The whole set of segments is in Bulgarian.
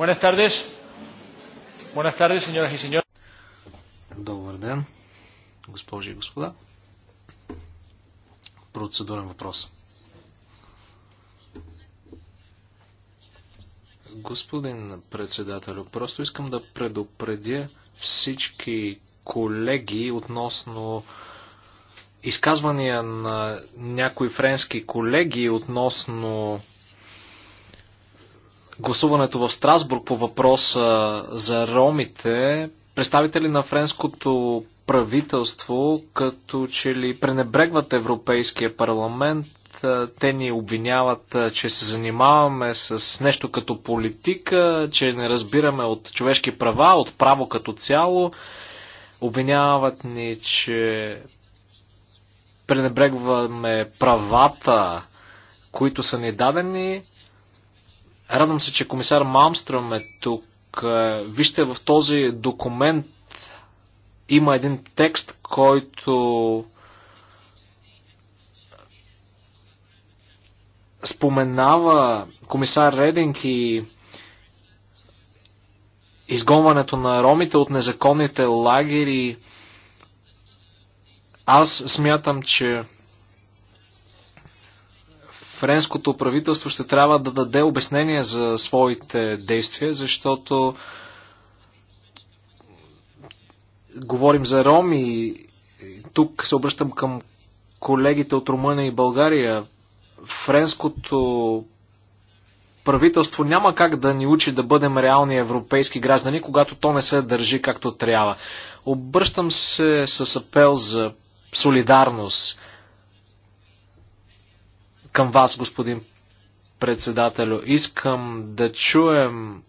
Buenas tardes. Buenas tardes, señoras y señores. Добър ден, госпожи и господа. Процедурен въпрос. Господин председател, просто искам да предупредя всички колеги относно изказвания на някои френски колеги относно гласуването в Страсбург по въпроса за ромите, представители на френското правителство, като че ли пренебрегват Европейския парламент, те ни обвиняват, че се занимаваме с нещо като политика, че не разбираме от човешки права, от право като цяло. Обвиняват ни, че пренебрегваме правата, които са ни дадени Радвам се, че комисар Малмстром е тук. Е, вижте, в този документ има един текст, който споменава комисар Рединг и изгонването на ромите от незаконните лагери. Аз смятам, че френското правителство ще трябва да даде обяснение за своите действия, защото говорим за роми. Тук се обръщам към колегите от Румъния и България. Френското правителство няма как да ни учи да бъдем реални европейски граждани, когато то не се държи както трябва. Обръщам се с апел за солидарност към вас, господин председателю. Искам да чуем,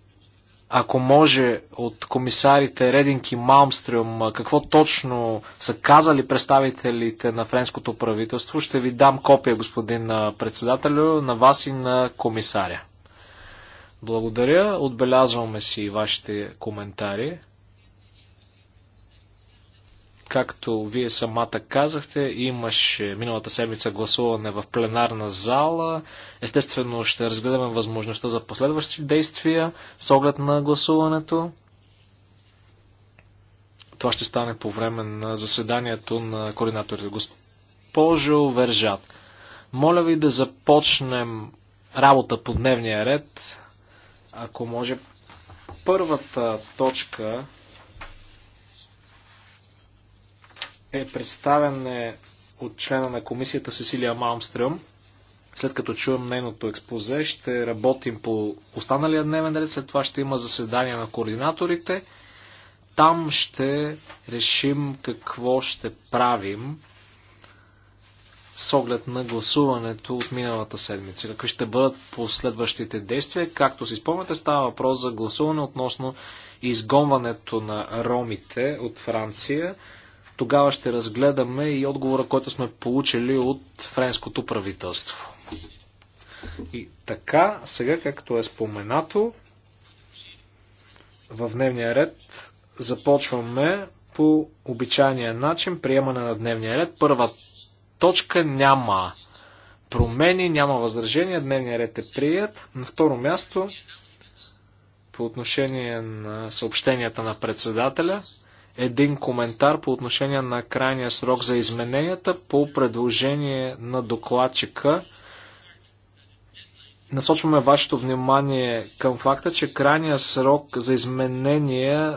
ако може, от комисарите Рединг и Малмстрюм, какво точно са казали представителите на френското правителство. Ще ви дам копия, господин председателю, на вас и на комисаря. Благодаря. Отбелязваме си вашите коментари. Както вие самата казахте, имаше миналата седмица гласуване в пленарна зала. Естествено ще разгледаме възможността за последващи действия с оглед на гласуването. Това ще стане по време на заседанието на координаторите. Госпожо Вержат, моля ви да започнем работа по дневния ред. Ако може, първата точка е представен от члена на комисията Сесилия Малмстръм. След като чуем нейното експозе, ще работим по останалия дневен ред. След това ще има заседание на координаторите. Там ще решим какво ще правим с оглед на гласуването от миналата седмица. Какви ще бъдат последващите действия? Както си спомняте, става въпрос за гласуване относно изгонването на ромите от Франция. Тогава ще разгледаме и отговора, който сме получили от френското правителство. И така, сега както е споменато, в дневния ред започваме по обичайния начин приемане на дневния ред. Първа точка няма промени, няма възражения, дневния ред е прият. На второ място, по отношение на съобщенията на председателя, един коментар по отношение на крайния срок за измененията по предложение на докладчика. Насочваме вашето внимание към факта, че крайния срок за изменение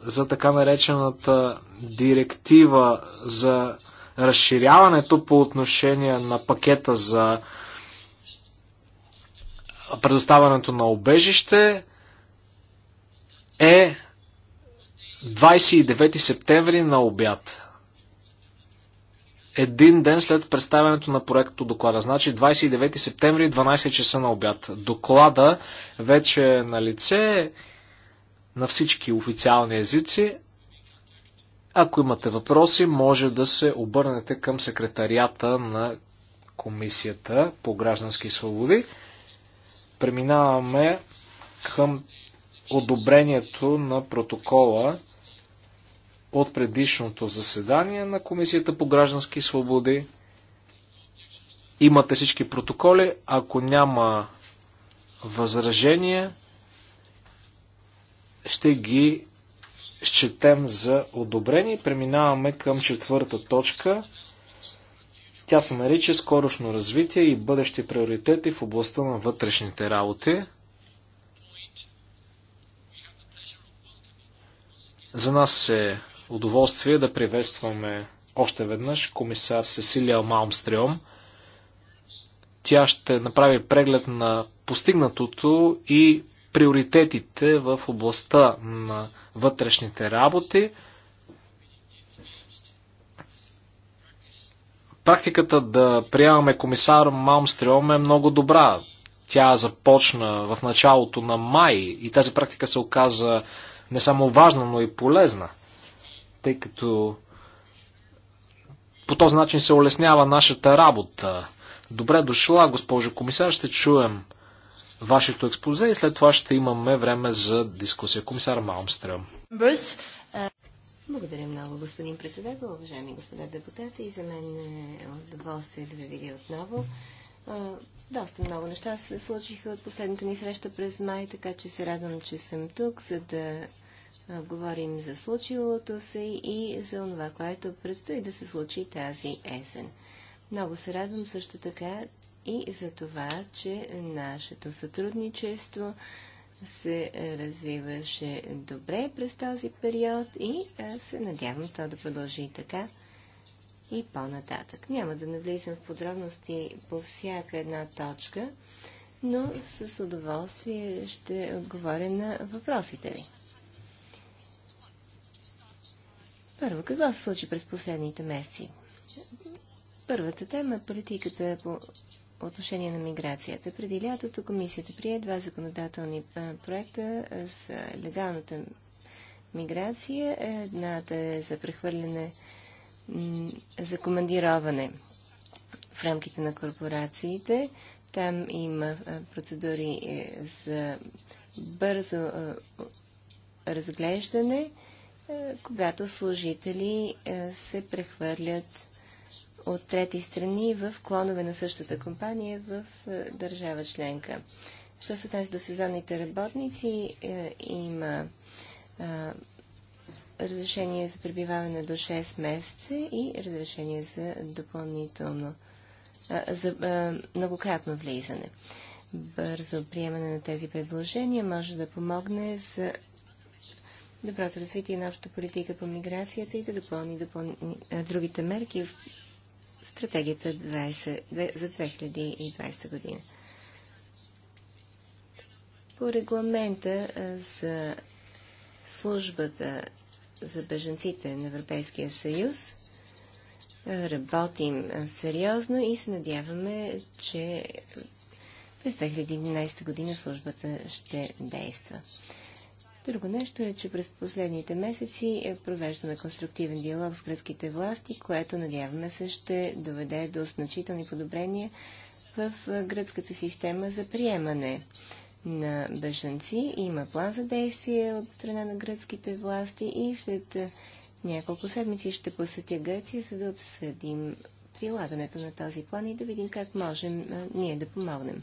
за така наречената директива за разширяването по отношение на пакета за предоставянето на обежище е 29 септември на обяд. Един ден след представянето на проекто доклада. Значи 29 септември, 12 часа на обяд. Доклада вече е на лице на всички официални езици. Ако имате въпроси, може да се обърнете към секретарията на Комисията по граждански свободи. Преминаваме към одобрението на протокола от предишното заседание на Комисията по граждански свободи. Имате всички протоколи. Ако няма възражения, ще ги счетем за одобрени. Преминаваме към четвърта точка. Тя се нарича скорошно развитие и бъдещи приоритети в областта на вътрешните работи. За нас е удоволствие да приветстваме още веднъж комисар Сесилия Малмстриом. Тя ще направи преглед на постигнатото и приоритетите в областта на вътрешните работи. Практиката да приемаме комисар Малмстриом е много добра. Тя започна в началото на май и тази практика се оказа не само важна, но и полезна тъй като по този начин се улеснява нашата работа. Добре дошла, госпожо комисар, ще чуем вашето експозе и след това ще имаме време за дискусия. Комисар Малмстрем. Е. Благодаря много, господин председател, уважаеми господа депутати. И за мен е удоволствие да ви видя отново. Доста много неща се случиха от последната ни среща през май, така че се радвам, че съм тук, за да говорим за случилото се и за това, което предстои да се случи тази есен. Много се радвам също така и за това, че нашето сътрудничество се развиваше добре през този период и се надявам то да продължи и така и по-нататък. Няма да навлизам в подробности по всяка една точка, но с удоволствие ще отговоря на въпросите ви. Първо, какво се случи през последните месеци? Първата тема е политиката по отношение на миграцията. Преди лятото комисията прие два законодателни проекта за легалната миграция. Едната е за прехвърляне, за командироване в рамките на корпорациите. Там има процедури е, за бързо разглеждане е, когато служители е, се прехвърлят от трети страни в клонове на същата компания в е, държава членка. Що се тази до сезонните работници, има разрешение за пребиваване до 6 месеца и разрешение за допълнително, за многократно влизане. Бързо приемане на тези предложения може да помогне за доброто развитие на обща политика по миграцията и да допълни, допълни другите мерки в стратегията 20, за 2020 година. По регламента за службата за беженците на Европейския съюз работим сериозно и се надяваме, че през 2011 година службата ще действа. Друго нещо е, че през последните месеци е провеждаме конструктивен диалог с гръцките власти, което надяваме се ще доведе до значителни подобрения в е, гръцката система за приемане на бежанци. Има план за действие от страна на гръцките власти и след е, няколко седмици ще посетя Гърция, за да обсъдим прилагането на този план и да видим как можем е, ние да помогнем.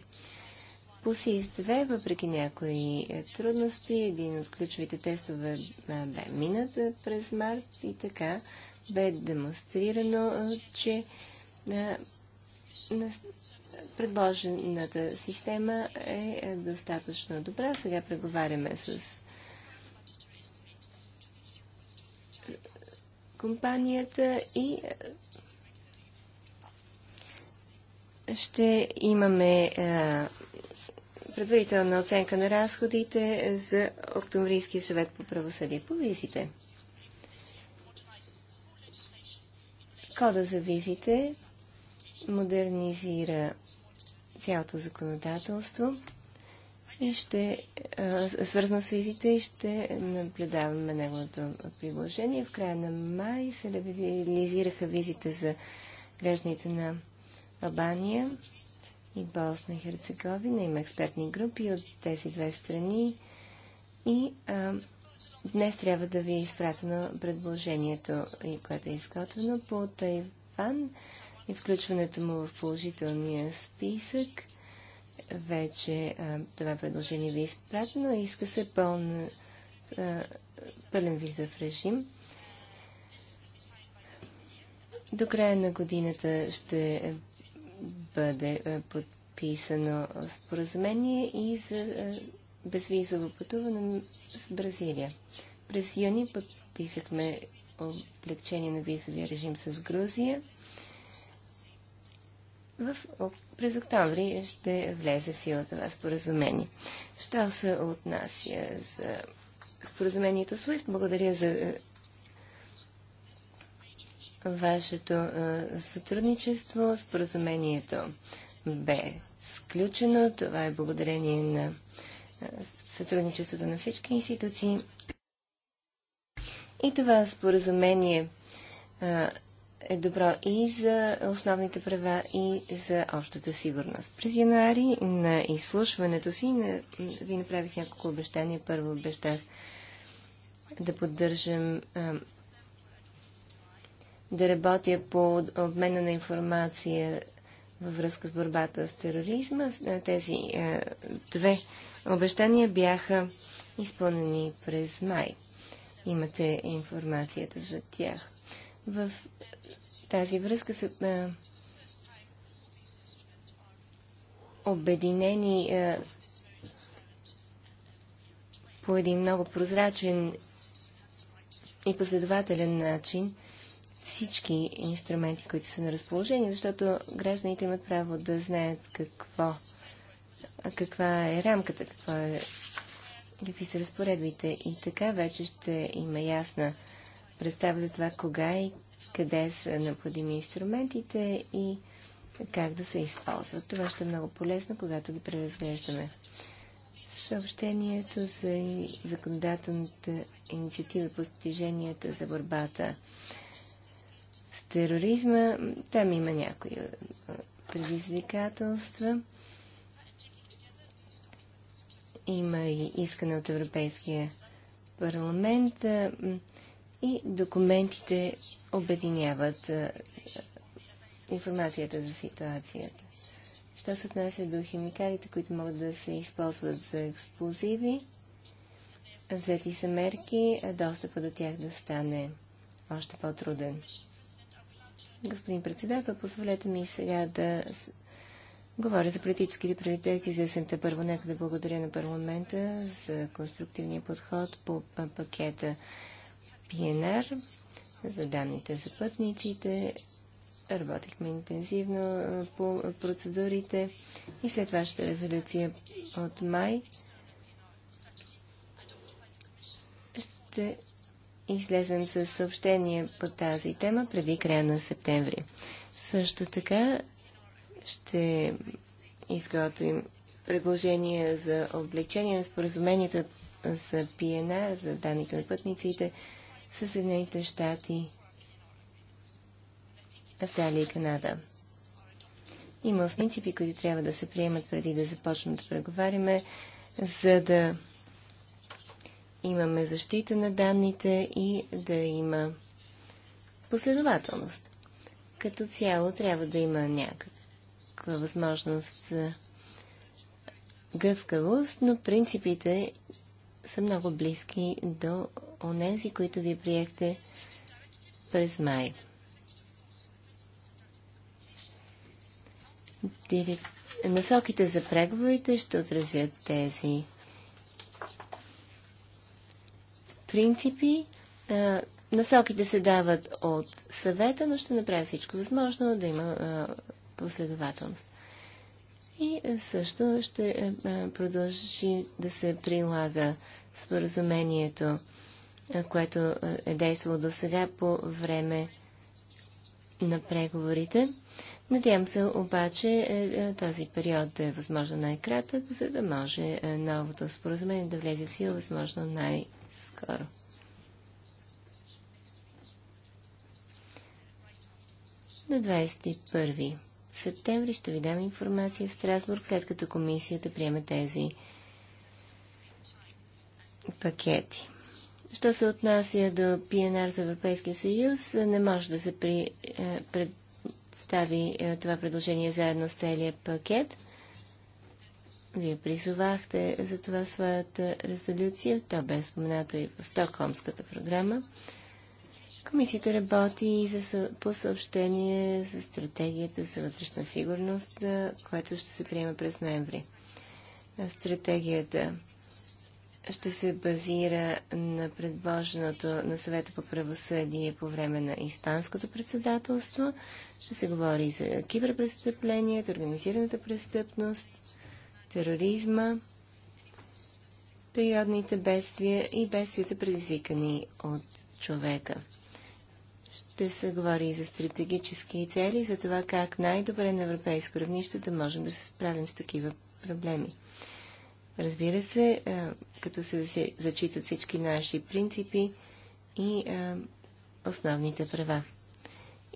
ПУСИС-2, въпреки някои е, трудности, един от ключовите тестове бе минат през март и така бе демонстрирано, че предложената система е, е достатъчно добра. Сега преговаряме с компанията и ще имаме предварителна оценка на разходите за Октомврийския съвет по правосъдие. По визите. Кода за визите модернизира цялото законодателство и ще, а, свързано с визите и ще наблюдаваме неговото приложение. В края на май се реализираха визите за гражданите на Албания и Босна и Херцеговина. Има експертни групи от тези две страни. И а, днес трябва да ви е изпратено предложението, което е изготвено по Тайван и включването му в положителния списък. Вече а, това предложение ви е изпратено. Иска се пълна, а, пълен в режим. До края на годината ще бъде е, подписано споразумение и за е, безвизово пътуване с Бразилия. През юни подписахме облегчение на визовия режим с Грузия. В, през октомври ще влезе в сила това споразумение. Що се отнася за споразумението SWIFT? Благодаря за е, вашето а, сътрудничество. Споразумението бе сключено. Това е благодарение на а, сътрудничеството на всички институции. И това споразумение а, е добро и за основните права, и за общата сигурност. През януари на изслушването си на, ви направих няколко обещания. Първо обещах да поддържам а, да работя по обмена на информация във връзка с борбата с тероризма. Е, тези е, две обещания бяха изпълнени през май. Имате информацията за тях. В тази връзка са е, обединени е, по един много прозрачен и последователен начин всички инструменти, които са на разположение, защото гражданите имат право да знаят какво, каква е рамката, какво е, какви са разпоредбите. И така вече ще има ясна представа за това кога и къде са необходими инструментите и как да се използват. Това ще е много полезно, когато ги преразглеждаме. Съобщението за законодателната инициатива по постиженията за борбата тероризма. Там има някои предизвикателства. Има и искане от Европейския парламент и документите обединяват информацията за ситуацията. Що се отнася до химикалите, които могат да се използват за експлозиви, взети са мерки, достъпа до тях да стане още по-труден. Господин председател, позволете ми сега да говоря за политическите приоритети за есента. Първо, нека да благодаря на парламента за конструктивния подход по пакета ПНР, за данните за пътниците. Работихме интензивно по процедурите и след вашата е резолюция от май ще излезем с съобщение по тази тема преди края на септември. Също така ще изготвим предложения за облегчение на споразуменията за ПНР, за данните на пътниците с Съединените щати, Австралия и Канада. Има принципи, които трябва да се приемат преди да започнем да преговаряме, за да имаме защита на данните и да има последователност. Като цяло трябва да има някаква възможност за гъвкавост, но принципите са много близки до онези, които ви приехте през май. Насоките за преговорите ще отразят тези принципи. А, насоките се дават от съвета, но ще направя всичко възможно да има а, последователност. И също ще а, продължи да се прилага споразумението, което е действало до сега по време на преговорите. Надявам се обаче е, е, този период да е възможно най-кратък, за да може е, новото споразумение да влезе в сила възможно най кратък скоро. На 21 септември ще ви дам информация в Страсбург, след като комисията приеме тези пакети. Що се отнася до ПНР за Европейския съюз, не може да се при, е, представи е, това предложение заедно с целият пакет. Вие призовахте за това своята резолюция. То бе споменато и в Стокхолмската програма. Комисията работи за, по съобщение за стратегията за вътрешна сигурност, което ще се приема през ноември. Стратегията ще се базира на предложеното на съвета по правосъдие по време на Испанското председателство. Ще се говори за киберпрестъпленията, организираната престъпност, тероризма, природните бедствия и бедствията предизвикани от човека. Ще се говори и за стратегически цели, за това как най-добре на европейско равнище да можем да се справим с такива проблеми. Разбира се, като се зачитат всички наши принципи и основните права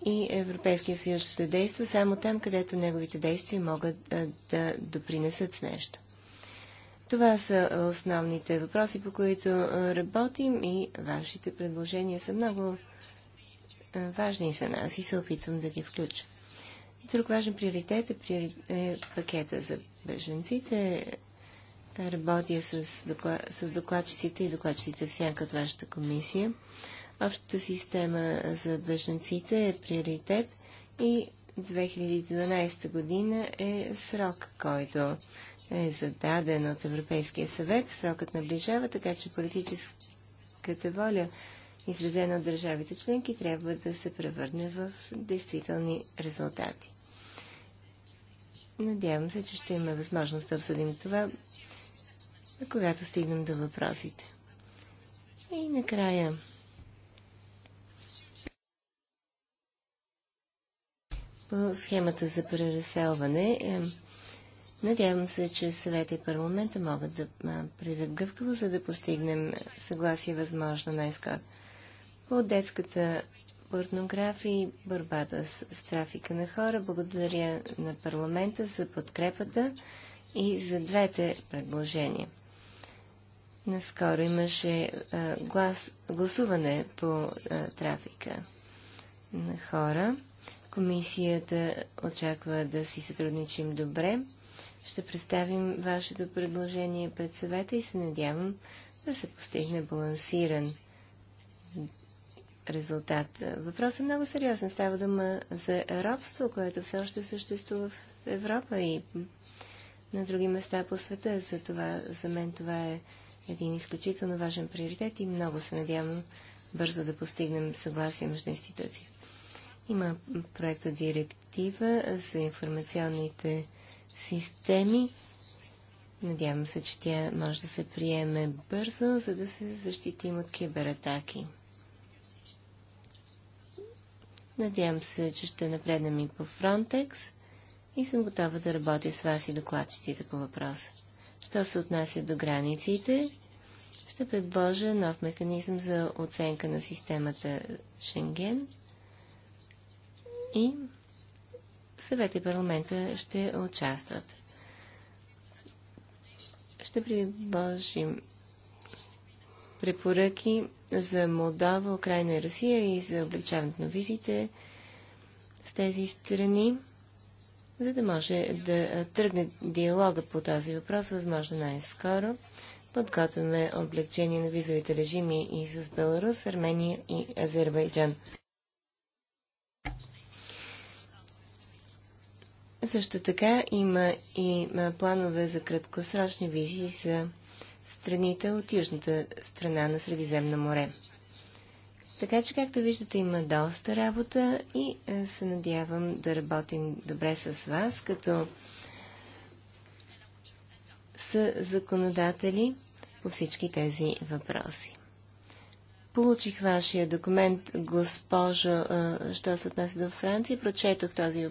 и Европейския съюз ще действа само там, където неговите действия могат а, да допринесат с нещо. Това са основните въпроси, по които работим и вашите предложения са много важни за нас и се опитвам да ги включа. Друг важен приоритет е, приори... е пакета за беженците. Работя с, докладчиците и докладчиците в сянка от вашата комисия. Общата система за беженците е приоритет и 2012 година е срок, който е зададен от Европейския съвет. Срокът наближава, така че политическата воля, изразена от държавите членки, трябва да се превърне в действителни резултати. Надявам се, че ще имаме възможност да обсъдим това, когато стигнем до въпросите. И накрая по схемата за преразселване. Е, надявам се, че съвета и парламента могат да приведат гъвкаво, за да постигнем съгласие възможно най-скоро. По детската порнография и борбата с, с трафика на хора, благодаря на парламента за подкрепата и за двете предложения. Наскоро имаше а, глас, гласуване по а, трафика на хора. Комисията очаква да си сътрудничим добре. Ще представим вашето предложение пред съвета и се надявам да се постигне балансиран резултат. Въпросът е много сериозен. Става дума за робство, което все още съществува в Европа и на други места по света. За, това, за мен това е един изключително важен приоритет и много се надявам бързо да постигнем съгласие между институциите. Има проекта директива за информационните системи. Надявам се, че тя може да се приеме бързо, за да се защитим от кибератаки. Надявам се, че ще напреднем и по Frontex и съм готова да работя с вас и докладчетите по въпроса. Що се отнася до границите, ще предложа нов механизъм за оценка на системата Шенген – и съвет и парламента ще участват. Ще предложим препоръки за Молдова, Украина и Русия и за облегчаването на визите с тези страни, за да може да тръгне диалога по този въпрос, възможно най-скоро. Подготвяме облегчение на визовите режими и с Беларус, Армения и Азербайджан. Също така има и планове за краткосрочни визии за страните от южната страна на Средиземно море. Така че, както виждате, има доста работа и се надявам да работим добре с вас, като са законодатели по всички тези въпроси. Получих вашия документ, госпожо, що се отнася до Франция. Прочетох този,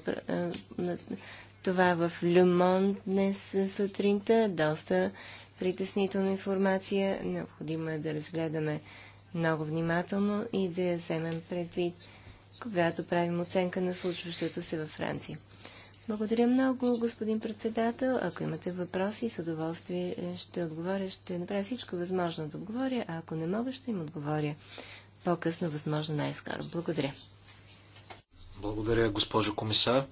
това в Люмон днес сутринта. Доста притеснителна информация. Необходимо е да разгледаме много внимателно и да я вземем предвид, когато правим оценка на случващото се във Франция. Благодаря много, господин председател. Ако имате въпроси, с удоволствие е, ще отговоря. Ще направя всичко възможно да отговоря, а ако не мога, ще им отговоря по-късно, възможно най-скоро. Благодаря. Благодаря, госпожо комисар.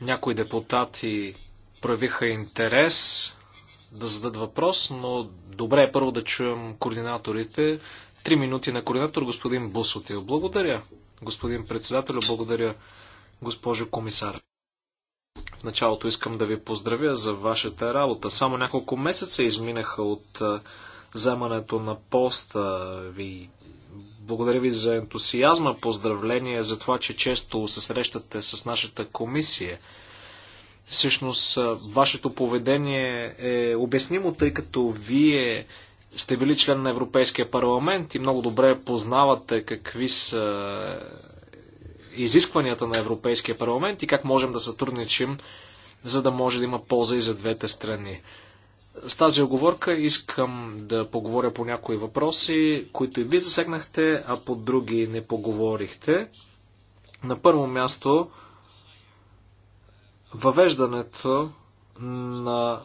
Някои депутати проявиха интерес да зададат въпрос, но добре е първо да чуем координаторите. Три минути на координатор господин Бусотил. Благодаря, господин председател, благодаря госпожо комисар. В началото искам да ви поздравя за вашата работа. Само няколко месеца изминаха от вземането на поста ви. Благодаря ви за ентусиазма, поздравления за това, че често се срещате с нашата комисия. Всъщност, вашето поведение е обяснимо, тъй като вие сте били член на Европейския парламент и много добре познавате какви са изискванията на Европейския парламент и как можем да сътрудничим, за да може да има полза и за двете страни. С тази оговорка искам да поговоря по някои въпроси, които и ви засегнахте, а по други не поговорихте. На първо място, въвеждането на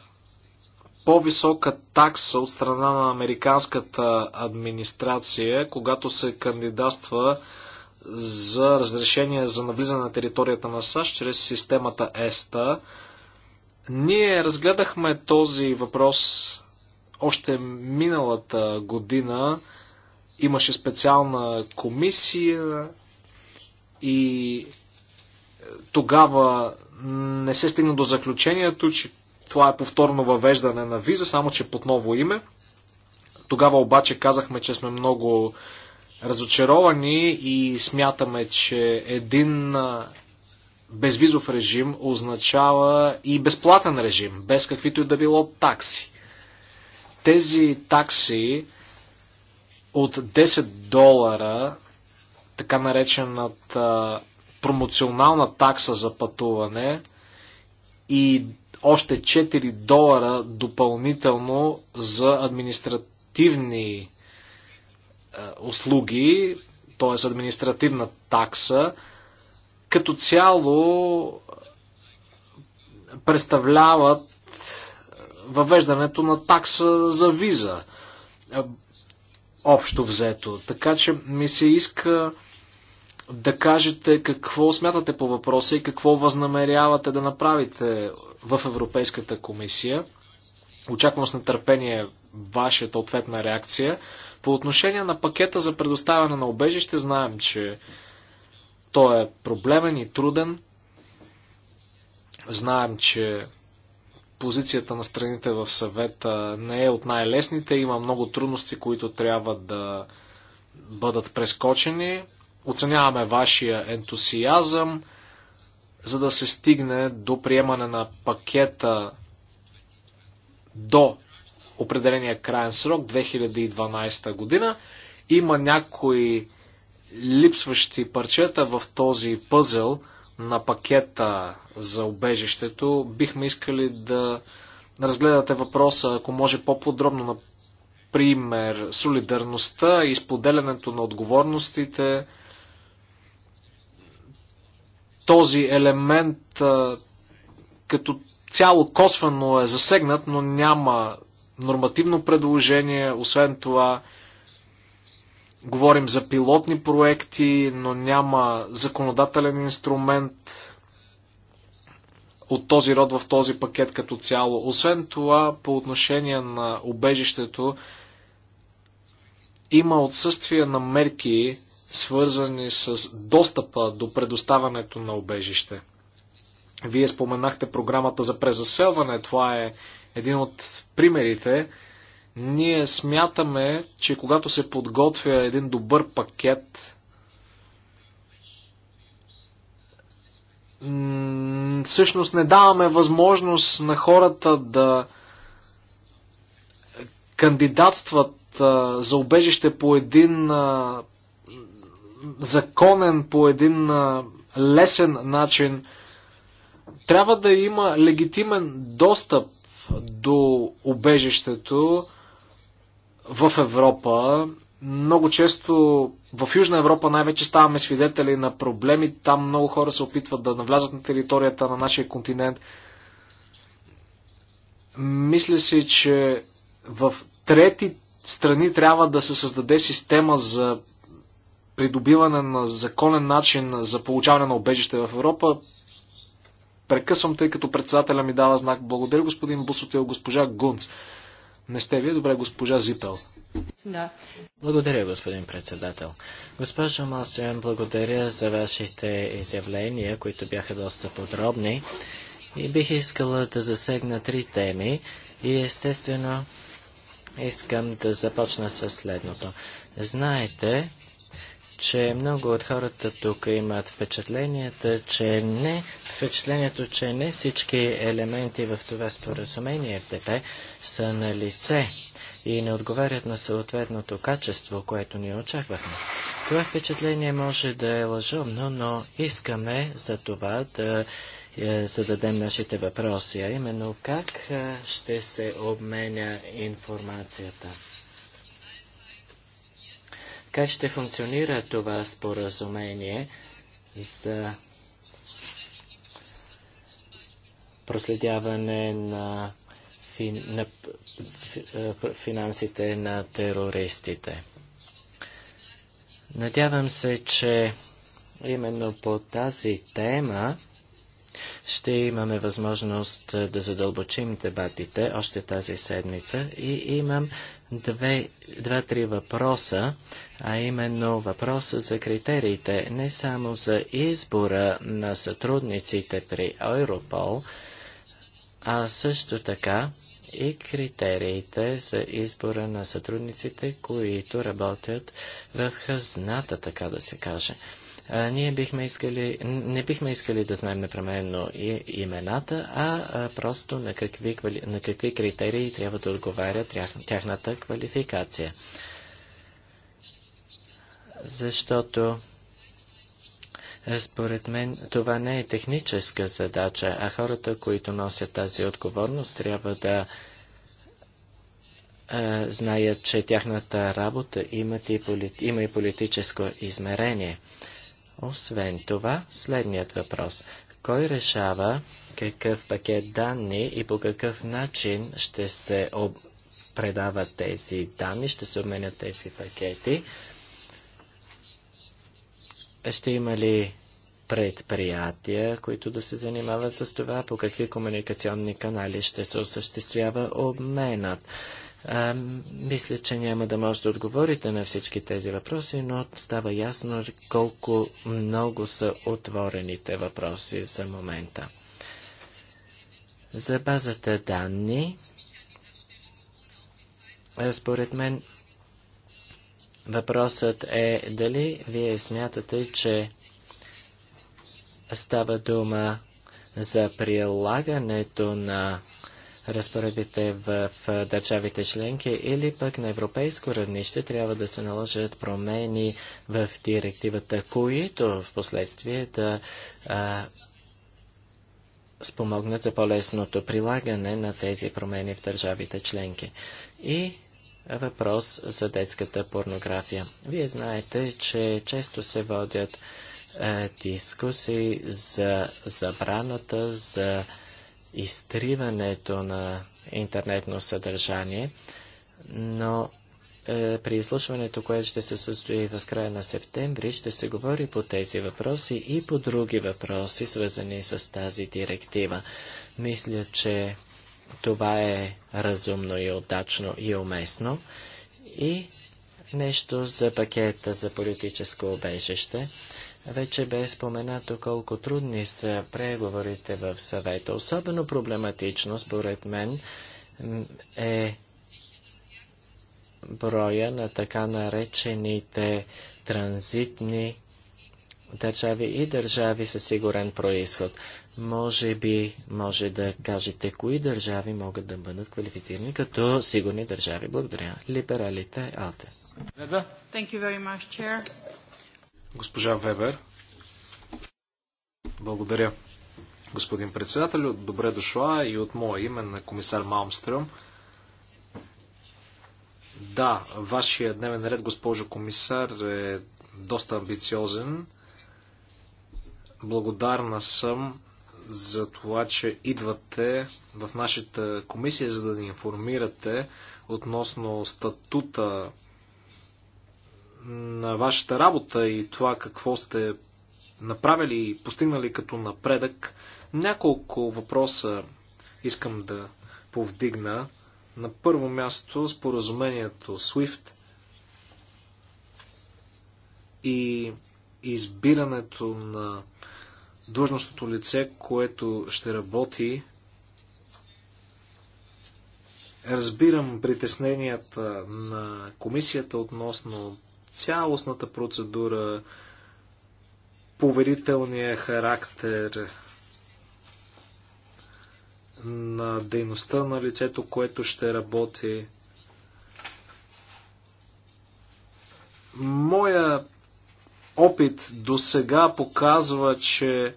по-висока такса от страна на американската администрация, когато се кандидатства за разрешение за навлизане на територията на САЩ чрез системата ЕСТА. Ние разгледахме този въпрос още миналата година. Имаше специална комисия и тогава не се стигна до заключението, че това е повторно въвеждане на виза, само че под ново име. Тогава обаче казахме, че сме много разочаровани и смятаме, че един безвизов режим означава и безплатен режим, без каквито и да било такси. Тези такси от 10 долара, така наречената промоционална такса за пътуване и още 4 долара допълнително за административни е, услуги, т.е. административна такса, като цяло представляват е, въвеждането на такса за виза. Е, общо взето. Така че ми се иска да кажете какво смятате по въпроса и какво възнамерявате да направите в Европейската комисия. Очаквам с нетърпение вашата ответна реакция. По отношение на пакета за предоставяне на обежище, знаем, че той е проблемен и труден. Знаем, че позицията на страните в съвета не е от най-лесните. Има много трудности, които трябва да бъдат прескочени. Оценяваме вашия ентусиазъм, за да се стигне до приемане на пакета до определения крайен срок 2012 година. Има някои липсващи парчета в този пъзел на пакета за обежището. Бихме искали да разгледате въпроса, ако може по-подробно, например, солидарността и споделянето на отговорностите. Този елемент като цяло косвено е засегнат, но няма нормативно предложение. Освен това, говорим за пилотни проекти, но няма законодателен инструмент от този род в този пакет като цяло. Освен това, по отношение на обежището, има отсъствие на мерки, свързани с достъпа до предоставането на обежище. Вие споменахте програмата за презаселване. Това е един от примерите. Ние смятаме, че когато се подготвя един добър пакет, всъщност не даваме възможност на хората да кандидатстват за убежище по един законен, по един лесен начин. Трябва да има легитимен достъп до обежището в Европа. Много често в Южна Европа най-вече ставаме свидетели на проблеми. Там много хора се опитват да навлязат на територията на нашия континент. Мисля си, че в трети страни трябва да се създаде система за придобиване на законен начин за получаване на обежище в Европа прекъсвам, тъй като председателя ми дава знак. Благодаря, господин Бусотел, госпожа Гунц. Не сте вие, добре, госпожа Зипел. Да. Благодаря, господин председател. Госпожо Малстрен, благодаря за вашите изявления, които бяха доста подробни. И бих искала да засегна три теми и естествено искам да започна с следното. Знаете, че много от хората тук имат впечатлението, че не, впечатлението, че не всички елементи в това споразумение ФДП са на лице и не отговарят на съответното качество, което ние очаквахме. Това впечатление може да е лъжовно, но искаме за това да е, зададем нашите въпроси, а именно как е, ще се обменя информацията. Как ще функционира това споразумение за проследяване на, на финансите на терористите? Надявам се, че именно по тази тема ще имаме възможност е, да задълбочим дебатите още тази седмица и имам два-три въпроса, а именно въпроса за критериите, не само за избора на сътрудниците при Европол, а също така и критериите за избора на сътрудниците, които работят в хазната, така да се каже ние бихме искали, не бихме искали да знаем непременно и, имената, а, а просто на какви, на какви критерии трябва да отговаря тях, тяхната квалификация. Защото според мен това не е техническа задача, а хората, които носят тази отговорност, трябва да е, знаят, че тяхната работа имат и полит... има и политическо измерение. Освен това, следният въпрос. Кой решава какъв пакет данни и по какъв начин ще се об... предават тези данни, ще се обменят тези пакети? Ще има ли предприятия, които да се занимават с това, по какви комуникационни канали ще се осъществява обменът? А, мисля, че няма да може да отговорите на всички тези въпроси, но става ясно колко много са отворените въпроси за момента. За базата данни, според мен, въпросът е дали вие смятате, че става дума за прилагането на разпоредбите в, държавите членки или пък на европейско равнище трябва да се наложат промени в директивата, които в последствие да а, спомогнат за по-лесното прилагане на тези промени в държавите членки. И въпрос за детската порнография. Вие знаете, че често се водят дискусии за забраната, за изтриването на интернетно съдържание, но е, при изслушването, което ще се състои в края на септември, ще се говори по тези въпроси и по други въпроси, свързани с тази директива. Мисля, че това е разумно и удачно и уместно и Нещо за пакета за политическо обежище. Вече бе споменато колко трудни са преговорите в съвета. Особено проблематично, според мен, е броя на така наречените транзитни държави и държави със сигурен происход. Може би, може да кажете, кои държави могат да бъдат квалифицирани като сигурни държави. Благодаря. Либералите Алте. Much, Госпожа Вебер. Благодаря. Господин председател, добре дошла и от мое име на комисар Малмстръм. Да, вашия дневен ред, госпожо комисар, е доста амбициозен. Благодарна съм за това, че идвате в нашата комисия, за да ни информирате относно статута на вашата работа и това какво сте направили и постигнали като напредък, няколко въпроса искам да повдигна. На първо място споразумението SWIFT и избирането на длъжностното лице, което ще работи. Разбирам притесненията на комисията относно цялостната процедура, поверителния характер на дейността на лицето, което ще работи. Моя опит до сега показва, че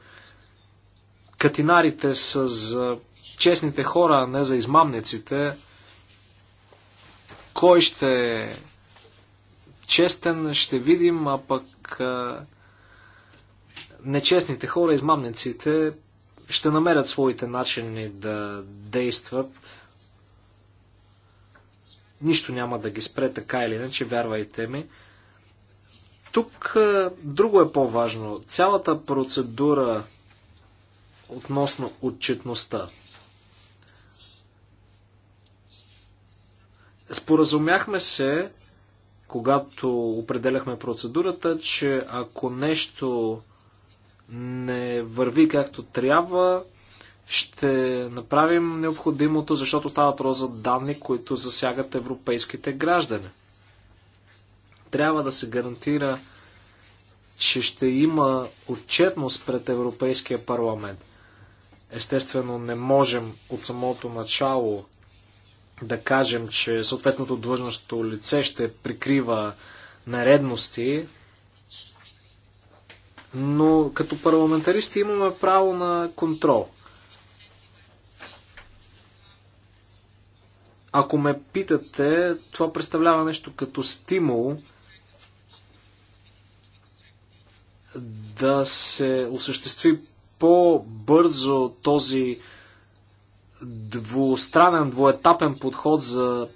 катинарите са за честните хора, а не за измамниците. Кой ще честен, ще видим, а пък нечестните хора, измамниците, ще намерят своите начини да действат. Нищо няма да ги спре така или иначе, вярвайте ми. Тук друго е по-важно. Цялата процедура относно отчетността. Споразумяхме се когато определяхме процедурата, че ако нещо не върви както трябва, ще направим необходимото, защото става въпрос за данни, които засягат европейските граждани. Трябва да се гарантира, че ще има отчетност пред Европейския парламент. Естествено, не можем от самото начало да кажем, че съответното длъжностно лице ще прикрива наредности, но като парламентаристи имаме право на контрол. Ако ме питате, това представлява нещо като стимул да се осъществи по-бързо този двустранен, двоетапен подход за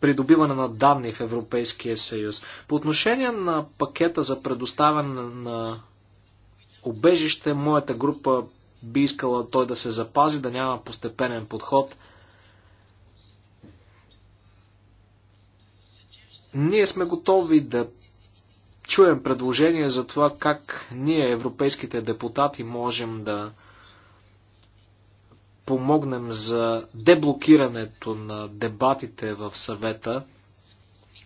придобиване на данни в Европейския съюз. По отношение на пакета за предоставяне на обежище, моята група би искала той да се запази, да няма постепенен подход. Ние сме готови да чуем предложение за това как ние, европейските депутати, можем да помогнем за деблокирането на дебатите в съвета.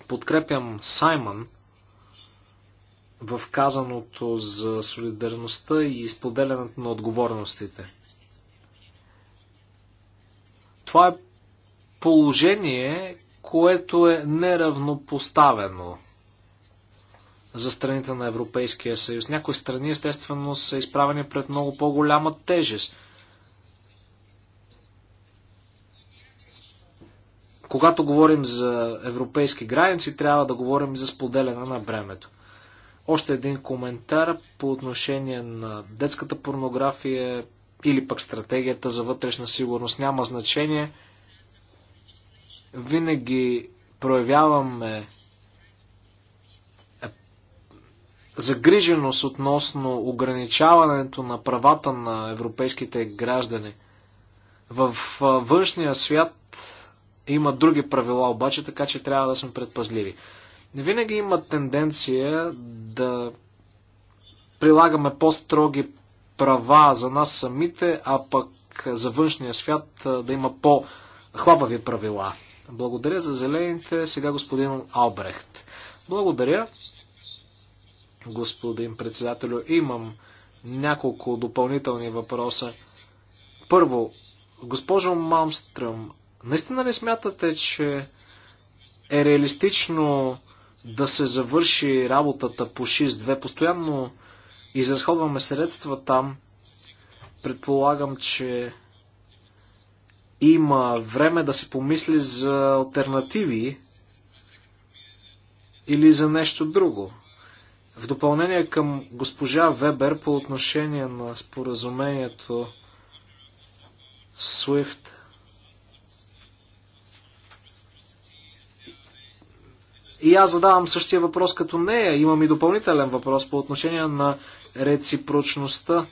Подкрепям Саймън в казаното за солидарността и споделянето на отговорностите. Това е положение, което е неравнопоставено за страните на Европейския съюз. Някои страни, естествено, са изправени пред много по-голяма тежест – когато говорим за европейски граници, трябва да говорим за споделяне на бремето. Още един коментар по отношение на детската порнография или пък стратегията за вътрешна сигурност няма значение. Винаги проявяваме е, загриженост относно ограничаването на правата на европейските граждани. В външния свят има други правила обаче, така че трябва да сме предпазливи. Не винаги има тенденция да прилагаме по-строги права за нас самите, а пък за външния свят да има по-хлабави правила. Благодаря за зелените. Сега господин Албрехт. Благодаря, господин председателю. Имам няколко допълнителни въпроса. Първо, госпожо Малмстръм, Наистина ли смятате, че е реалистично да се завърши работата по ШИС-2? Постоянно изразходваме средства там. Предполагам, че има време да се помисли за альтернативи или за нещо друго. В допълнение към госпожа Вебер по отношение на споразумението SWIFT – И аз задавам същия въпрос като нея. Имам и допълнителен въпрос по отношение на реципрочността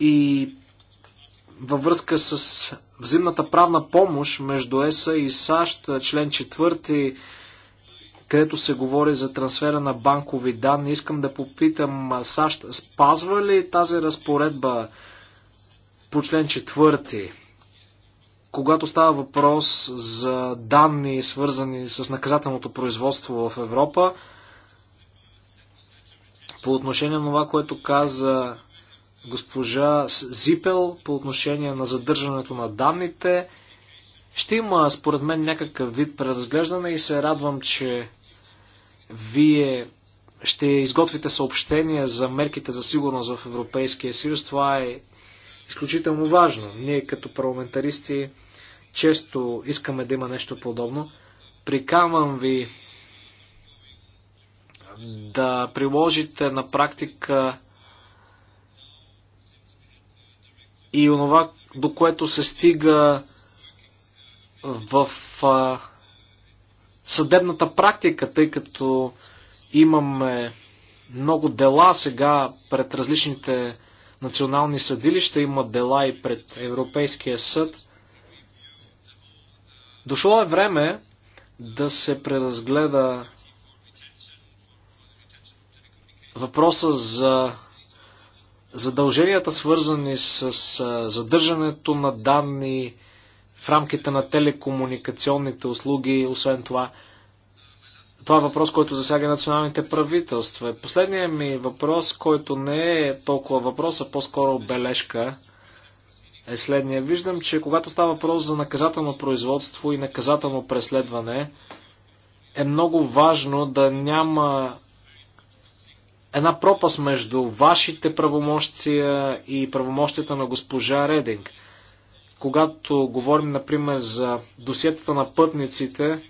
и във връзка с взимната правна помощ между ЕСА и САЩ, член 4, където се говори за трансфера на банкови данни. Искам да попитам, САЩ спазва ли тази разпоредба по член 4? когато става въпрос за данни, свързани с наказателното производство в Европа, по отношение на това, което каза госпожа Зипел, по отношение на задържането на данните, ще има, според мен, някакъв вид преразглеждане и се радвам, че вие ще изготвите съобщения за мерките за сигурност в Европейския съюз. Това е изключително важно. Ние като парламентаристи често искаме да има нещо подобно. Прикамвам ви да приложите на практика и онова, до което се стига в а, съдебната практика, тъй като имаме много дела сега пред различните национални съдилища, има дела и пред Европейския съд. Дошло е време да се преразгледа въпроса за задълженията, свързани с задържането на данни в рамките на телекомуникационните услуги, освен това – това е въпрос, който засяга националните правителства. Последният ми въпрос, който не е толкова въпрос, а по-скоро бележка, е следния. Виждам, че когато става въпрос за наказателно производство и наказателно преследване, е много важно да няма една пропаст между вашите правомощия и правомощията на госпожа Рединг. Когато говорим, например, за досиетата на пътниците,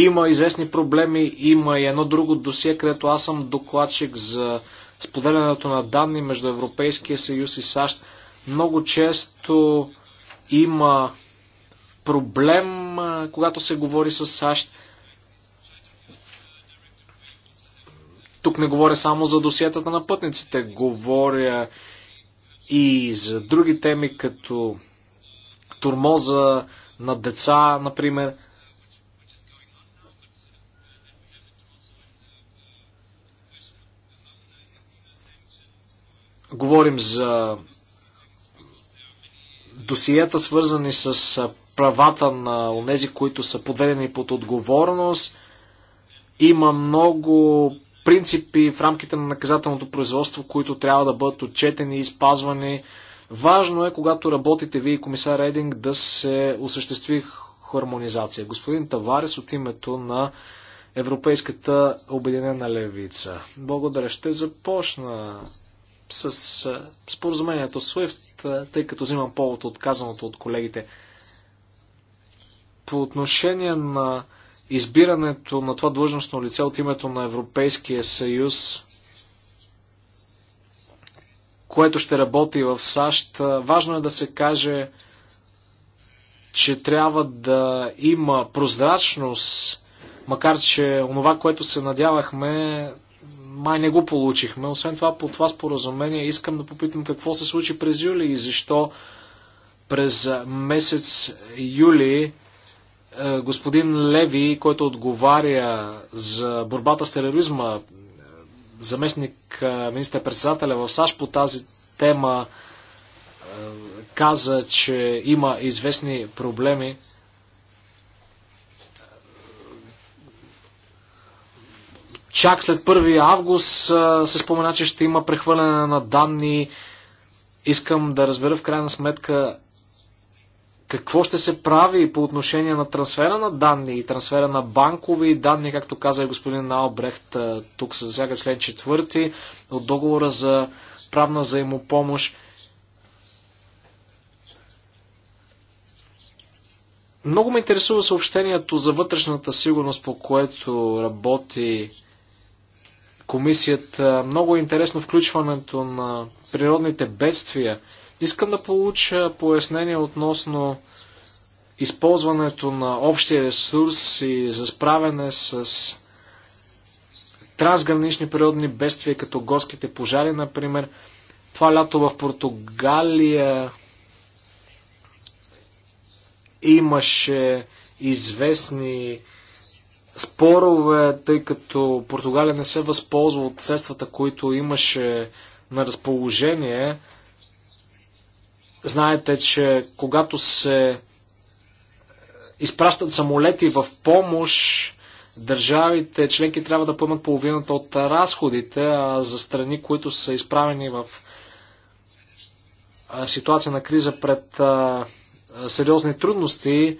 Има известни проблеми, има и едно друго досие, където аз съм докладчик за споделянето на данни между Европейския съюз и САЩ. Много често има проблем, когато се говори с САЩ. Тук не говоря само за досиетата на пътниците, говоря и за други теми, като турмоза на деца, например – Говорим за досията, свързани с правата на онези, които са подведени под отговорност. Има много принципи в рамките на наказателното производство, които трябва да бъдат отчетени и спазвани. Важно е, когато работите вие и комисар Рединг, да се осъществи хармонизация. Господин Таварес от името на Европейската обединена левица. Благодаря. Ще започна с споразумението SWIFT, тъй като взимам повод от казаното от колегите. По отношение на избирането на това длъжностно лице от името на Европейския съюз, което ще работи в САЩ, важно е да се каже, че трябва да има прозрачност, макар че онова, което се надявахме, май не го получихме. Освен това, по това споразумение искам да попитам какво се случи през юли и защо през месец юли е, господин Леви, който отговаря за борбата с тероризма, е, заместник е, министър-председателя в САЩ по тази тема каза, че има известни проблеми Чак след 1 август се спомена, че ще има прехвърляне на данни. Искам да разбера в крайна сметка какво ще се прави по отношение на трансфера на данни и трансфера на банкови данни, както каза и господин Наобрехт, тук се засяга член 4 от договора за правна взаимопомощ. Много ме интересува съобщението за вътрешната сигурност, по което работи комисията. Много е интересно включването на природните бедствия. Искам да получа пояснение относно използването на общия ресурс и за справяне с трансгранични природни бедствия, като горските пожари, например. Това лято в Португалия имаше известни спорове, тъй като Португалия не се възползва от средствата, които имаше на разположение. Знаете, че когато се изпращат самолети в помощ, държавите членки трябва да поемат половината от разходите, а за страни, които са изправени в ситуация на криза пред сериозни трудности,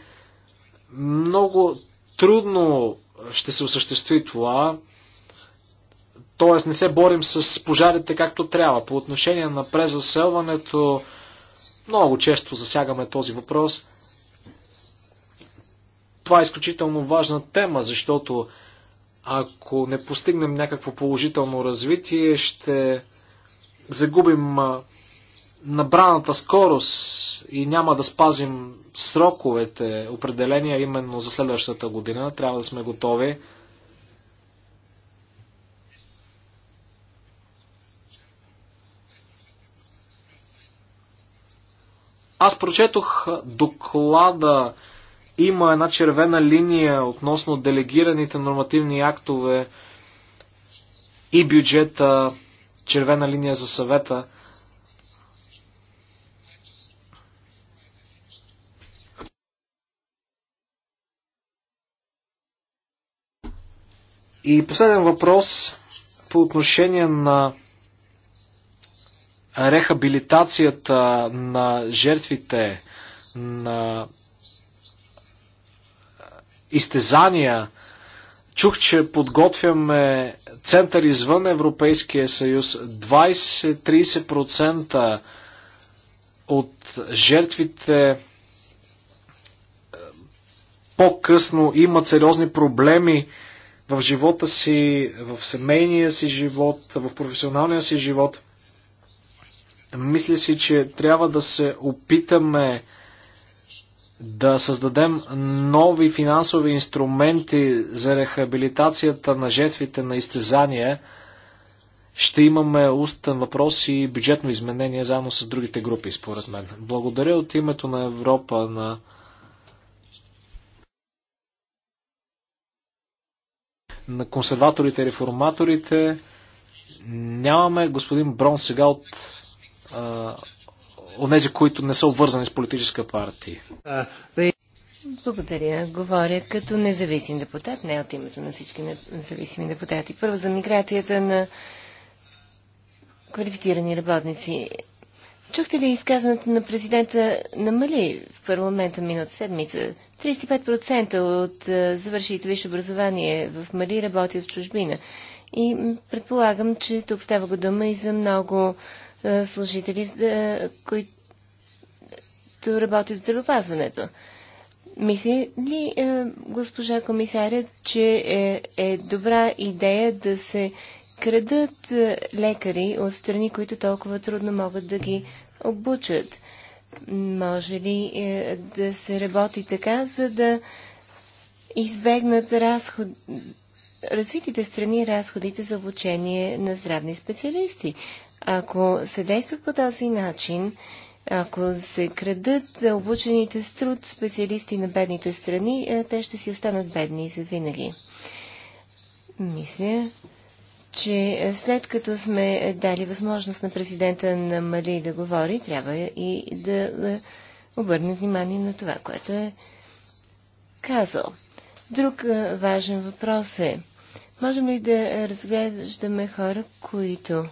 много трудно ще се осъществи това. т.е. не се борим с пожарите както трябва. По отношение на презаселването, много често засягаме този въпрос. Това е изключително важна тема, защото ако не постигнем някакво положително развитие, ще загубим набраната скорост и няма да спазим сроковете, определения именно за следващата година, трябва да сме готови. Аз прочетох доклада има една червена линия относно делегираните нормативни актове и бюджета, червена линия за съвета – И последен въпрос по отношение на рехабилитацията на жертвите на изтезания. Чух, че подготвяме център извън Европейския съюз. 20-30% от жертвите по-късно имат сериозни проблеми в живота си, в семейния си живот, в професионалния си живот. Мисля си, че трябва да се опитаме да създадем нови финансови инструменти за рехабилитацията на жертвите на изтезания. Ще имаме устен въпрос и бюджетно изменение заедно с другите групи, според мен. Благодаря от името на Европа на на консерваторите и реформаторите. Нямаме господин Брон сега от онези, които не са обвързани с политическа партия. Благодаря. Говоря като независим депутат, не от името на всички независими депутати. Първо за миграцията на квалифицирани работници. Чухте ли изказването на президента намали в парламента миналата седмица? 35% от а, завършите висше образование в Мали работят в чужбина. И предполагам, че тук става го дума и за много а, служители, а, които работят в здравеопазването. Мисли ли госпожа комисаря, че е, е добра идея да се крадат е, лекари от страни, които толкова трудно могат да ги обучат? Може ли е, да се работи така, за да избегнат разход... развитите страни разходите за обучение на здравни специалисти? Ако се действа по този начин, ако се крадат е, обучените с труд специалисти на бедните страни, те ще си останат бедни за винаги. Мисля, че след като сме дали възможност на президента на Мали да говори, трябва и да обърне внимание на това, което е казал. Друг важен въпрос е, можем ли да разглеждаме хора, които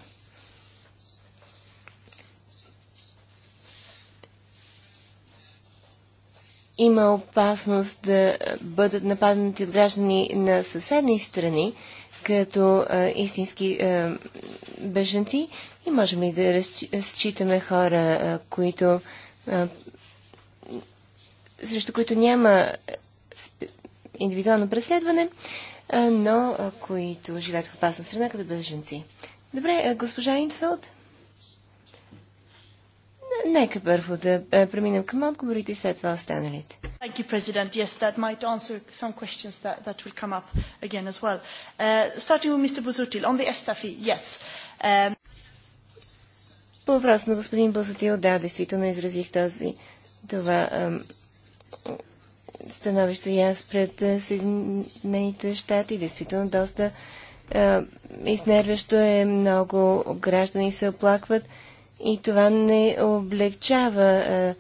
има опасност да бъдат нападнати от граждани на съседни страни, като а, истински а, беженци и можем ли да разчитаме хора, а, които а, срещу които няма индивидуално преследване, а, но а, които живеят в опасна страна като беженци. Добре, а, госпожа Инфелд. Нека първо да е, преминем към отговорите и след това останалите. Thank you, President. Yes, that might answer some questions that, that will come up again as well. Uh, starting with Mr. Buzutil, on the Estafi, yes. Um... По въпрос на господин Бозотил, да, действително изразих този, това ам, становище и аз пред е, Съединените щати. Действително доста изнервящо е. Много граждани се оплакват и това не облегчава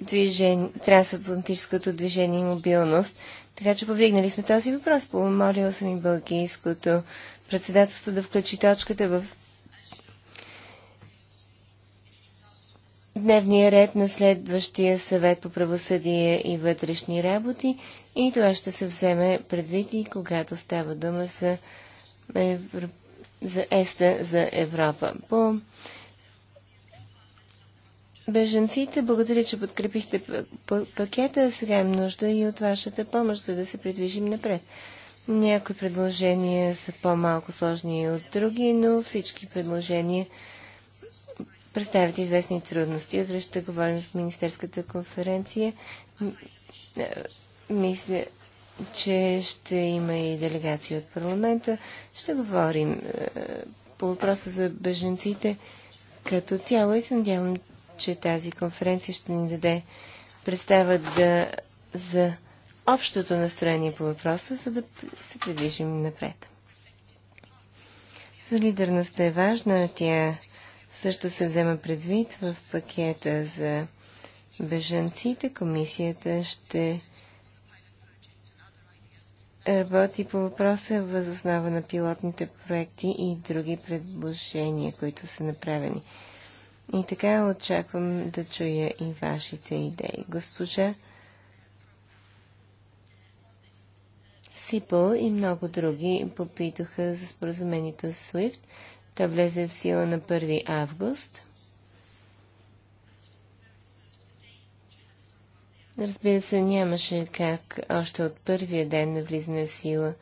движение, трансатлантическото движение и мобилност. Така че повигнали сме този въпрос. Помолила съм и бългийското председателство да включи точката в дневния ред на следващия съвет по правосъдие и вътрешни работи и това ще се вземе предвид и когато става дума за, за ЕСТА за Европа. По беженците. Благодаря, че подкрепихте пакета. Сега им нужда и от вашата помощ, за да се придвижим напред. Някои предложения са по-малко сложни от други, но всички предложения представят известни трудности. Утре ще говорим в Министерската конференция. Мисля, че ще има и делегация от парламента. Ще говорим по въпроса за беженците като цяло и се надявам, че тази конференция ще ни даде представа да, за общото настроение по въпроса, за да се придвижим напред. Солидарността е важна. Тя също се взема предвид в пакета за бежанците. Комисията ще работи по въпроса възоснова на пилотните проекти и други предложения, които са направени. И така очаквам да чуя и вашите идеи. Госпожа Сипъл и много други попитаха за споразумението с SWIFT. Та влезе в сила на 1 август. Разбира се, нямаше как още от първия ден на влизане в сила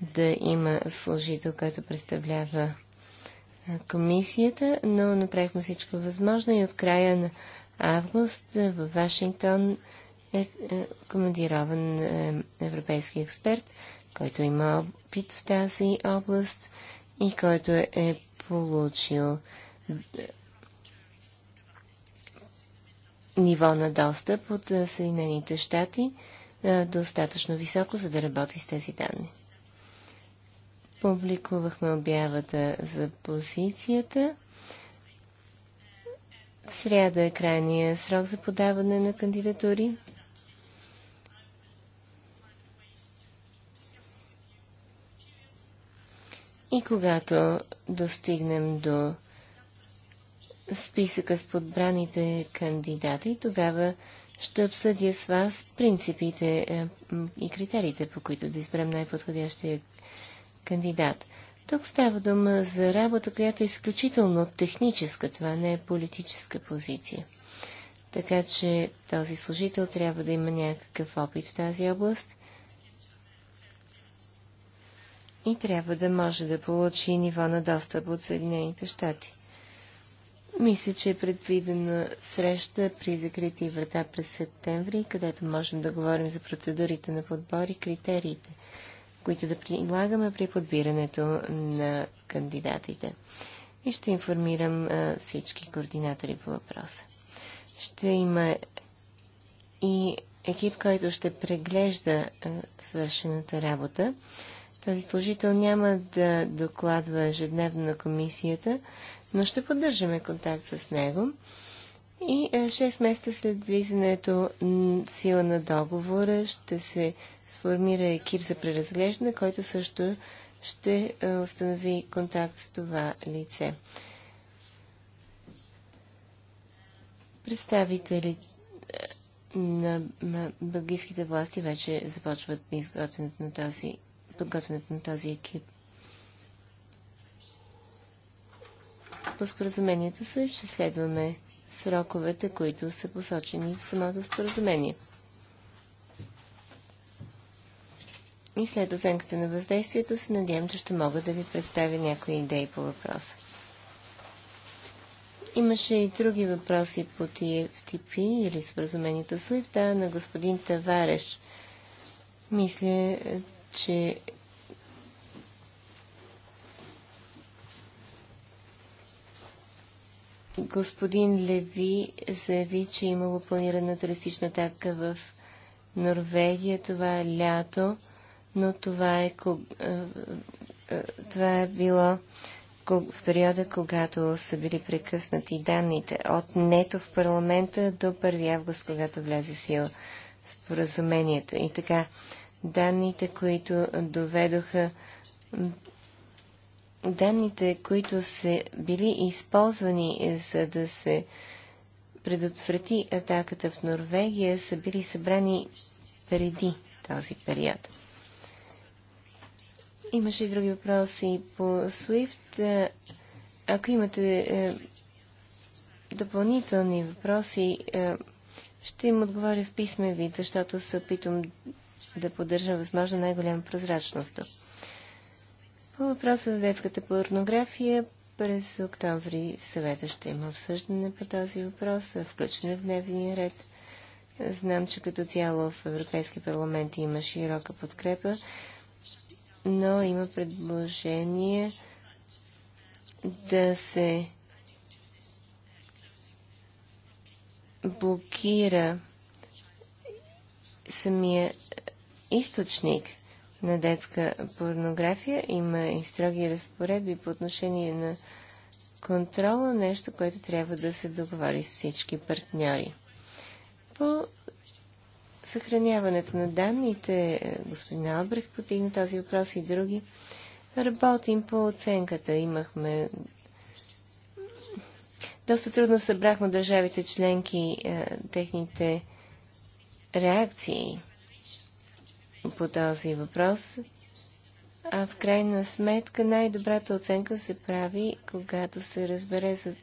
да има служител, който представлява комисията, но направихме всичко възможно и от края на август е, в Вашингтон е, е командирован е, европейски експерт, който има опит в тази област и който е получил ниво на достъп от Съединените щати достатъчно високо, за да работи с тези данни. Публикувахме обявата за позицията. В сряда е крайния срок за подаване на кандидатури. И когато достигнем до списъка с подбраните кандидати, тогава ще обсъдя с вас принципите и критериите, по които да изберем най-подходящия кандидат. Тук става дума за работа, която е изключително техническа. Това не е политическа позиция. Така че този служител трябва да има някакъв опит в тази област и трябва да може да получи ниво на достъп от Съединените щати. Мисля, че е предвидена среща при закрити врата през септември, където можем да говорим за процедурите на подбор и критериите които да прилагаме при подбирането на кандидатите. И ще информирам а, всички координатори по въпроса. Ще има и екип, който ще преглежда а, свършената работа. Този служител няма да докладва ежедневно на комисията, но ще поддържаме контакт с него и 6 е, месеца след влизането сила на договора ще се сформира екип за преразглеждане, който също ще е, установи контакт с това лице. Представители е, на бългийските власти вече започват изготвянето на този, подготвянето на този екип. По споразумението също ще следваме сроковете, които са посочени в самото споразумение. И след оценката на въздействието се надявам, че ще мога да ви представя някои идеи по въпроса. Имаше и други въпроси по TFTP или споразумението с да, на господин Тавареш. Мисля, че господин Леви заяви, че е имало планирана туристична атака в Норвегия това е лято, но това е, това е било в периода, когато са били прекъснати данните от нето в парламента до 1 август, когато влезе сила споразумението. И така, данните, които доведоха данните, които са били използвани е, за да се предотврати атаката в Норвегия, са били събрани преди този период. Имаше и други въпроси по SWIFT. Е, ако имате е, допълнителни въпроси, е, ще им отговоря в писмен вид, защото се опитвам да поддържам възможно най-голяма прозрачност тук. По въпроса за детската порнография, през октомври в съвета ще има обсъждане по този въпрос, включване в дневния ред. Знам, че като цяло в Европейски парламент има широка подкрепа, но има предложение да се блокира самия източник – на детска порнография. Има и строги разпоредби по отношение на контрола, нещо, което трябва да се договори с всички партньори. По съхраняването на данните, е, господин Албрех потигна този въпрос и други. Работим по оценката. Имахме доста трудно събрахме държавите членки, е, техните реакции по този въпрос. А в крайна сметка най-добрата оценка се прави, когато се разбере за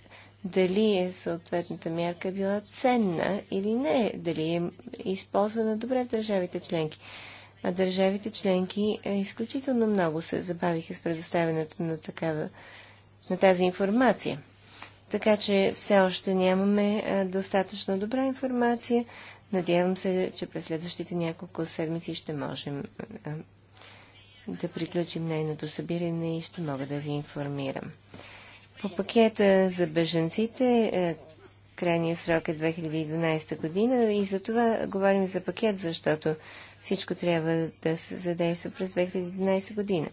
дали е съответната мярка е била ценна или не, дали е използвана добре в държавите членки. А държавите членки е, изключително много се забавиха с предоставянето на, такава, на тази информация. Така че все още нямаме е, достатъчно добра информация, Надявам се, че през следващите няколко седмици ще можем а, да приключим нейното събиране и ще мога да ви информирам. По пакета за беженците а, крайният срок е 2012 година и за това говорим за пакет, защото всичко трябва да се задейства през 2012 година.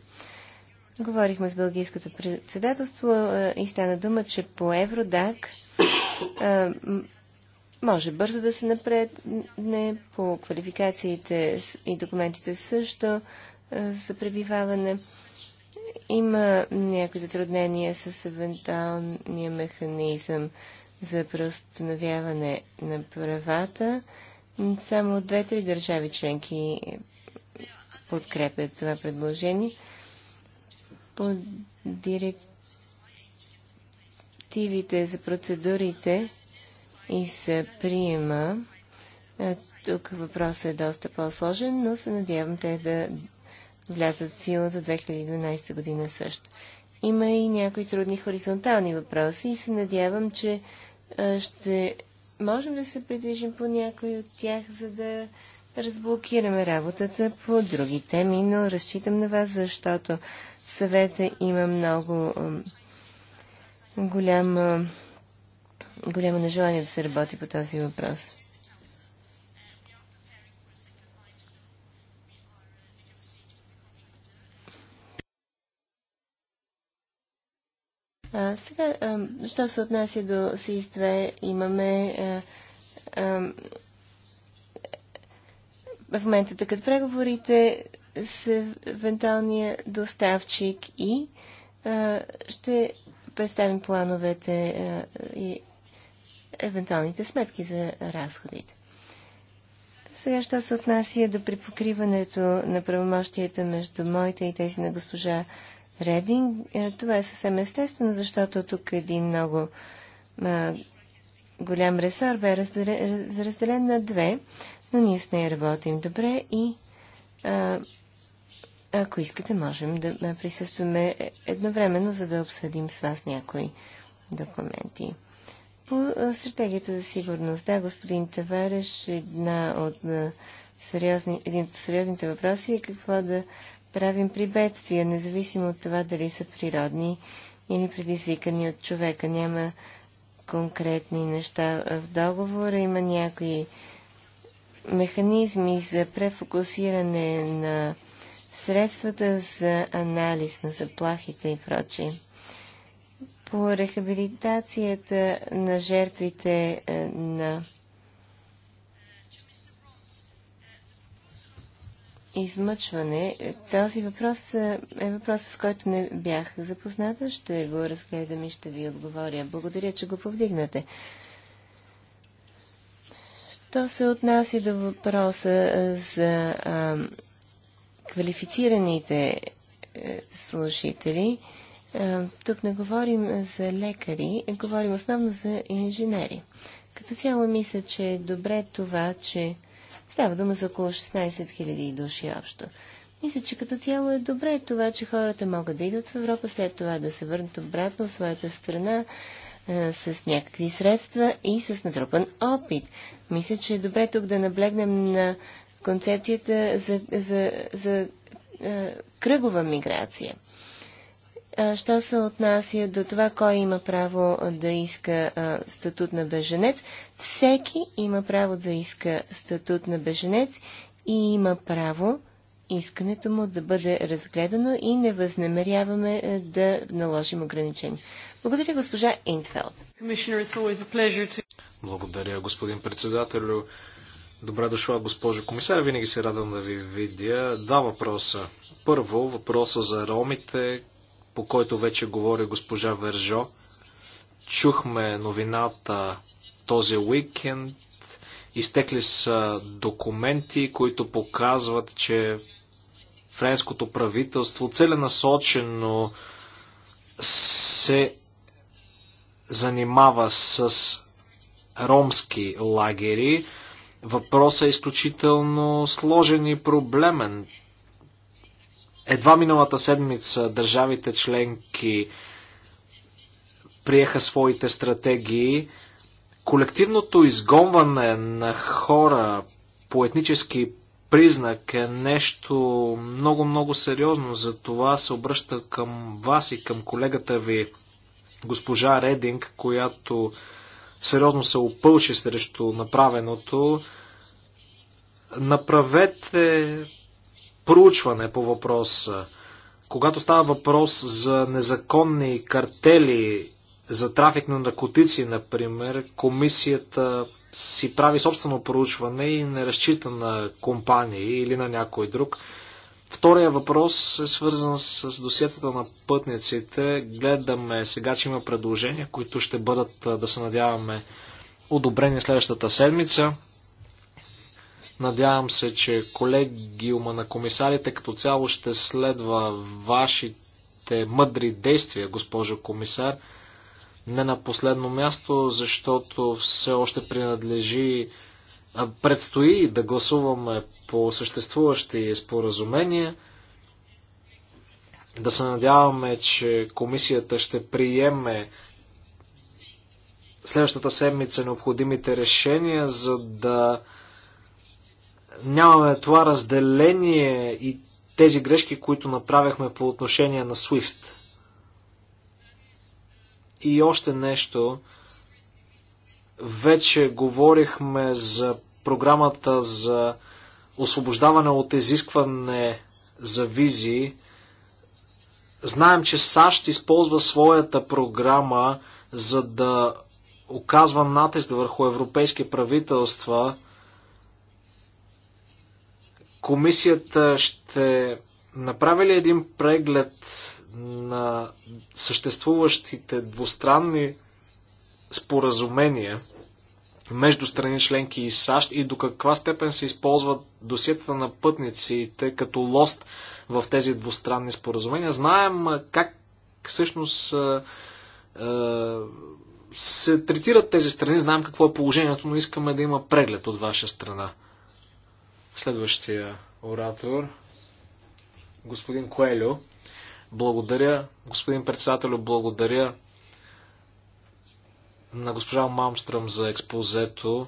Говорихме с Бългийското председателство а, и стана дума, че по Евродак а, може бързо да се напредне по квалификациите и документите също за пребиваване. Има някои затруднения с евентуалния механизъм за преустановяване на правата. Само две-три държави членки подкрепят това предложение. По директивите за процедурите и се приема. Тук въпросът е доста по-сложен, но се надявам те да влязат в сила за 2012 година също. Има и някои трудни хоризонтални въпроси и се надявам, че ще можем да се придвижим по някои от тях, за да разблокираме работата по други теми, но разчитам на вас, защото в съвета има много голям голямо нежелание да се работи по този въпрос. А, сега, а, що се отнася до СИС-2, имаме а, а, в момента такът преговорите с евентуалния доставчик и а, ще представим плановете а, и евентуалните сметки за разходите. Сега, що се отнася до припокриването на правомощията между моите и тези на госпожа Рединг, е, това е съвсем естествено, защото тук е един много а, голям ресор бе разделен на две, но ние с нея работим добре и а, ако искате, можем да присъстваме е, едновременно, за да обсъдим с вас някои документи. По стратегията за сигурност. Да, господин Тавареш, една от сериозни, един от сериозните въпроси е какво да правим при бедствия, независимо от това дали са природни или предизвикани от човека. Няма конкретни неща в договора. Има някои механизми за префокусиране на средствата за анализ на заплахите и прочие по рехабилитацията на жертвите е, на измъчване. Този въпрос е, е въпрос, с който не бях запозната. Ще го разгледам и ще ви отговоря. Благодаря, че го повдигнате. Що се отнася до въпроса е, за а, квалифицираните слушатели, е, тук не говорим за лекари, говорим основно за инженери. Като цяло мисля, че е добре това, че става дума за около 16 000 души общо. Мисля, че като цяло е добре това, че хората могат да идват в Европа, след това да се върнат обратно в своята страна е, с някакви средства и с натрупан опит. Мисля, че е добре тук да наблегнем на концепцията за, за, за е, кръгова миграция що се отнася до това, кой има право да иска статут на беженец, всеки има право да иска статут на беженец и има право искането му да бъде разгледано и не възнамеряваме да наложим ограничения. Благодаря, госпожа Интфелд. Благодаря, господин председател. Добре дошла, госпожо комисар. Винаги се радвам да ви видя. Два въпроса. Първо, въпроса за ромите, по който вече говори госпожа Вержо. Чухме новината този уикенд. Изтекли са документи, които показват, че френското правителство целенасочено се занимава с ромски лагери. Въпросът е изключително сложен и проблемен. Едва миналата седмица държавите членки приеха своите стратегии. Колективното изгонване на хора по етнически признак е нещо много-много сериозно. За това се обръща към вас и към колегата ви, госпожа Рединг, която сериозно се опълши срещу направеното. Направете проучване по въпроса. Когато става въпрос за незаконни картели, за трафик на наркотици, например, комисията си прави собствено проучване и не разчита на компании или на някой друг. Втория въпрос е свързан с досиетата на пътниците. Гледаме сега, че има предложения, които ще бъдат, да се надяваме, одобрени следващата седмица. Надявам се, че колегиума на комисарите като цяло ще следва вашите мъдри действия, госпожо комисар. Не на последно място, защото все още принадлежи, предстои да гласуваме по съществуващи споразумения. Да се надяваме, че комисията ще приеме следващата седмица необходимите решения, за да нямаме това разделение и тези грешки, които направихме по отношение на SWIFT. И още нещо. Вече говорихме за програмата за освобождаване от изискване за визи. Знаем, че САЩ използва своята програма за да оказва натиск върху европейски правителства Комисията ще направи ли един преглед на съществуващите двустранни споразумения между страни членки и САЩ и до каква степен се използват досиетата на пътниците като лост в тези двустранни споразумения. Знаем как всъщност се третират тези страни, знаем какво е положението, но искаме да има преглед от ваша страна. Следващия оратор, господин Коелю. Благодаря, господин председателю, благодаря на госпожа Мамстръм за експозето.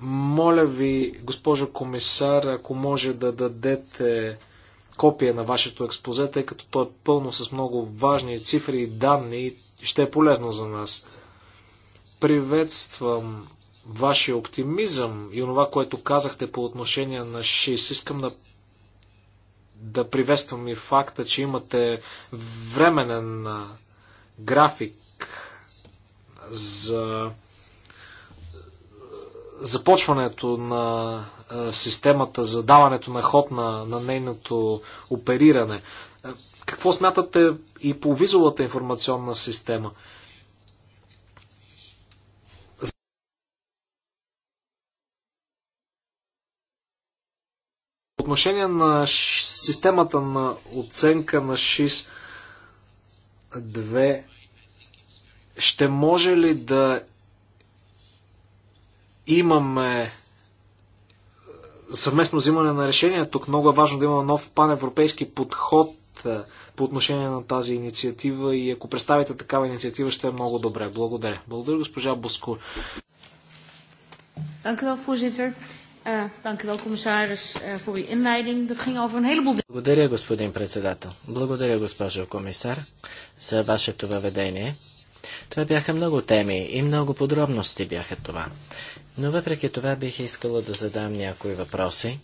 Моля ви, госпожо комисар, ако може да дадете копия на вашето експозе, тъй като то е пълно с много важни цифри и данни и ще е полезно за нас. Приветствам вашия оптимизъм и това, което казахте по отношение на 6, Искам да, да приветствам и факта, че имате временен график за започването на системата, за даването на ход на, на нейното опериране. Какво смятате и по визовата информационна система? отношение на системата на оценка на ШИС 2, ще може ли да имаме е, съвместно взимане на решения. Тук много е важно да има нов паневропейски подход е, по отношение на тази инициатива и ако представите такава инициатива, ще е много добре. Благодаря. Благодаря, госпожа Боскур. Благодаря, господин председател. Благодаря, госпожо комисар, за вашето въведение. Това бяха много теми и много подробности бяха това. Но въпреки това бих искала да задам някои въпроси.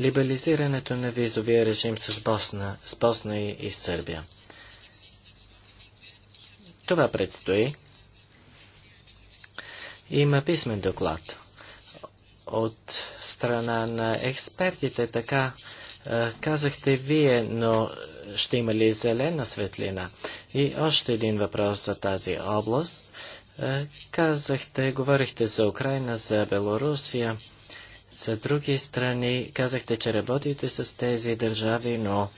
Либерализирането на визовия режим с Босна, с Босна и Сърбия. Това предстои. Има писмен доклад от страна на експертите, така казахте вие, но ще има ли зелена светлина? И още един въпрос за тази област. казахте, говорихте за Украина, за Белорусия, за други страни. Казахте, че работите с тези държави, но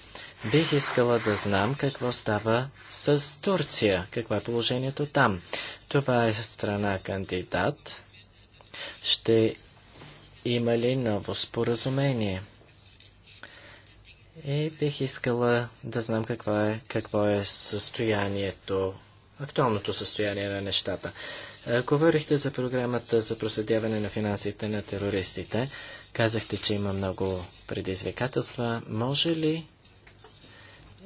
Бих искала да знам какво става с Турция, какво е положението там. Това е страна кандидат. Ще има ли ново споразумение? И бих искала да знам какво е, какво е състоянието, актуалното състояние на нещата. Е, говорихте за програмата за проследяване на финансите на терористите. Казахте, че има много предизвикателства. Може ли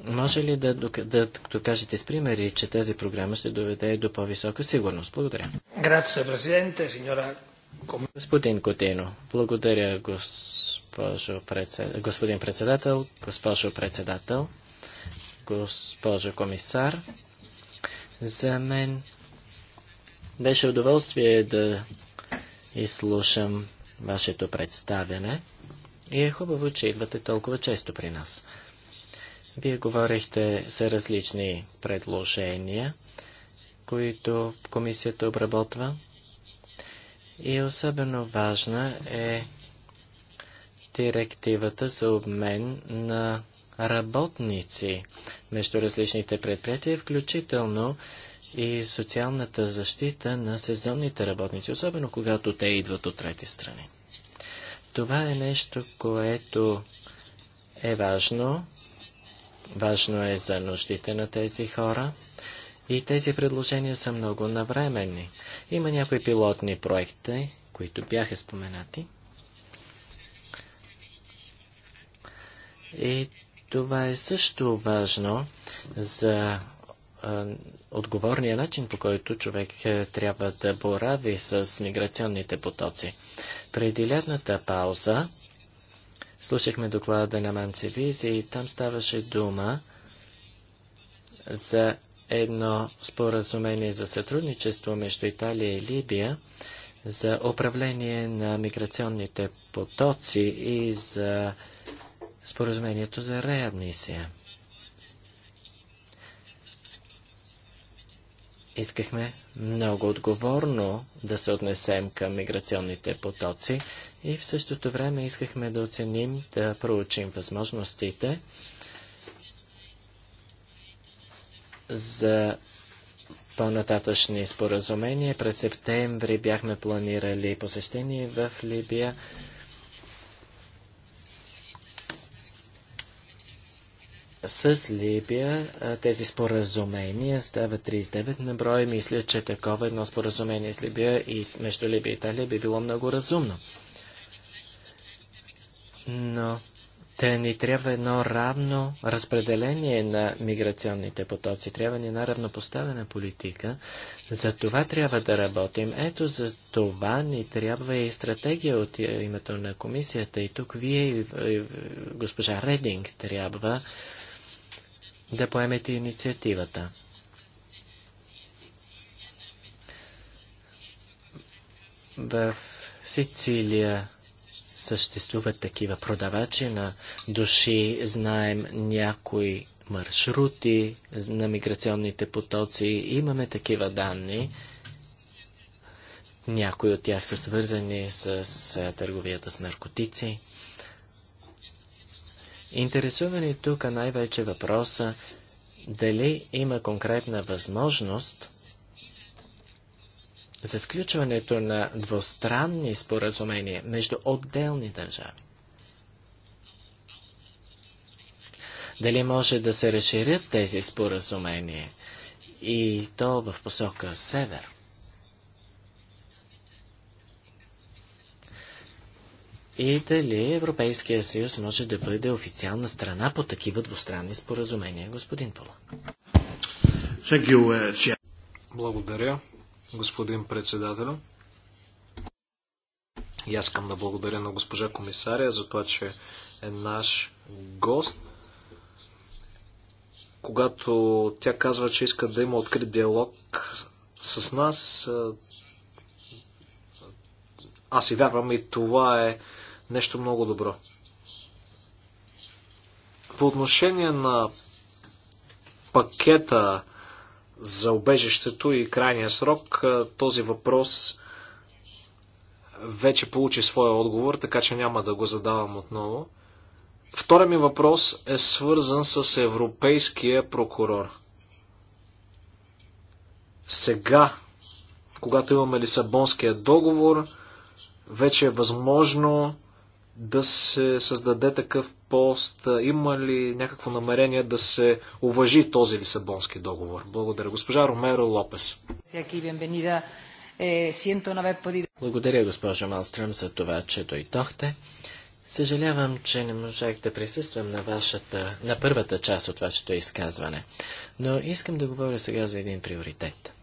може ли да, да кажете с примери, че тази програма ще доведе до по-висока сигурност? Благодаря. Господин Котино, благодаря, госпожо председ... господин председател, госпожо председател, госпожо комисар. За мен беше удоволствие да изслушам вашето представяне и е хубаво, че идвате толкова често при нас. Вие говорихте за различни предложения, които комисията обработва. И особено важна е директивата за обмен на работници между различните предприятия, включително и социалната защита на сезонните работници, особено когато те идват от трети страни. Това е нещо, което е важно Важно е за нуждите на тези хора. И тези предложения са много навременни. Има някои пилотни проекти, които бяха споменати. И това е също важно за отговорния начин, по който човек е, трябва да борави с миграционните потоци. Преди лятната пауза Слушахме доклада на Манцевизи и там ставаше дума за едно споразумение за сътрудничество между Италия и Либия за управление на миграционните потоци и за споразумението за реадмисия. Искахме много отговорно да се отнесем към миграционните потоци, и в същото време искахме да оценим, да проучим възможностите за по-нататъчни споразумения. През септември бяхме планирали посещение в Либия. С Либия тези споразумения стават 39 на брой. Мисля, че такова едно споразумение с Либия и между Либия и Италия би било много разумно но те ни трябва едно равно разпределение на миграционните потоци. Трябва ни една равнопоставена политика. За това трябва да работим. Ето за това ни трябва и стратегия от името на комисията. И тук вие и, госпожа Рединг трябва да поемете инициативата. В Сицилия съществуват такива продавачи на души, знаем някои маршрути на миграционните потоци, имаме такива данни. Някои от тях са свързани с търговията с наркотици. Интересува ни тук най-вече въпроса дали има конкретна възможност за сключването на двустранни споразумения между отделни държави. Дали може да се разширят тези споразумения и то в посока север? И дали Европейския съюз може да бъде официална страна по такива двустранни споразумения, господин Пола? Uh, Благодаря господин председател. И аз искам да благодаря на госпожа комисаря за това, че е наш гост. Когато тя казва, че иска да има открит диалог с нас, аз и вярвам и това е нещо много добро. По отношение на пакета за обежището и крайния срок, този въпрос вече получи своя отговор, така че няма да го задавам отново. Втория ми въпрос е свързан с европейския прокурор. Сега, когато имаме Лисабонския договор, вече е възможно да се създаде такъв пост, има ли някакво намерение да се уважи този Лисабонски договор? Благодаря. Госпожа Ромеро Лопес. Eh, Благодаря, госпожа Малстрем, за това, че дойдохте. Съжалявам, че не можах да присъствам на, вашата, на първата част от вашето изказване, но искам да говоря сега за един приоритет.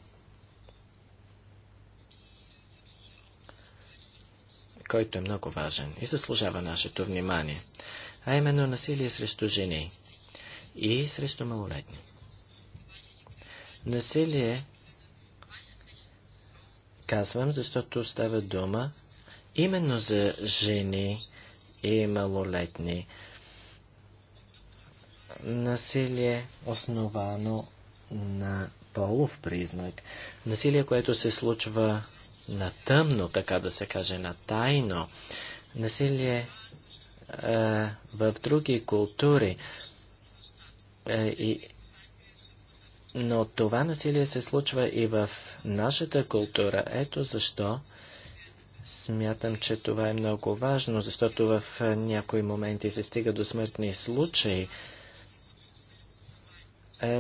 който е много важен и заслужава нашето внимание а именно насилие срещу жени и срещу малолетни. Насилие казвам, защото става дума именно за жени и малолетни. Насилие основано на полов признак. Насилие, което се случва на тъмно, така да се каже, на тайно. Насилие, е, в други култури. Е, но това насилие се случва и в нашата култура. Ето защо смятам, че това е много важно, защото в е, някои моменти се стига до смъртни случаи.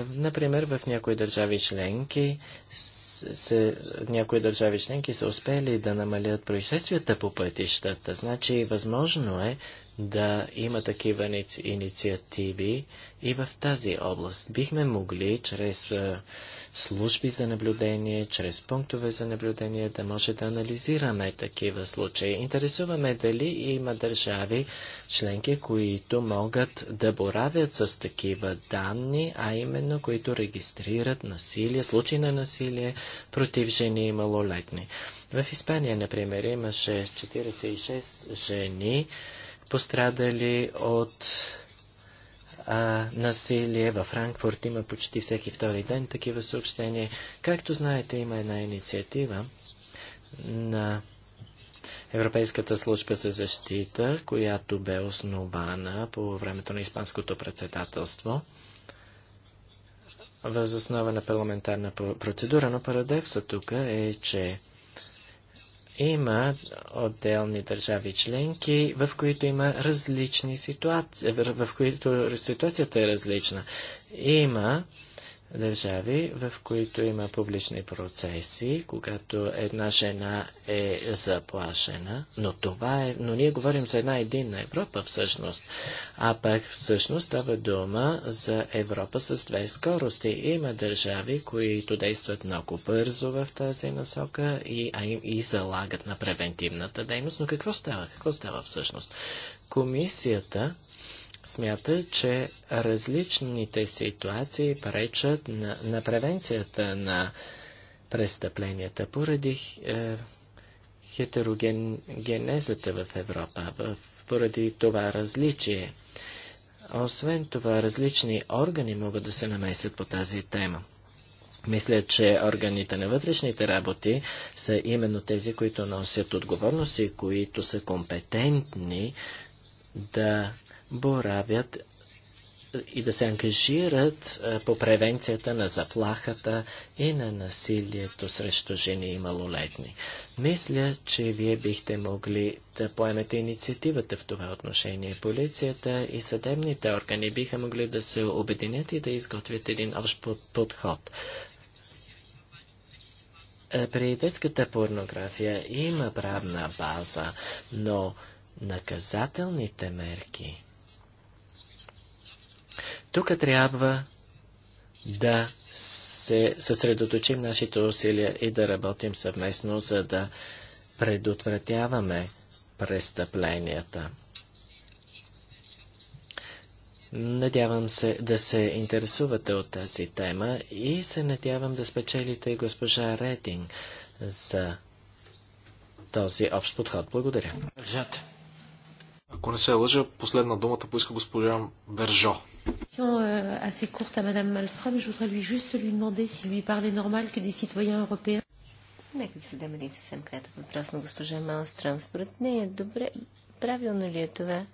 например, в някои държави членки се, някои държави членки са успели да намалят происшествията по пътищата. Значи, възможно е да има такива инициативи и в тази област. Бихме могли чрез служби за наблюдение, чрез пунктове за наблюдение да може да анализираме такива случаи. Интересуваме дали има държави членки, които могат да боравят с такива данни, а именно които регистрират насилие, случаи на насилие против жени и малолетни. В Испания, например, имаше 46 жени, пострадали от а, насилие. Във Франкфурт има почти всеки втори ден такива съобщения. Както знаете, има една инициатива на Европейската служба за защита, която бе основана по времето на Испанското председателство възоснова на парламентарна процедура, но парадокса тук е, че има отделни държави членки, в които има различни ситуации, в, които ситуацията е различна. Има държави, в които има публични процеси, когато една жена е заплашена, но това е, но ние говорим за една единна Европа всъщност, а пък всъщност става дума за Европа с две скорости. Има държави, които действат много бързо в тази насока и, а им, и залагат на превентивната дейност, но какво става? Какво става всъщност? Комисията смята, че различните ситуации пречат на, на превенцията на престъпленията поради е, хетерогенезата в Европа, в, поради това различие. Освен това, различни органи могат да се намесят по тази тема. Мисля, че органите на вътрешните работи са именно тези, които носят отговорност и които са компетентни да боравят е, и да се ангажират е, по превенцията на заплахата и на насилието срещу жени и малолетни. Мисля, че вие бихте могли да поемете инициативата в това отношение. Полицията и съдебните органи биха могли да се обединят и да изготвят един общ подход. Е, при детската порнография има правна база, но наказателните мерки тук трябва да се съсредоточим нашите усилия и да работим съвместно, за да предотвратяваме престъпленията. Надявам се да се интересувате от тази тема и се надявам да спечелите госпожа Рединг за този общ подход. Благодаря. Ако не се лъжа, последна думата поиска госпожа Вержо question euh, assez courte à Madame Malmström. Je voudrais lui juste lui demander s'il lui parlait normal que des citoyens européens. Нека да задам един съвсем кратък въпрос на госпожа Малстрам. Според нея, добре, правилно ли е това,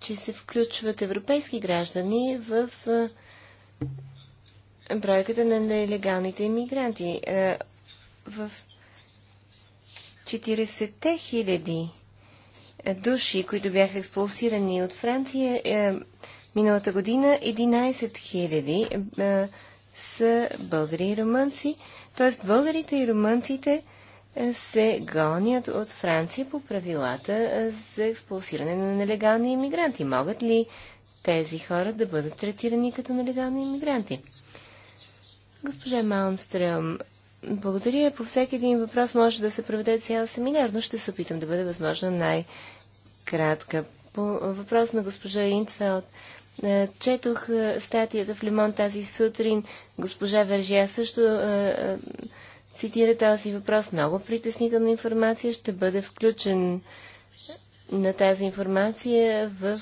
че се включват европейски граждани в е, бройката на нелегалните иммигранти? Е, в 40-те хиляди души, които бяха експулсирани от Франция е, миналата година, 11 000 е, са българи и румънци. Т.е. българите и румънците е, се гонят от Франция по правилата е, за експулсиране на нелегални иммигранти. Могат ли тези хора да бъдат третирани като нелегални иммигранти? Госпожа Малмстрем благодаря. По всеки един въпрос може да се проведе цял семинар, но ще се опитам да бъде възможно най-кратка. По въпрос на госпожа Интфелд. Е, четох е, статията в Лимон тази сутрин. Госпожа Вержия също е, цитира този въпрос. Много притеснителна информация ще бъде включен на тази информация в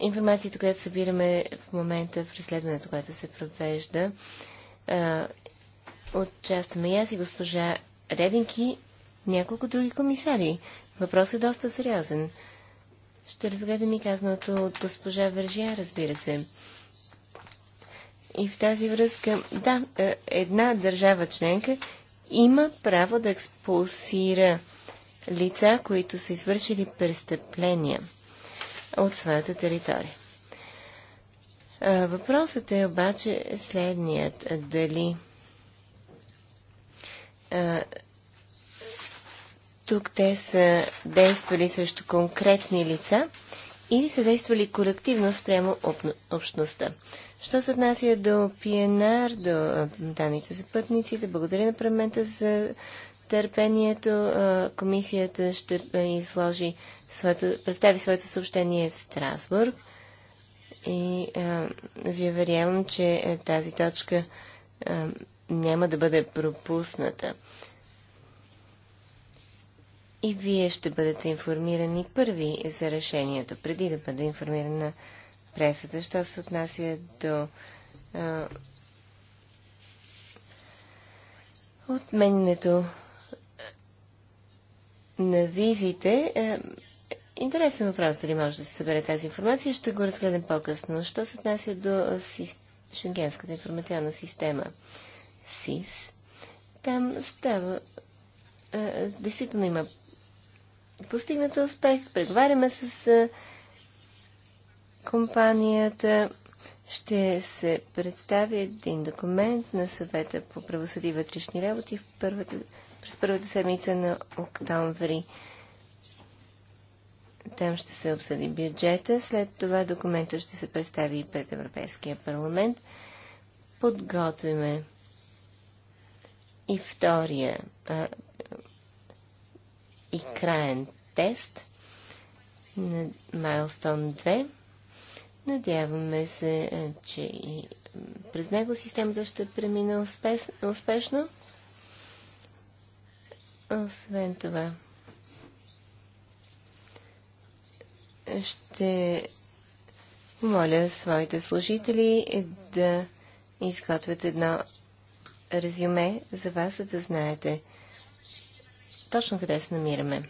информацията, която събираме в момента в разследването, което се провежда а, участваме и аз и госпожа Реденки, няколко други комисари. Въпросът е доста сериозен. Ще разгледам и казаното от госпожа Вържия, разбира се. И в тази връзка, да, е, една държава членка има право да експулсира лица, които са извършили престъпления от своята територия. Въпросът е обаче следният. Дали тук те са действали срещу конкретни лица или са действали колективно спрямо общността. Що се отнася до ПНР, до данните за пътниците, благодаря на парламента за търпението. Комисията ще изложи своето, представи своето съобщение в Страсбург и а, е, ви уверявам, че е, тази точка а, е, няма да бъде пропусната. И вие ще бъдете информирани първи за решението, преди да бъде информирана пресата. Що се отнася до а, отменянето на визите, а, Интересен въпрос, дали може да се събере тази информация. Ще го разгледам по-късно. Що се отнася до Шенгенската информационна система СИС, там става... А, действително има постигнат успех. Преговаряме с а, компанията. Ще се представи един документ на съвета по правосъди и вътрешни работи в първата, през първата седмица на октомври там ще се обсъди бюджета. След това документа ще се представи и пред Европейския парламент. Подготвяме и втория а, и краен тест на Майлстон 2. Надяваме се, че и през него системата ще премина успешно. Освен това, ще моля своите служители да изготвят едно резюме за вас, за да знаете точно къде се намираме.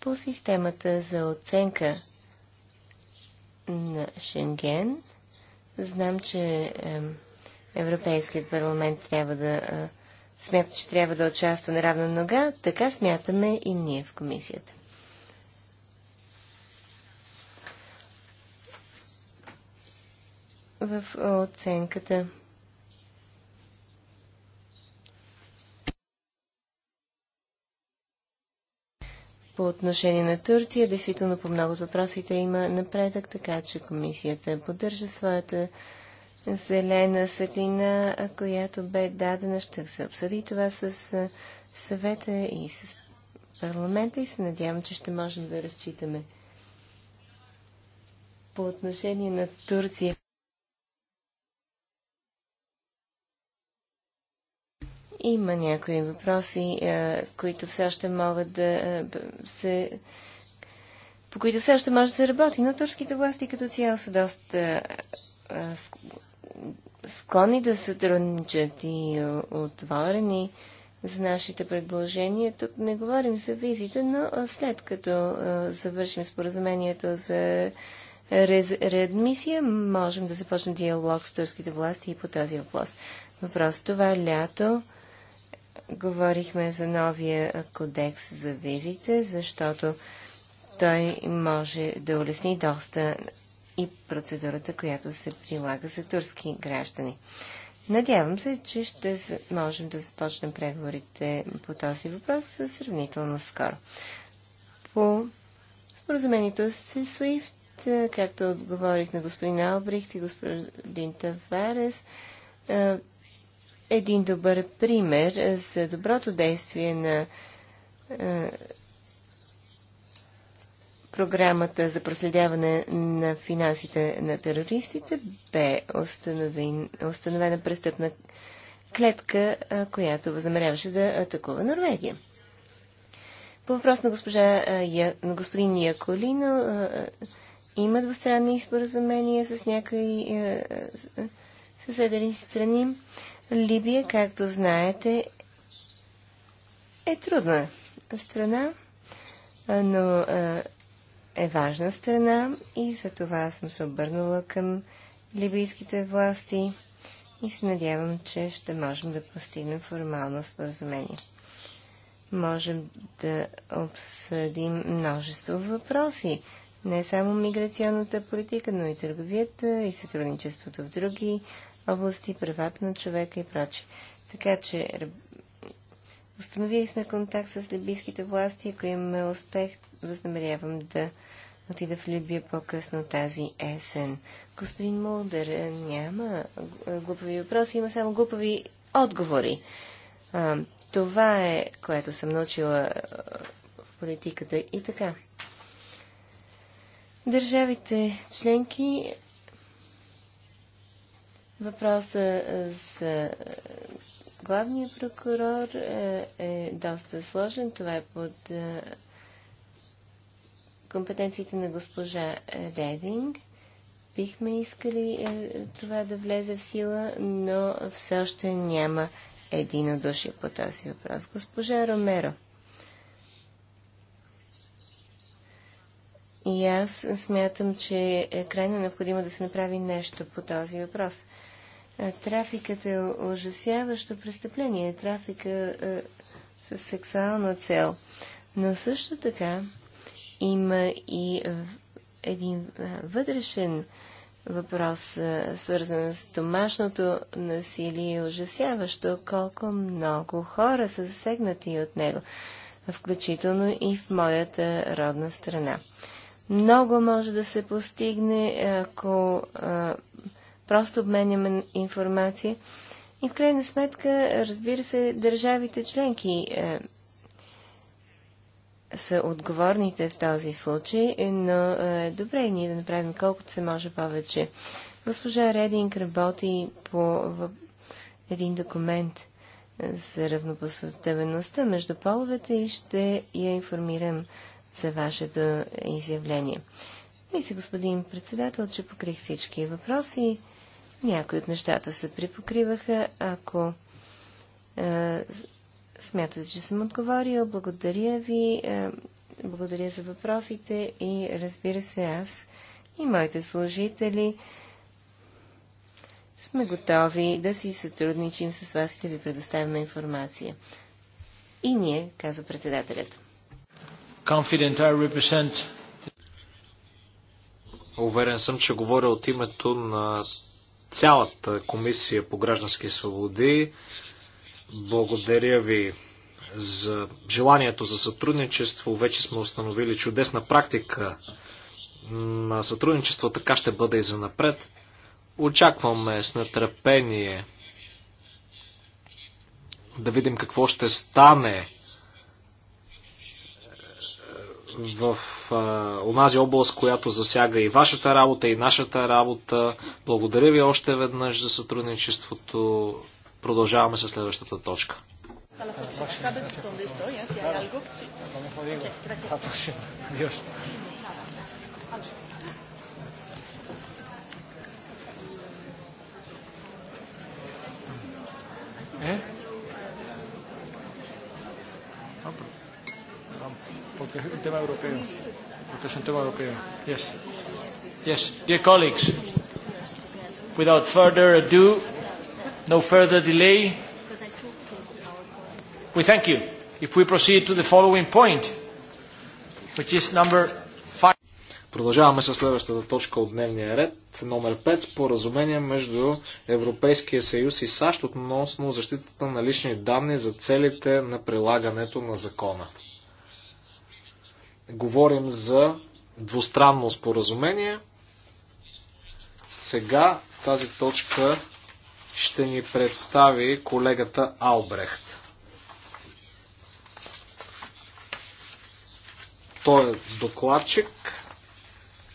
По системата за оценка на Шенген, знам, че Европейският парламент трябва да е, смята, че трябва да участва на равна нога, така смятаме и ние в комисията. в оценката. По отношение на Турция, действително по много от въпросите има напредък, така че комисията поддържа своята зелена светлина, която бе дадена. Ще се обсъди това с съвета и с парламента и се надявам, че ще можем да разчитаме. По отношение на Турция. Има някои въпроси, е, които все още могат да е, се по които все още може да се работи, но турските власти като цяло са доста е, склонни да сътрудничат и отворени за нашите предложения. Тук не говорим за визите, но след като завършим споразумението за реадмисия, можем да започнем диалог с турските власти и по този въпрос. Въпрос това лято говорихме за новия кодекс за визите, защото той може да улесни доста и процедурата, която се прилага за турски граждани. Надявам се, че ще можем да започнем преговорите по този въпрос сравнително скоро. По споразумението с SWIFT, както отговорих на господин Албрихт и господин Таварес, един добър пример за доброто действие на е, програмата за проследяване на финансите на терористите бе установен, установена престъпна клетка, която възнамеряваше да атакува Норвегия. По въпрос на, госпожа, на господин Яколино, има двустранни споразумения с някои съседени страни. Либия, както знаете, е трудна страна, но е важна страна и за това съм се обърнала към либийските власти и се надявам, че ще можем да постигнем формално споразумение. Можем да обсъдим множество въпроси, не само миграционната политика, но и търговията и сътрудничеството в други области, правата на човека и прочи. Така че установили сме контакт с либийските власти. Ако имаме успех, възнамерявам да отида в Либия по-късно тази есен. Господин Молдър, няма глупави въпроси, има само глупави отговори. А, това е, което съм научила в политиката и така. Държавите членки Въпросът е, за е, главния прокурор е, е, доста сложен. Това е под компетенциите на госпожа Рединг. Бихме искали това да влезе в сила, но все още няма единодушие по този въпрос. Госпожа Ромеро. И аз смятам, че е крайно необходимо да се направи нещо по този въпрос. Е, трафикът е ужасяващо престъпление. Трафика е, с сексуална цел. Но също така има и е, един е, вътрешен въпрос, свързан с домашното насилие, ужасяващо колко много хора са засегнати от него, включително и в моята родна страна. Много може да се постигне, ако просто обменяме информация. И в крайна сметка, разбира се, държавите членки е, са отговорните в този случай, но е добре ние да направим колкото се може повече. Госпожа Рединг работи по един документ е, за равнопоставеността между половете и ще я информирам за вашето изявление. Мисля, господин председател, че покрих всички въпроси. Някои от нещата се припокриваха. Ако е, смятате, че съм отговорил, благодаря ви. Е, благодаря за въпросите и разбира се аз и моите служители сме готови да си сътрудничим с вас и да ви предоставим информация. И ние, казва председателят. Уверен съм, че говоря от името на цялата комисия по граждански свободи. Благодаря ви за желанието за сътрудничество. Вече сме установили чудесна практика на сътрудничество. Така ще бъде и за напред. Очакваме с нетърпение да видим какво ще стане в а, онази област, която засяга и вашата работа, и нашата работа. Благодаря ви още веднъж за сътрудничеството. Продължаваме с следващата точка. ¿Eh? porque es un tema europeo. Porque es un tema europeo. Yes. Yes. Dear colleagues, without further ado, no further delay, we thank you. If we proceed to the following point, which is number five. Продължаваме с следващата точка от дневния ред, номер 5, споразумение между Европейския съюз и САЩ относно защитата на лични данни за целите на прилагането на закона говорим за двустранно споразумение. Сега тази точка ще ни представи колегата Албрехт. Той е докладчик.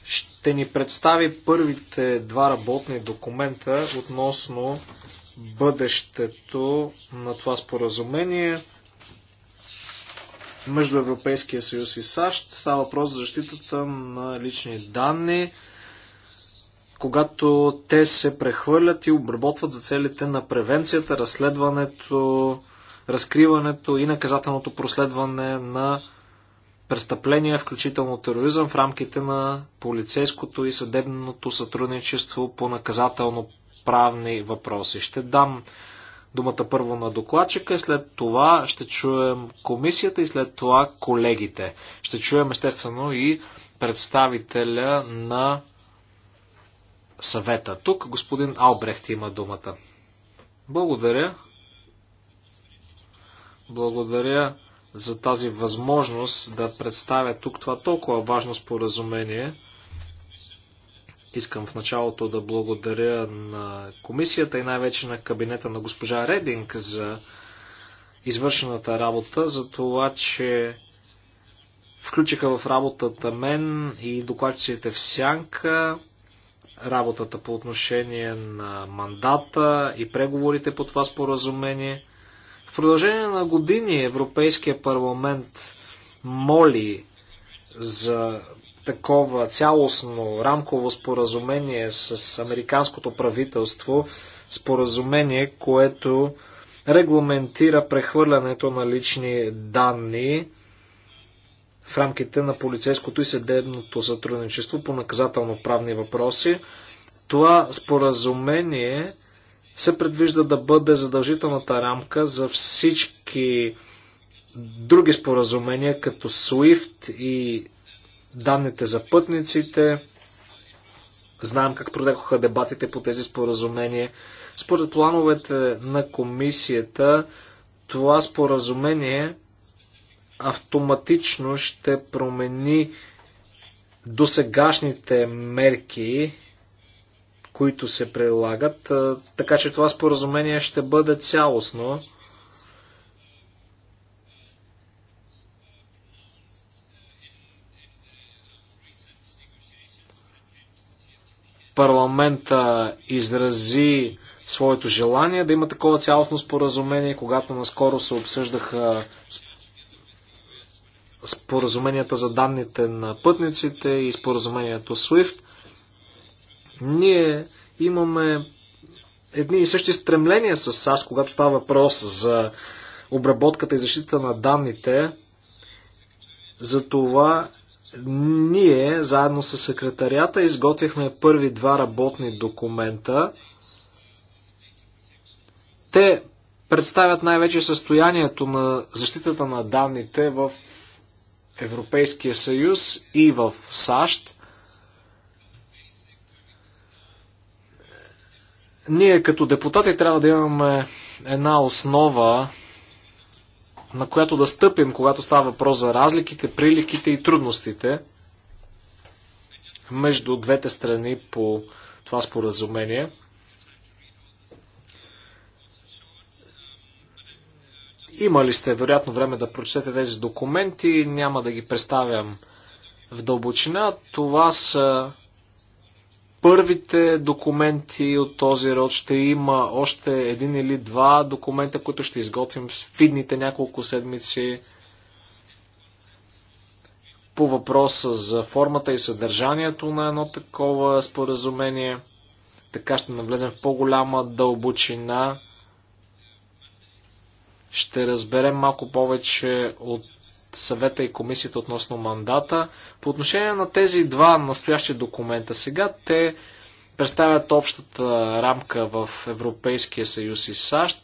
Ще ни представи първите два работни документа относно бъдещето на това споразумение между Европейския съюз и САЩ. Става въпрос за защитата на лични данни, когато те се прехвърлят и обработват за целите на превенцията, разследването, разкриването и наказателното проследване на престъпления, включително тероризъм, в рамките на полицейското и съдебното сътрудничество по наказателно правни въпроси. Ще дам думата първо на докладчика, след това ще чуем комисията и след това колегите. Ще чуем естествено и представителя на съвета. Тук господин Албрехт има думата. Благодаря. Благодаря за тази възможност да представя тук това толкова важно споразумение. Искам в началото да благодаря на комисията и най-вече на кабинета на госпожа Рединг за извършената работа, за това, че включиха в работата мен и докладчиците в сянка, работата по отношение на мандата и преговорите по това споразумение. В продължение на години Европейския парламент моли за такова цялостно рамково споразумение с американското правителство, споразумение, което регламентира прехвърлянето на лични данни в рамките на полицейското и съдебното сътрудничество по наказателно-правни въпроси. Това споразумение се предвижда да бъде задължителната рамка за всички други споразумения, като SWIFT и данните за пътниците. Знаем как протекоха дебатите по тези споразумения. Според плановете на комисията, това споразумение автоматично ще промени досегашните мерки, които се прилагат, така че това споразумение ще бъде цялостно. парламента изрази своето желание да има такова цялостно споразумение, когато наскоро се обсъждаха споразуменията за данните на пътниците и споразумението SWIFT, ние имаме едни и същи стремления с САЩ, когато става въпрос за обработката и защита на данните. това ние, заедно с секретарията, изготвихме първи два работни документа. Те представят най-вече състоянието на защитата на данните в Европейския съюз и в САЩ. Ние като депутати трябва да имаме една основа на която да стъпим, когато става въпрос за разликите, приликите и трудностите между двете страни по това споразумение. Имали сте вероятно време да прочетете тези документи, няма да ги представям в дълбочина. Това са първите документи от този род. Ще има още един или два документа, които ще изготвим в видните няколко седмици по въпроса за формата и съдържанието на едно такова споразумение. Така ще навлезем в по-голяма дълбочина. Ще разберем малко повече от съвета и комисията относно мандата. По отношение на тези два настоящи документа сега, те представят общата рамка в Европейския съюз и САЩ.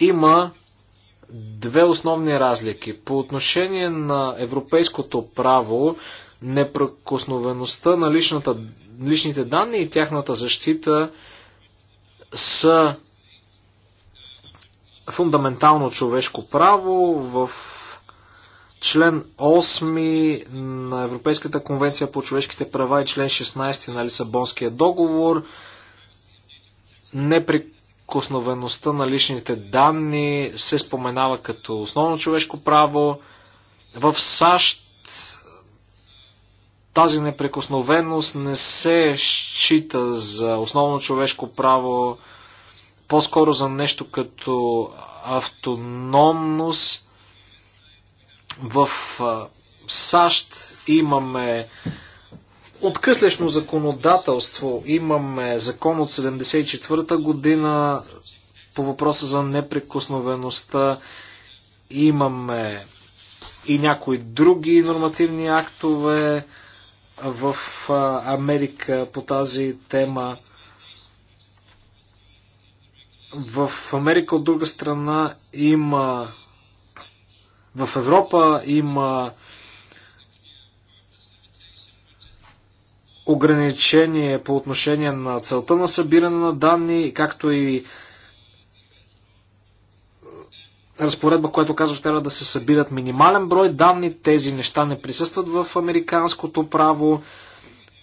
Има две основни разлики. По отношение на европейското право, непрекосновеността на личната, личните данни и тяхната защита са фундаментално човешко право в член 8 на Европейската конвенция по човешките права и член 16 на Лисабонския договор, неприкосновеността на личните данни се споменава като основно човешко право. В САЩ тази неприкосновеност не се счита за основно човешко право, по-скоро за нещо като автономност в САЩ имаме откъслешно законодателство. Имаме закон от 74-та година по въпроса за неприкосновеността. Имаме и някои други нормативни актове в Америка по тази тема. В Америка от друга страна има в Европа има ограничение по отношение на целта на събиране на данни, както и разпоредба, която казва, че трябва да се събират минимален брой данни. Тези неща не присъстват в американското право.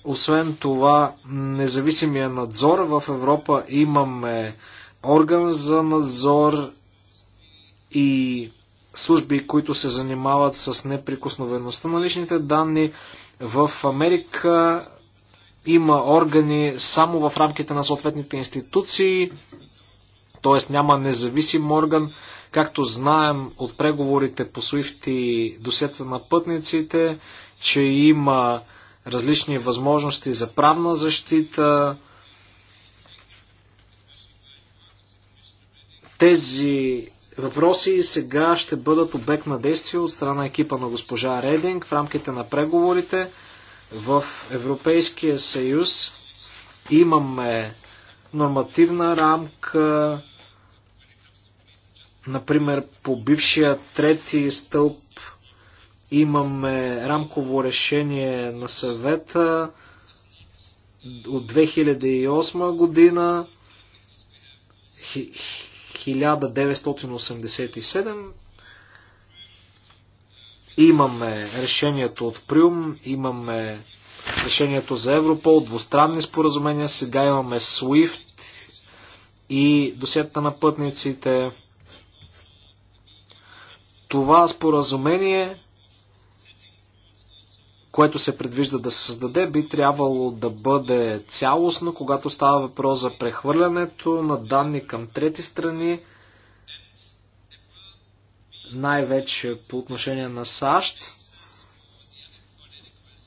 Освен това, независимия надзор в Европа имаме орган за надзор и служби, които се занимават с неприкосновеността на личните данни. В Америка има органи само в рамките на съответните институции, т.е. няма независим орган. Както знаем от преговорите по SWIFT и досета на пътниците, че има различни възможности за правна защита, тези въпроси сега ще бъдат обект на действие от страна екипа на госпожа Рединг в рамките на преговорите в Европейския съюз. Имаме нормативна рамка, например по бившия трети стълб имаме рамково решение на съвета от 2008 година 1987 имаме решението от Прюм, имаме решението за Европол, двустранни споразумения, сега имаме SWIFT и досетта на пътниците. Това споразумение което се предвижда да се създаде, би трябвало да бъде цялостно, когато става въпрос за прехвърлянето на данни към трети страни, най-вече по отношение на САЩ.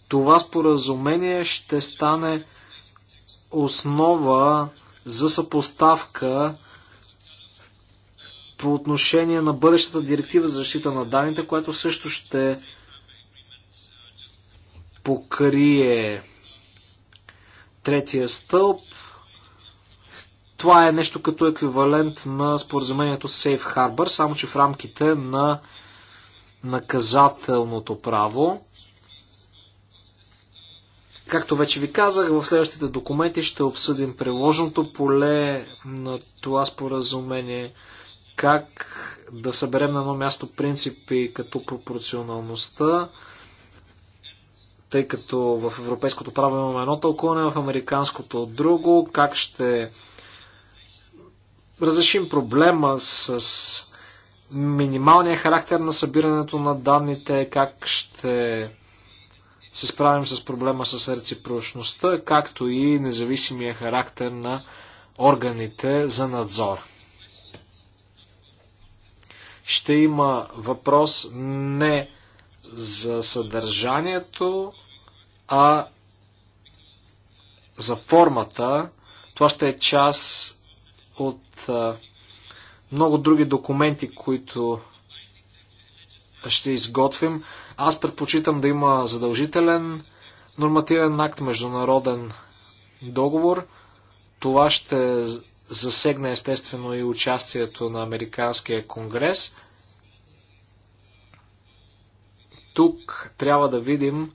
Това споразумение ще стане основа за съпоставка по отношение на бъдещата директива за защита на данните, която също ще покрие третия стълб. Това е нещо като еквивалент на споразумението Safe Harbor, само че в рамките на наказателното право. Както вече ви казах, в следващите документи ще обсъдим приложното поле на това споразумение, как да съберем на едно място принципи като пропорционалността, тъй като в европейското право имаме едно тълкуване, в американското друго, как ще разрешим проблема с минималния характер на събирането на данните, как ще се справим с проблема с реципрочността, както и независимия характер на органите за надзор. Ще има въпрос не за съдържанието, а за формата. Това ще е част от много други документи, които ще изготвим. Аз предпочитам да има задължителен нормативен акт, международен договор. Това ще засегне естествено и участието на Американския конгрес – тук трябва да видим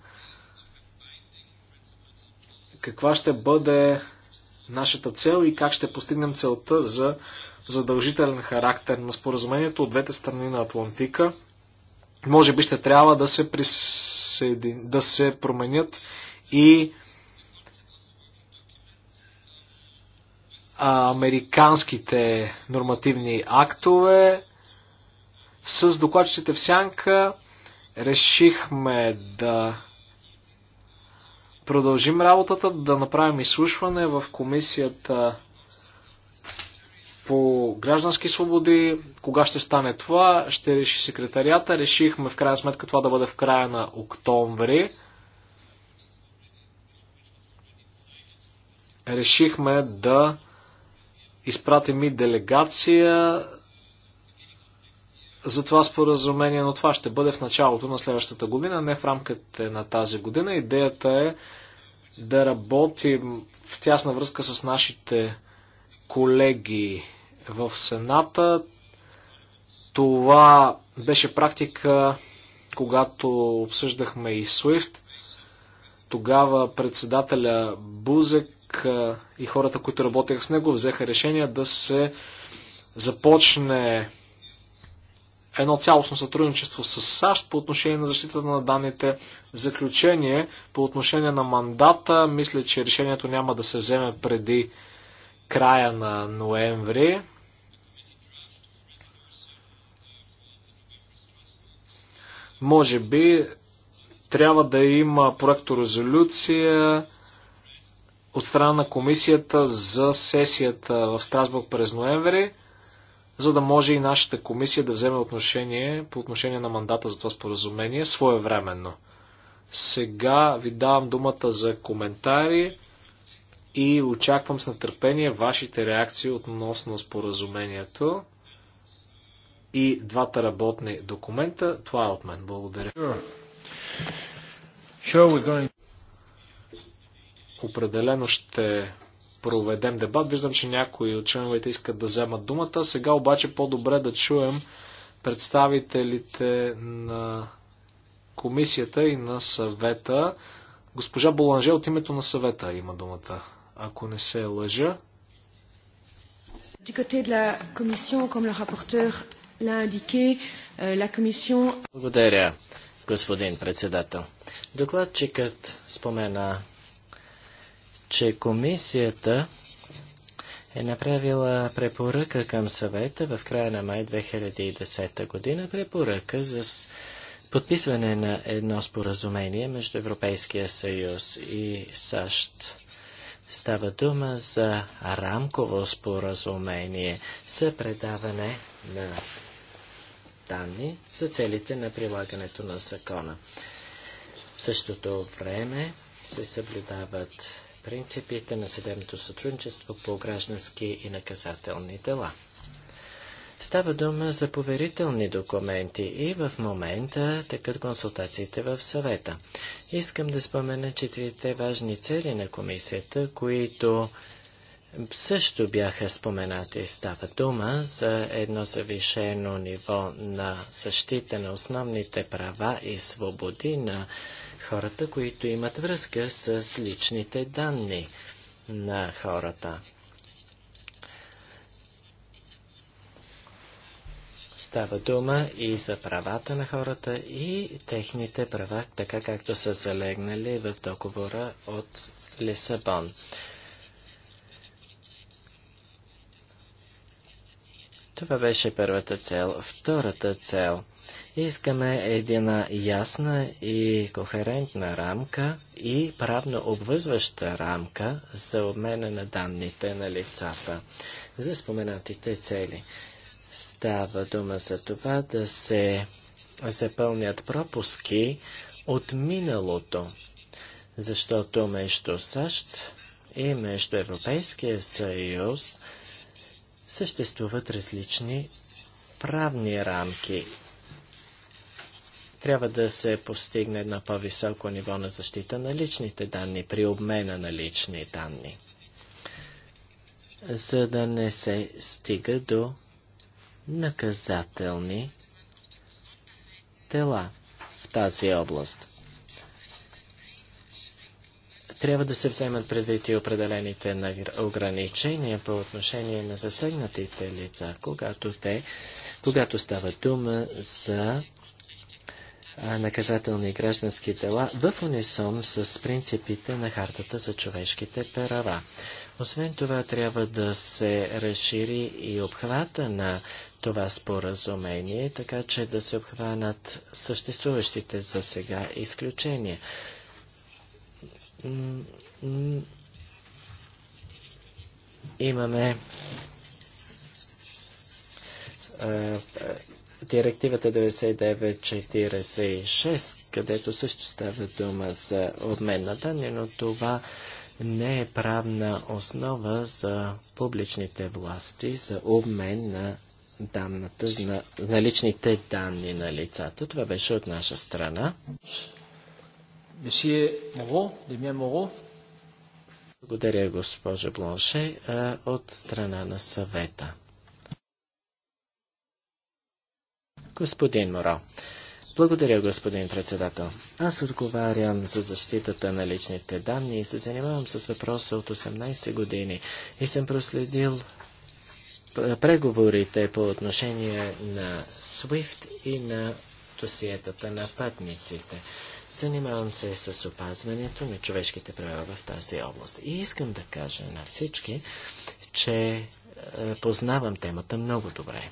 каква ще бъде нашата цел и как ще постигнем целта за задължителен характер на споразумението от двете страни на Атлантика. Може би ще трябва да се, присъеди, да се променят и американските нормативни актове с докладчиците в сянка решихме да продължим работата, да направим изслушване в комисията по граждански свободи. Кога ще стане това, ще реши секретарията. Решихме в крайна сметка това да бъде в края на октомври. Решихме да изпратим и делегация за това споразумение, но това ще бъде в началото на следващата година, не в рамките на тази година. Идеята е да работим в тясна връзка с нашите колеги в Сената. Това беше практика, когато обсъждахме и SWIFT. Тогава председателя Бузек и хората, които работеха с него, взеха решение да се започне едно цялостно сътрудничество с САЩ по отношение на защитата на данните. В заключение, по отношение на мандата, мисля, че решението няма да се вземе преди края на ноември. Може би трябва да има проекторезолюция от страна на комисията за сесията в Страсбург през ноември за да може и нашата комисия да вземе отношение по отношение на мандата за това споразумение своевременно. Сега ви давам думата за коментари и очаквам с нетърпение вашите реакции относно споразумението и двата работни документа. Това е от мен. Благодаря. Sure. Sure, going... Определено ще проведем дебат. Виждам, че някои от членовете искат да вземат думата. Сега обаче по-добре да чуем представителите на комисията и на съвета. Госпожа Боланже от името на съвета има думата, ако не се лъжа. Euh, Благодаря, господин председател. Докладчикът спомена че комисията е направила препоръка към съвета в края на май 2010 година, препоръка за подписване на едно споразумение между Европейския съюз и САЩ. Става дума за рамково споразумение за предаване на данни за целите на прилагането на закона. В същото време се съблюдават принципите на съдебното сътрудничество по граждански и наказателни дела. Става дума за поверителни документи и в момента тъкат консултациите в съвета. Искам да спомена четирите важни цели на комисията, които също бяха споменати. Става дума за едно завишено ниво на защита на основните права и свободи на хората, които имат връзка с личните данни на хората. Става дума и за правата на хората и техните права, така както са залегнали в договора от Лисабон. Това беше първата цел. Втората цел. Искаме една ясна и кохерентна рамка и правно обвързваща рамка за обмена на данните на лицата за споменатите цели. Става дума за това да се запълнят пропуски от миналото, защото между САЩ и между Европейския съюз – съществуват различни правни рамки. Трябва да се постигне едно по-високо ниво на защита на личните данни при обмена на лични данни, за да не се стига до наказателни дела в тази област трябва да се вземат предвид и определените ограничения по отношение на засегнатите лица, когато, те, когато става дума за наказателни граждански дела в унисон с принципите на Хартата за човешките права. Освен това, трябва да се разшири и обхвата на това споразумение, така че да се обхванат съществуващите за сега изключения имаме директивата 9946, където също става дума за обмен на данни, но това не е правна основа за публичните власти, за обмен на данната, на, на личните данни на лицата. Това беше от наша страна. Моро, Демия Моро. Благодаря, госпожа Бланше, от страна на съвета. Господин Моро, благодаря, господин председател. Аз отговарям за защитата на личните данни и се занимавам с въпроса от 18 години и съм проследил преговорите по отношение на SWIFT и на досиетата на пътниците. Занимавам се с опазването на човешките права в тази област. И искам да кажа на всички, че е, познавам темата много добре.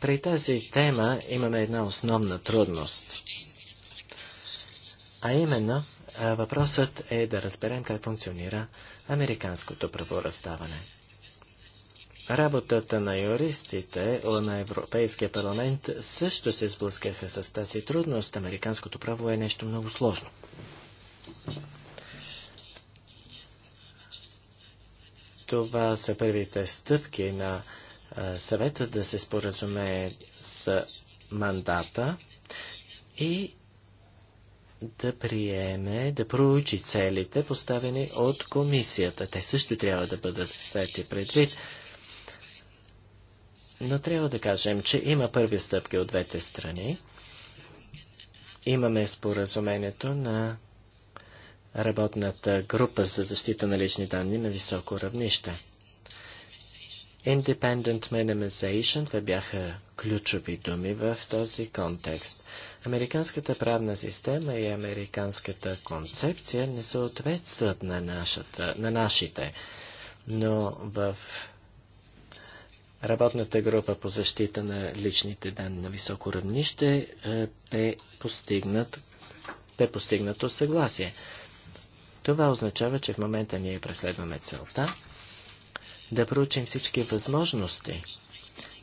При тази тема имаме една основна трудност. А именно, е, въпросът е да разберем как функционира американското правораздаване работата на юристите на Европейския парламент също се сблъскаха с тази трудност. Американското право е нещо много сложно. Това са първите стъпки на съвета да се споразумее с мандата и да приеме, да проучи целите, поставени от комисията. Те също трябва да бъдат всети предвид. Но трябва да кажем, че има първи стъпки от двете страни. Имаме споразумението на работната група за защита на лични данни на високо равнище. Independent minimization, това бяха ключови думи в този контекст. Американската правна система и американската концепция не съответстват на, нашата, на нашите, но в Работната група по защита на личните данни на високо равнище е, бе, постигнат, бе постигнато съгласие. Това означава, че в момента ние преследваме целта да проучим всички възможности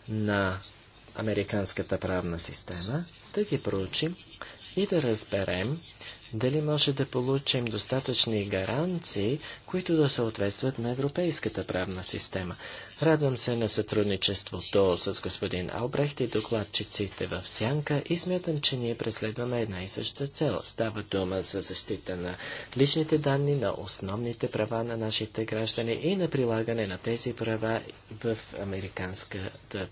на американската правна система, да ги проучим и да разберем дали може да получим достатъчни гаранции, които да съответстват на европейската правна система. Радвам се на сътрудничеството с господин Албрехт и докладчиците в Сянка и смятам, че ние преследваме една и съща цел. Става дума за защита на личните данни, на основните права на нашите граждани и на прилагане на тези права в американската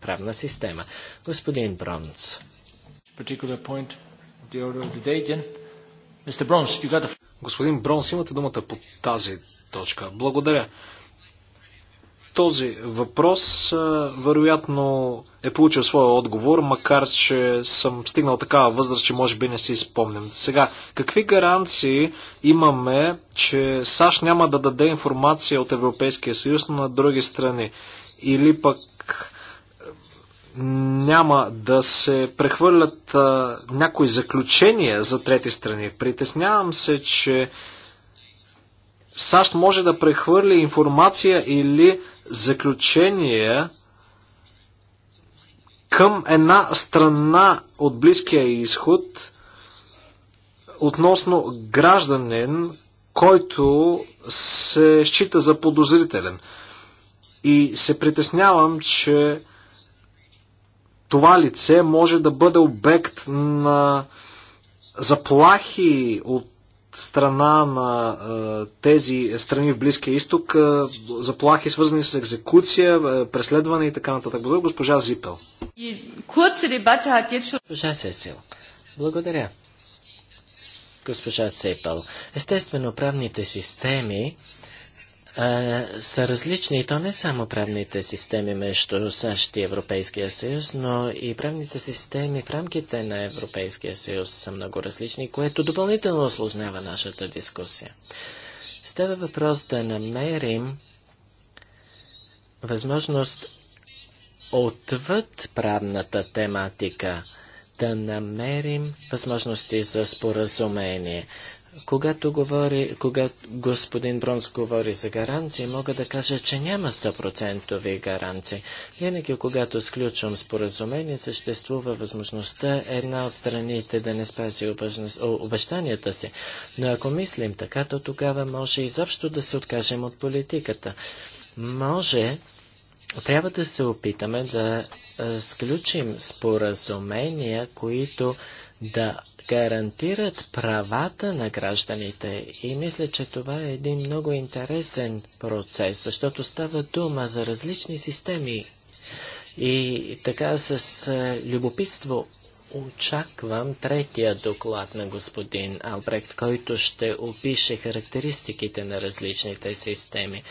правна система. Господин Бронц particular point of the order of the day again. Mr. Bronze, you got the... Господин Бронс, имате думата по тази точка. Благодаря. Този въпрос вероятно е получил своя отговор, макар че съм стигнал такава възраст, че може би не си спомням. Сега, какви гаранции имаме, че САЩ няма да даде информация от Европейския съюз на други страни? Или пък няма да се прехвърлят а, някои заключения за трети страни. Притеснявам се, че САЩ може да прехвърли информация или заключения към една страна от Близкия изход относно гражданин, който се счита за подозрителен. И се притеснявам, че това лице може да бъде обект на заплахи от страна на а, е, тези страни в Близкия изток, а, е, заплахи свързани с екзекуция, а, е, преследване и така нататък. Благодаря, госпожа Зипел. Госпожа Сесил, благодаря. Госпожа Сепел, естествено правните системи а, са различни и то не само правните системи между САЩ и Европейския съюз, но и правните системи в рамките на Европейския съюз са много различни, което допълнително осложнява нашата дискусия. Става въпрос да намерим възможност отвъд правната тематика да намерим възможности за споразумение. Когато, говори, когато господин Бронс говори за гаранции, мога да кажа, че няма 100% гаранции. Винаги, когато сключвам споразумение, съществува възможността една от страните да не спази обещанията си. Но ако мислим така, то тогава може изобщо да се откажем от политиката. Може трябва да се опитаме да сключим споразумения, които да гарантират правата на гражданите. И мисля, че това е един много интересен процес, защото става дума за различни системи. И така с любопитство очаквам третия доклад на господин Албрект, който ще опише характеристиките на различните системи,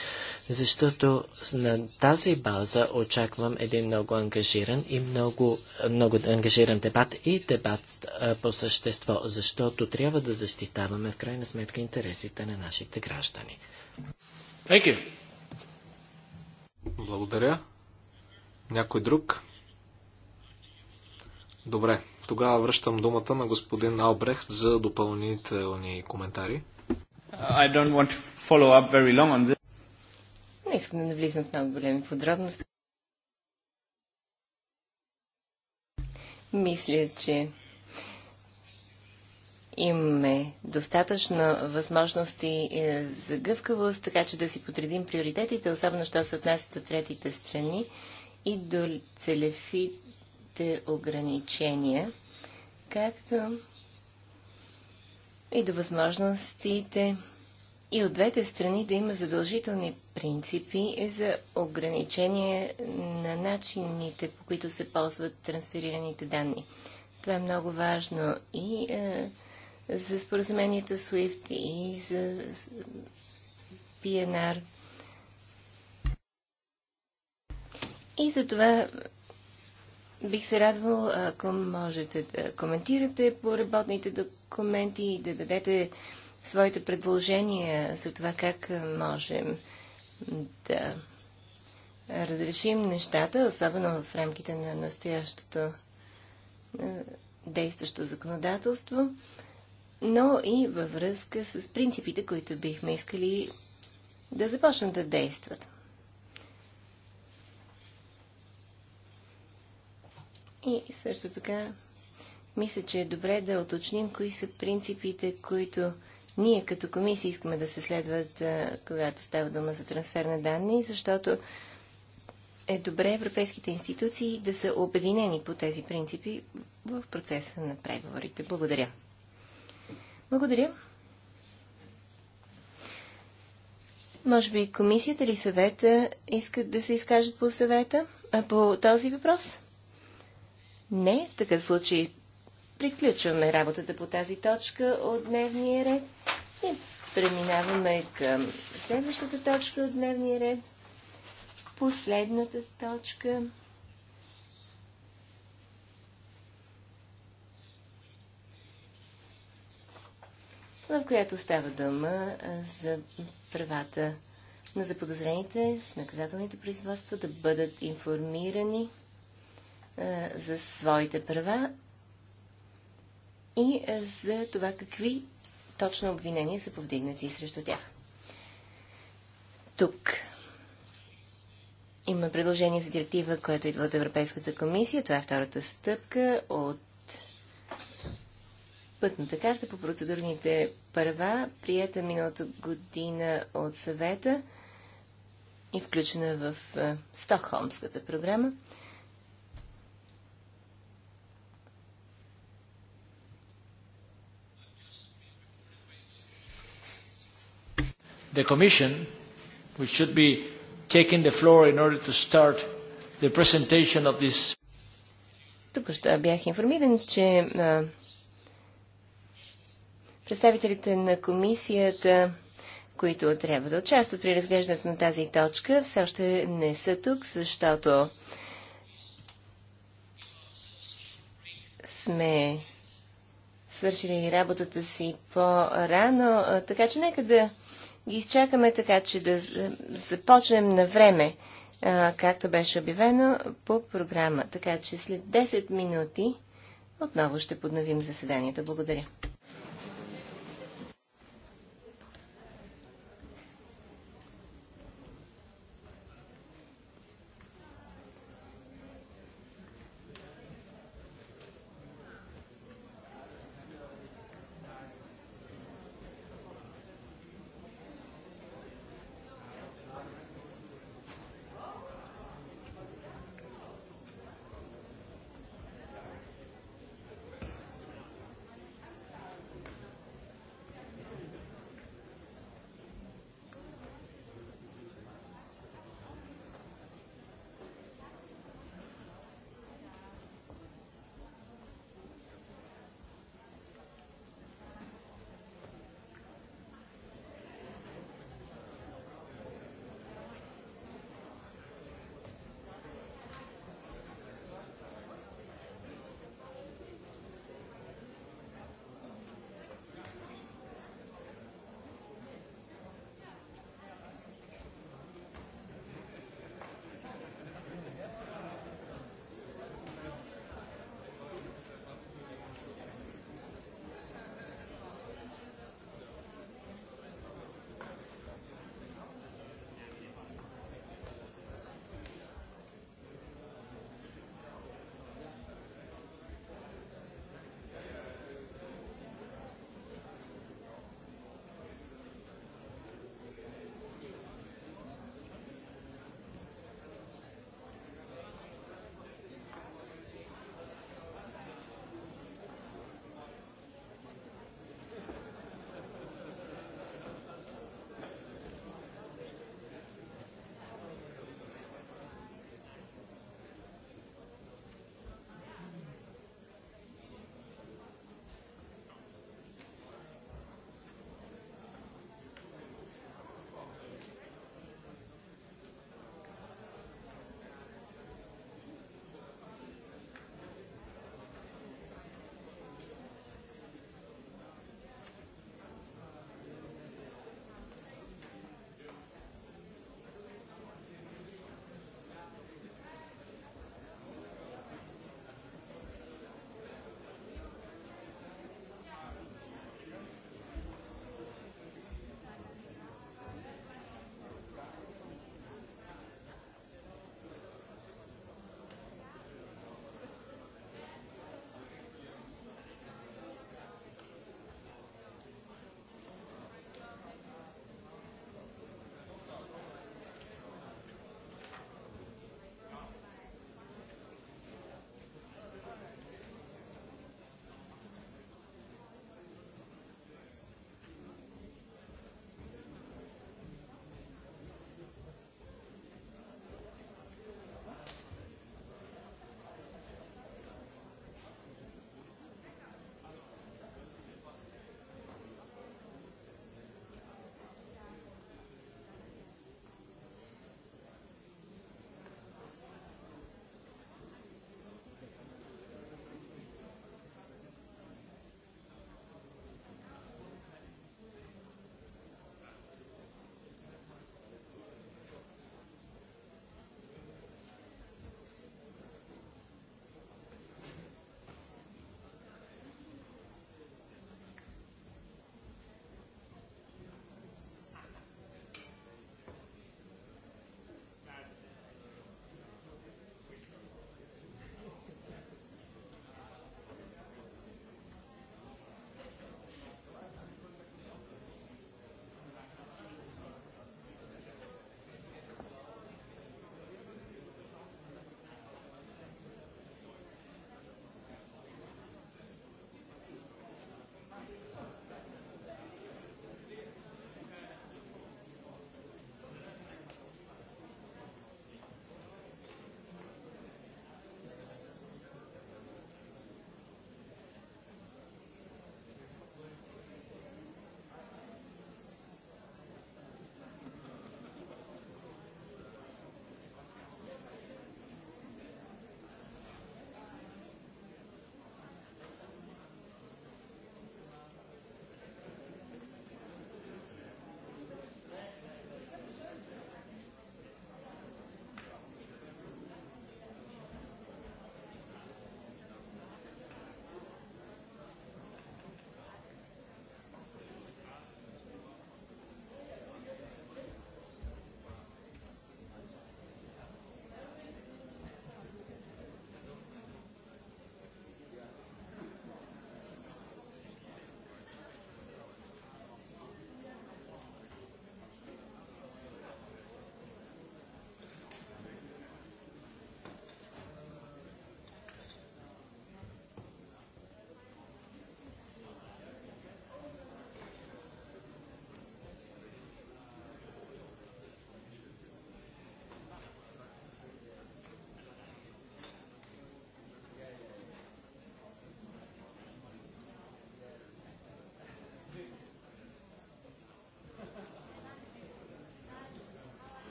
защото на тази база очаквам един много ангажиран и много, много ангажиран дебат и дебат по същество, защото трябва да защитаваме в крайна сметка интересите на нашите граждани. Благодаря. Някой друг? Добре, тогава връщам думата на господин Албрехт за допълнителни коментари. I don't want to follow up very long on this. Не искам да навлизам в много големи подробности. Мисля, че имаме достатъчно възможности е, за гъвкавост, така че да си подредим приоритетите, особено що се отнася до третите страни и до целефи бюджетните ограничения, както и до възможностите и от двете страни да има задължителни принципи за ограничение на начините, по които се ползват трансферираните данни. Това е много важно и е, за споразумението SWIFT и за PNR. И за това Бих се радвал, ако можете да коментирате по работните документи и да дадете своите предложения за това как можем да разрешим нещата, особено в рамките на настоящото е, действащо законодателство, но и във връзка с принципите, които бихме искали да започнат да действат. И също така, мисля, че е добре да уточним кои са принципите, които ние като комисия искаме да се следват, когато става дума за трансфер на данни, защото е добре европейските институции да са обединени по тези принципи в процеса на преговорите. Благодаря. Благодаря. Може би комисията или съвета искат да се изкажат по съвета, а по този въпрос? Не, в такъв случай приключваме работата по тази точка от дневния ред и преминаваме към следващата точка от дневния ред. Последната точка. в която става дума за правата на заподозрените в наказателните производства да бъдат информирани е, за своите права и е, за това какви точно обвинения са повдигнати срещу тях. Тук има предложение за директива, което идва от Европейската комисия. Това е втората стъпка от пътната карта по процедурните права, прията миналата година от съвета и включена в е, Стокхолмската програма. the Commission, which should be taking the floor in order to start the presentation of this. Тук ще бях информиран, че а, представителите на комисията, които трябва да участват при разглеждането на тази точка, все още не са тук, защото сме свършили работата си по-рано, така че нека да ги изчакаме така, че да започнем на време, както беше обявено по програма. Така че след 10 минути отново ще подновим заседанието. Благодаря.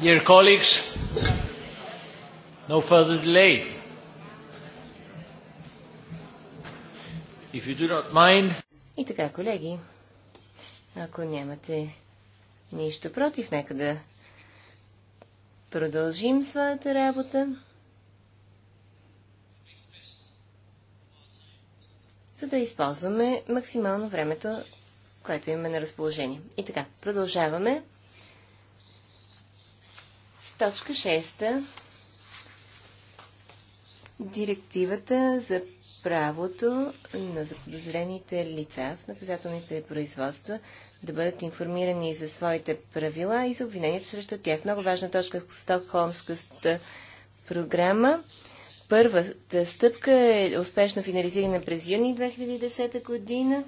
Dear colleagues, no further delay. If you do not mind... И така, колеги, ако нямате нищо против, нека да продължим своята работа. за да използваме максимално времето, което имаме на разположение. И така, продължаваме Точка 6. Директивата за правото на заподозрените лица в наказателните производства да бъдат информирани за своите правила и за обвиненията срещу тях. Много важна точка в Стокхолмската програма. Първата стъпка е успешно финализирана през юни 2010 година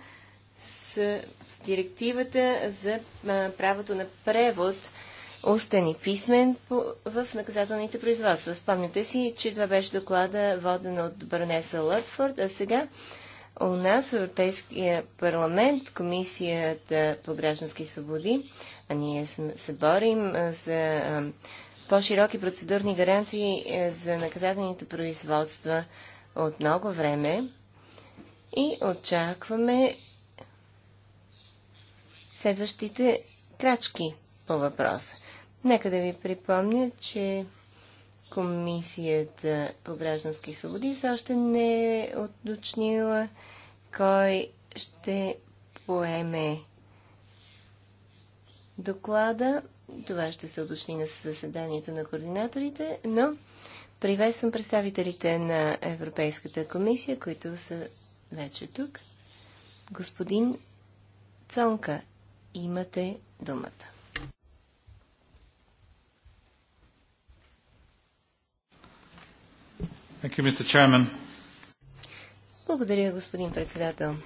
с, с директивата за правото на превод устен и писмен в наказателните производства. Спомняте си, че това беше доклада воден от баронеса Лътфорд, а сега у нас в Европейския парламент, Комисията по граждански свободи, а ние се борим за по-широки процедурни гаранции за наказателните производства от много време и очакваме следващите крачки по въпроса. Нека да ви припомня, че Комисията по граждански свободи все още не е уточнила кой ще поеме доклада. Това ще се уточни на съседанието на координаторите, но приветствам представителите на Европейската комисия, които са вече тук. Господин Цонка, имате думата. You, Благодаря, господин председател.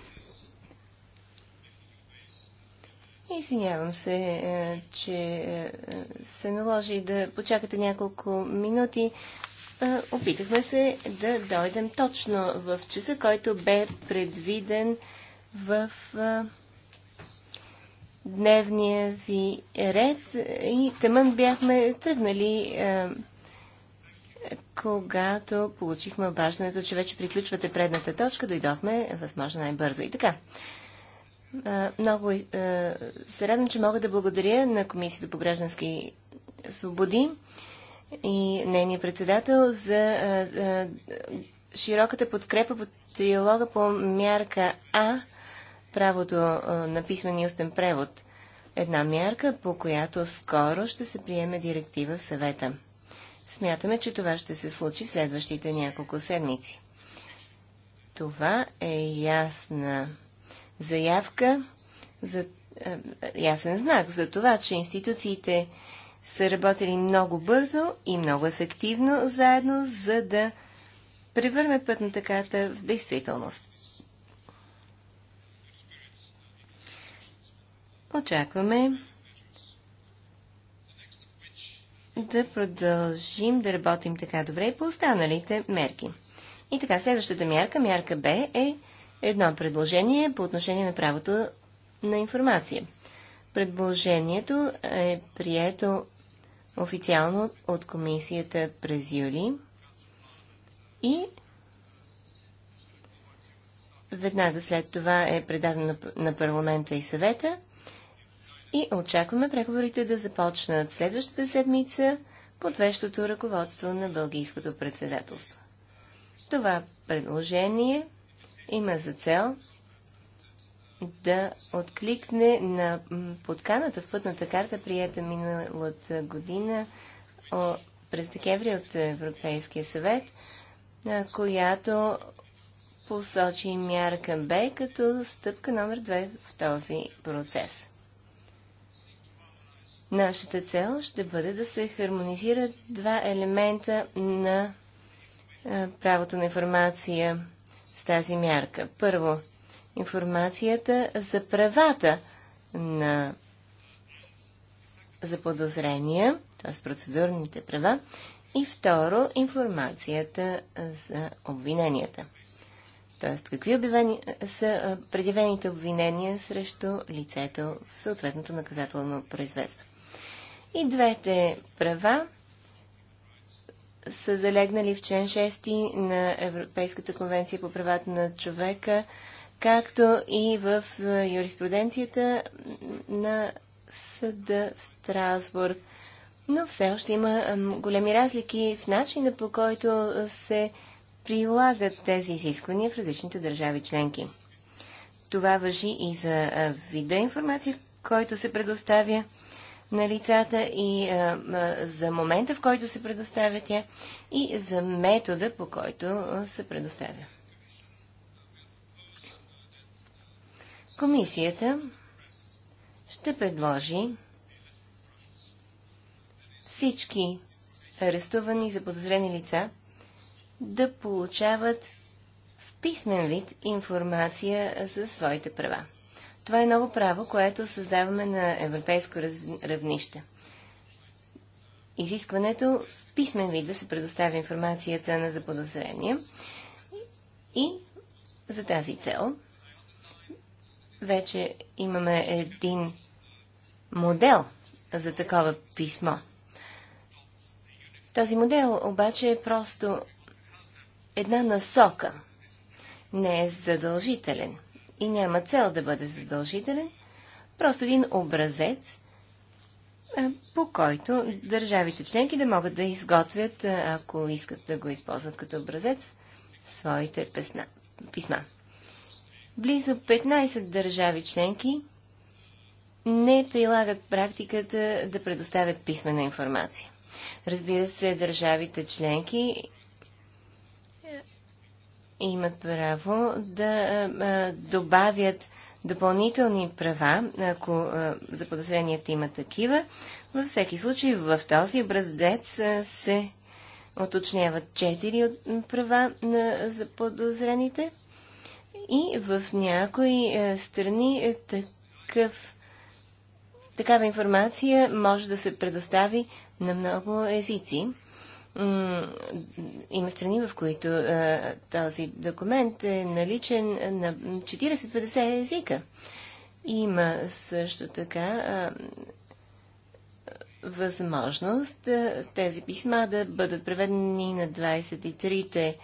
Извинявам се, е, че е, се наложи да почакате няколко минути. Е, опитахме се да дойдем точно в часа, който бе предвиден в дневния ви ред и тъмън бяхме тръгнали когато получихме обаждането, че вече приключвате предната точка, дойдохме възможно най-бързо. И така. Много се радвам, че мога да благодаря на Комисията по граждански свободи и нейния председател за широката подкрепа по триолога по мярка А правото на писмен и устен превод. Една мярка, по която скоро ще се приеме директива в съвета. Смятаме, че това ще се случи в следващите няколко седмици. Това е ясна заявка, за, е, ясен знак за това, че институциите са работили много бързо и много ефективно заедно, за да превърнат пътната карта в действителност. Очакваме да продължим да работим така добре и по останалите мерки. И така, следващата мярка, мярка Б, е едно предложение по отношение на правото на информация. Предложението е прието официално от комисията през юли и веднага след това е предадено на парламента и съвета – и очакваме преговорите да започнат следващата седмица под вещото ръководство на Бългийското председателство. Това предложение има за цел да откликне на подканата в пътната карта, прията миналата година през декември от Европейския съвет, която посочи мярка Б като стъпка номер 2 в този процес. Нашата цел ще бъде да се хармонизират два елемента на правото на информация с тази мярка. Първо, информацията за правата на за подозрения, т.е. процедурните права, и второ, информацията за обвиненията. Т.е. какви обвинения, са предявените обвинения срещу лицето в съответното наказателно производство. И двете права са залегнали в член 6 на Европейската конвенция по правата на човека, както и в е, юриспруденцията на съда в Страсбург. Но все още има големи разлики в начина по който е, се прилагат тези изисквания в различните държави членки. Това въжи и за вида информация, който се предоставя на лицата и за момента, в който се предоставя тя и за метода, по който се предоставя. Комисията ще предложи всички арестувани за подозрени лица да получават в писмен вид информация за своите права. Това е ново право, което създаваме на европейско равнище. Изискването в писмен вид да се предоставя информацията на заподозрение и за тази цел вече имаме един модел за такова писмо. Този модел обаче е просто една насока. Не е задължителен и няма цел да бъде задължителен, просто един образец, по който държавите членки да могат да изготвят, ако искат да го използват като образец, своите песна, писма. Близо 15 държави членки не прилагат практиката да предоставят писмена информация. Разбира се, държавите членки имат право да добавят допълнителни права, ако подозренията има такива. Във всеки случай в този образец се оточняват четири права на заподозрените и в някои страни е такъв, такава информация може да се предостави на много езици има страни, в които този документ е наличен на 40-50 езика. Има също така възможност тези писма да бъдат преведени на 23-те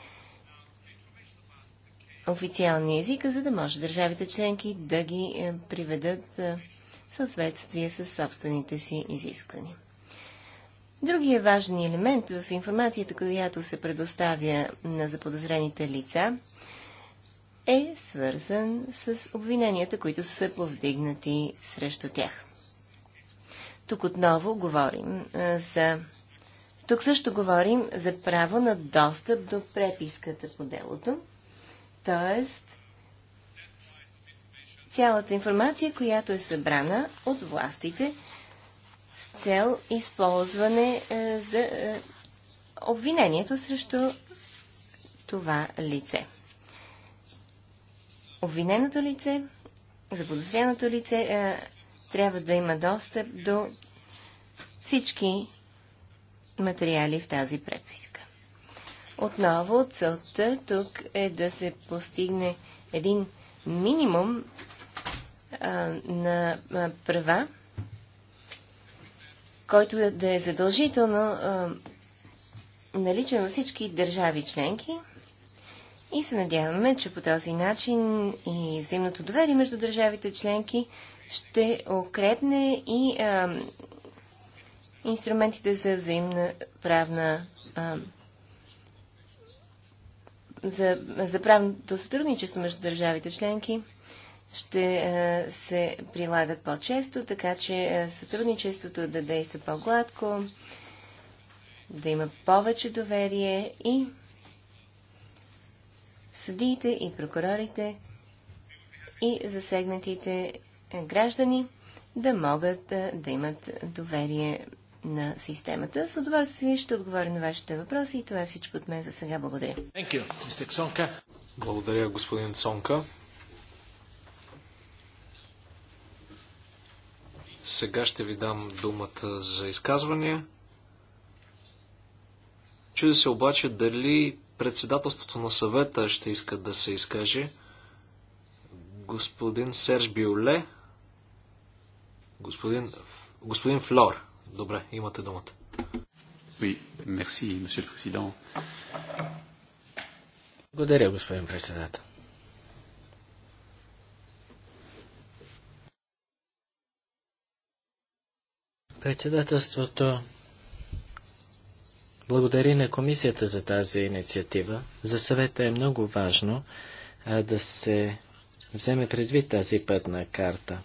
официални езика, за да може държавите членки да ги приведат в съответствие с собствените си изисквания. Другия важен елемент в информацията, която се предоставя на заподозрените лица, е свързан с обвиненията, които са повдигнати срещу тях. Тук отново говорим за. Тук също говорим за право на достъп до преписката по делото, т.е. цялата информация, която е събрана от властите цел използване е, за е, обвинението срещу това лице. Обвиненото лице, заподозреното лице е, трябва да има достъп до всички материали в тази преписка. Отново целта тук е да се постигне един минимум а, на права, който е- да е задължително наличен във всички държави членки. И се надяваме, че по този начин и взаимното доверие между държавите членки ще укрепне и а, инструментите за взаимна правна а, за, за правното сътрудничество между държавите членки ще е, се прилагат по-често, така че е, сътрудничеството да действа по-гладко, да има повече доверие и съдиите и прокурорите и засегнатите е, граждани да могат да имат доверие на системата. С удоволствие ще отговоря на вашите въпроси и това е всичко от мен за сега. Благодаря. You, Благодаря, господин Цонка. Сега ще ви дам думата за изказвания. Чуди се обаче дали председателството на съвета ще иска да се изкаже. Господин Серж Биоле. Господин, господин Флор. Добре, имате думата. Oui, merci, Благодаря, господин председател. Председателството благодари на комисията за тази инициатива. За съвета е много важно а, да се вземе предвид тази пътна карта.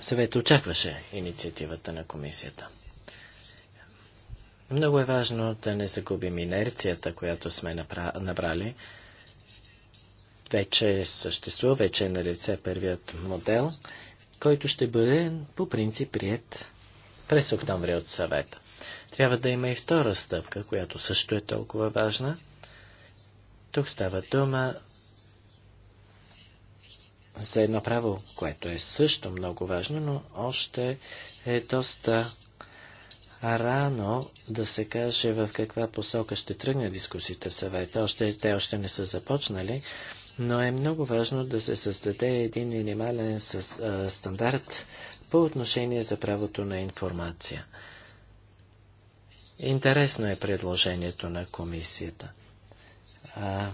Съвет очакваше инициативата на комисията. Много е важно да не загубим инерцията, която сме набра... набрали. Вече съществува, вече е на лице първият модел който ще бъде по принцип прият през октомври от съвета. Трябва да има и втора стъпка, която също е толкова важна. Тук става дума за едно право, което е също много важно, но още е доста рано да се каже в каква посока ще тръгне дискусията в съвета. Още, те още не са започнали но е много важно да се създаде един минимален стандарт по отношение за правото на информация. Интересно е предложението на комисията. А,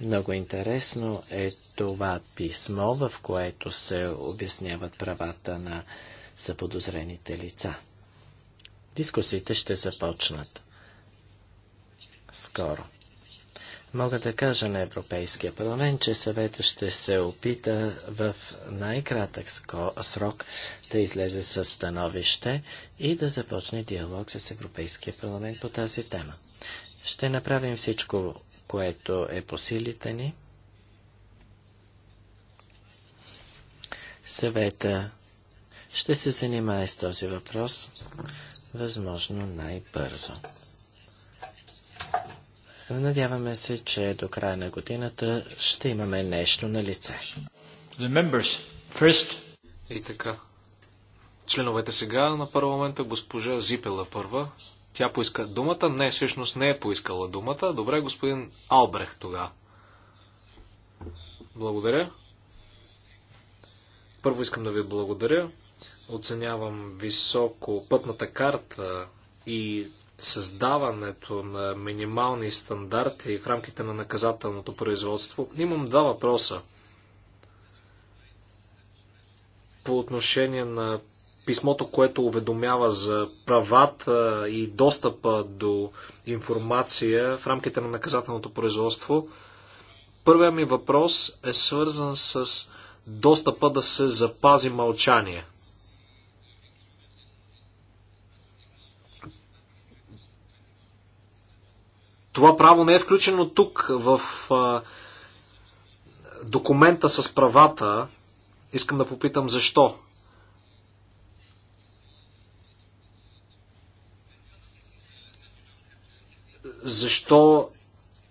много интересно е това писмо, в което се обясняват правата на заподозрените лица. Дискусиите ще започнат скоро. Мога да кажа на Европейския парламент, че съвета ще се опита в най-кратък срок да излезе със становище и да започне диалог с Европейския парламент по тази тема. Ще направим всичко, което е по силите ни. Съвета ще се занимае с този въпрос възможно най-бързо. Надяваме се, че до края на годината ще имаме нещо на лице. И така. Членовете сега на парламента госпожа Зипела първа. Тя поиска думата. Не, всъщност не е поискала думата. Добре, господин Албрех тогава. Благодаря. Първо искам да ви благодаря. Оценявам високо пътната карта и създаването на минимални стандарти в рамките на наказателното производство, имам два въпроса. По отношение на писмото, което уведомява за правата и достъпа до информация в рамките на наказателното производство, първият ми въпрос е свързан с достъпа да се запази мълчание. Това право не е включено тук в а, документа с правата. Искам да попитам защо. Защо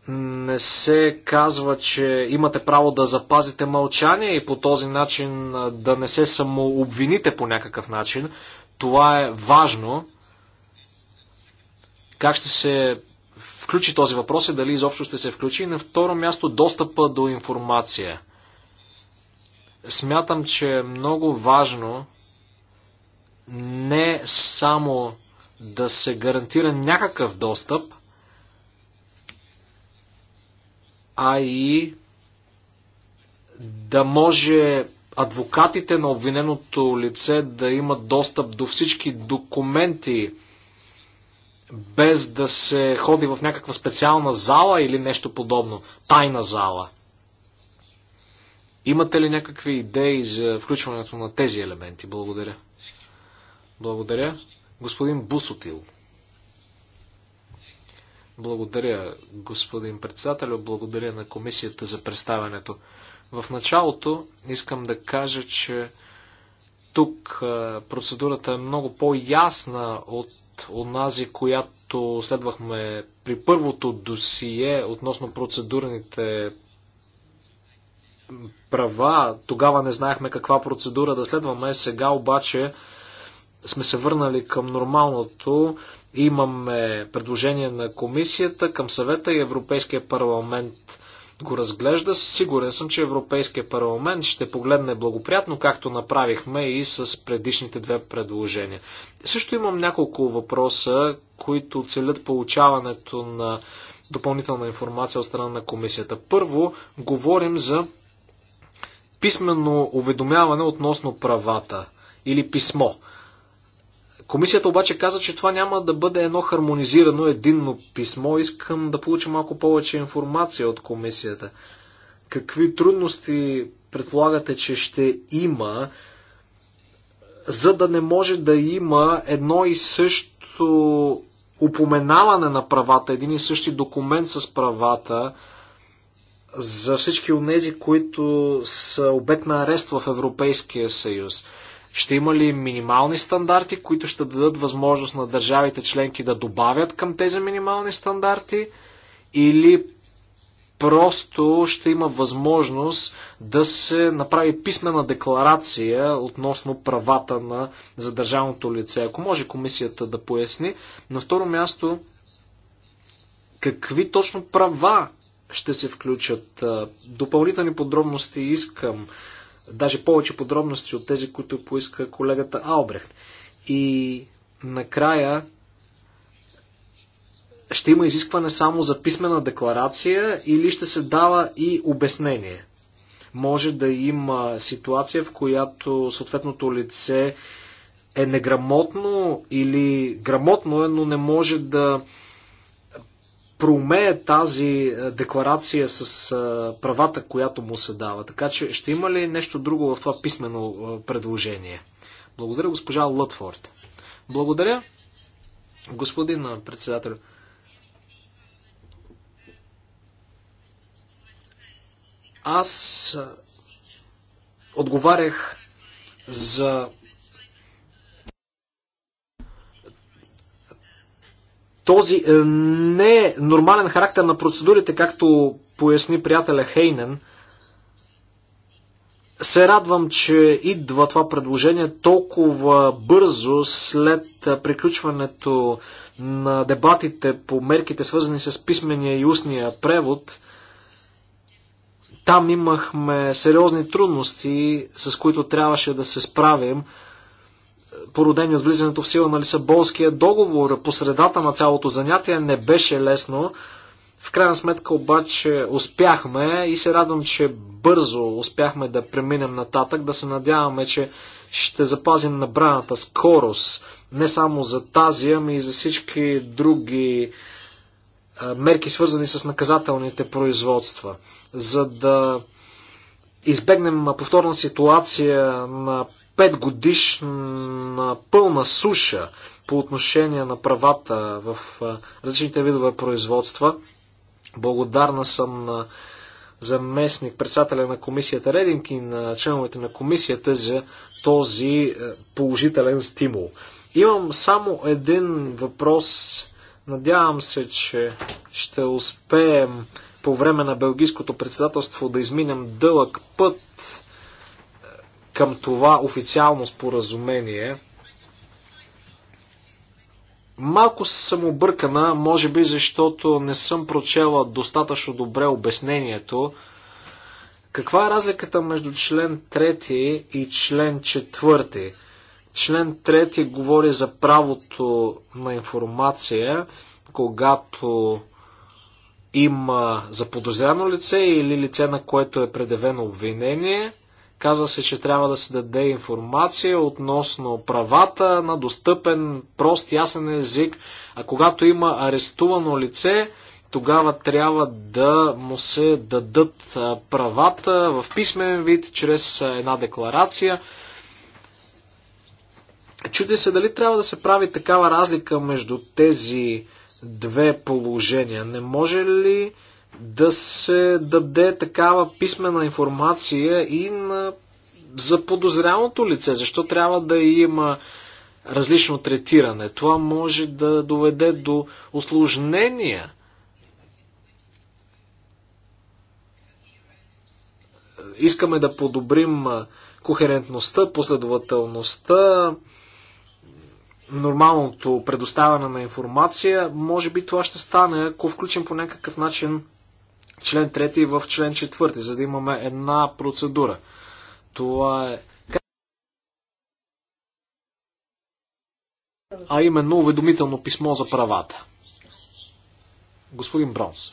не се казва, че имате право да запазите мълчание и по този начин да не се самообвините по някакъв начин. Това е важно. Как ще се включи този въпрос и е дали изобщо ще се включи. И на второ място достъпа до информация. Смятам, че е много важно не само да се гарантира някакъв достъп, а и да може адвокатите на обвиненото лице да имат достъп до всички документи, без да се ходи в някаква специална зала или нещо подобно, тайна зала. Имате ли някакви идеи за включването на тези елементи? Благодаря. Благодаря. Господин Бусотил. Благодаря, господин председател. Благодаря на комисията за представянето. В началото искам да кажа, че тук процедурата е много по-ясна от онази, която следвахме при първото досие относно процедурните права. Тогава не знаехме каква процедура да следваме. Сега обаче сме се върнали към нормалното. Имаме предложение на комисията към съвета и Европейския парламент го разглежда. Сигурен съм, че Европейския парламент ще погледне благоприятно, както направихме и с предишните две предложения. Също имам няколко въпроса, които целят получаването на допълнителна информация от страна на комисията. Първо, говорим за писменно уведомяване относно правата или писмо. Комисията обаче каза, че това няма да бъде едно хармонизирано единно писмо. Искам да получа малко повече информация от комисията. Какви трудности предполагате, че ще има, за да не може да има едно и също упоменаване на правата, един и същи документ с правата за всички от тези, които са обект на арест в Европейския съюз. Ще има ли минимални стандарти, които ще дадат възможност на държавите членки да добавят към тези минимални стандарти? Или просто ще има възможност да се направи писмена декларация относно правата на задържаното лице. Ако може комисията да поясни. На второ място, какви точно права ще се включат? Допълнителни подробности искам даже повече подробности от тези, които поиска колегата Албрехт. И накрая ще има изискване само за писмена декларация или ще се дава и обяснение. Може да има ситуация, в която съответното лице е неграмотно или грамотно е, но не може да проумее тази е, декларация с е, правата, която му се дава. Така че ще има ли нещо друго в това писмено е, предложение? Благодаря, госпожа Лътфорд. Благодаря, господин председател. Аз отговарях за този е, не е нормален характер на процедурите, както поясни приятеля Хейнен, се радвам, че идва това предложение толкова бързо след е, приключването на дебатите по мерките, свързани с писмения и устния превод. Там имахме сериозни трудности, с които трябваше да се справим породени от влизането в сила на Лисаболския договор. По средата на цялото занятие не беше лесно. В крайна сметка обаче успяхме и се радвам, че бързо успяхме да преминем нататък, да се надяваме, че ще запазим набраната скорост, не само за тази, ами и за всички други мерки, свързани с наказателните производства, за да избегнем повторна ситуация на 5 годишна пълна суша по отношение на правата в различните видове производства. Благодарна съм на заместник председателя на комисията Рединг и на членовете на комисията за този е, положителен стимул. Имам само един въпрос. Надявам се, че ще успеем по време на белгийското председателство да изминем дълъг път към това официално споразумение. Малко съм объркана, може би защото не съм прочела достатъчно добре обяснението. Каква е разликата между член 3 и член 4? Член 3 говори за правото на информация, когато има заподозряно лице или лице, на което е предявено обвинение. Казва се, че трябва да се даде информация относно правата на достъпен, прост, ясен език. А когато има арестувано лице, тогава трябва да му се дадат правата в писмен вид, чрез една декларация. Чуди се дали трябва да се прави такава разлика между тези две положения. Не може ли да се даде такава писмена информация и на, за подозряното лице. Защо трябва да има различно третиране? Това може да доведе до осложнения. Искаме да подобрим кохерентността, последователността, нормалното предоставяне на информация, може би това ще стане, ако включим по някакъв начин член 3 и в член 4, за да имаме една процедура. Това е. А именно уведомително писмо за правата. Господин Бронс.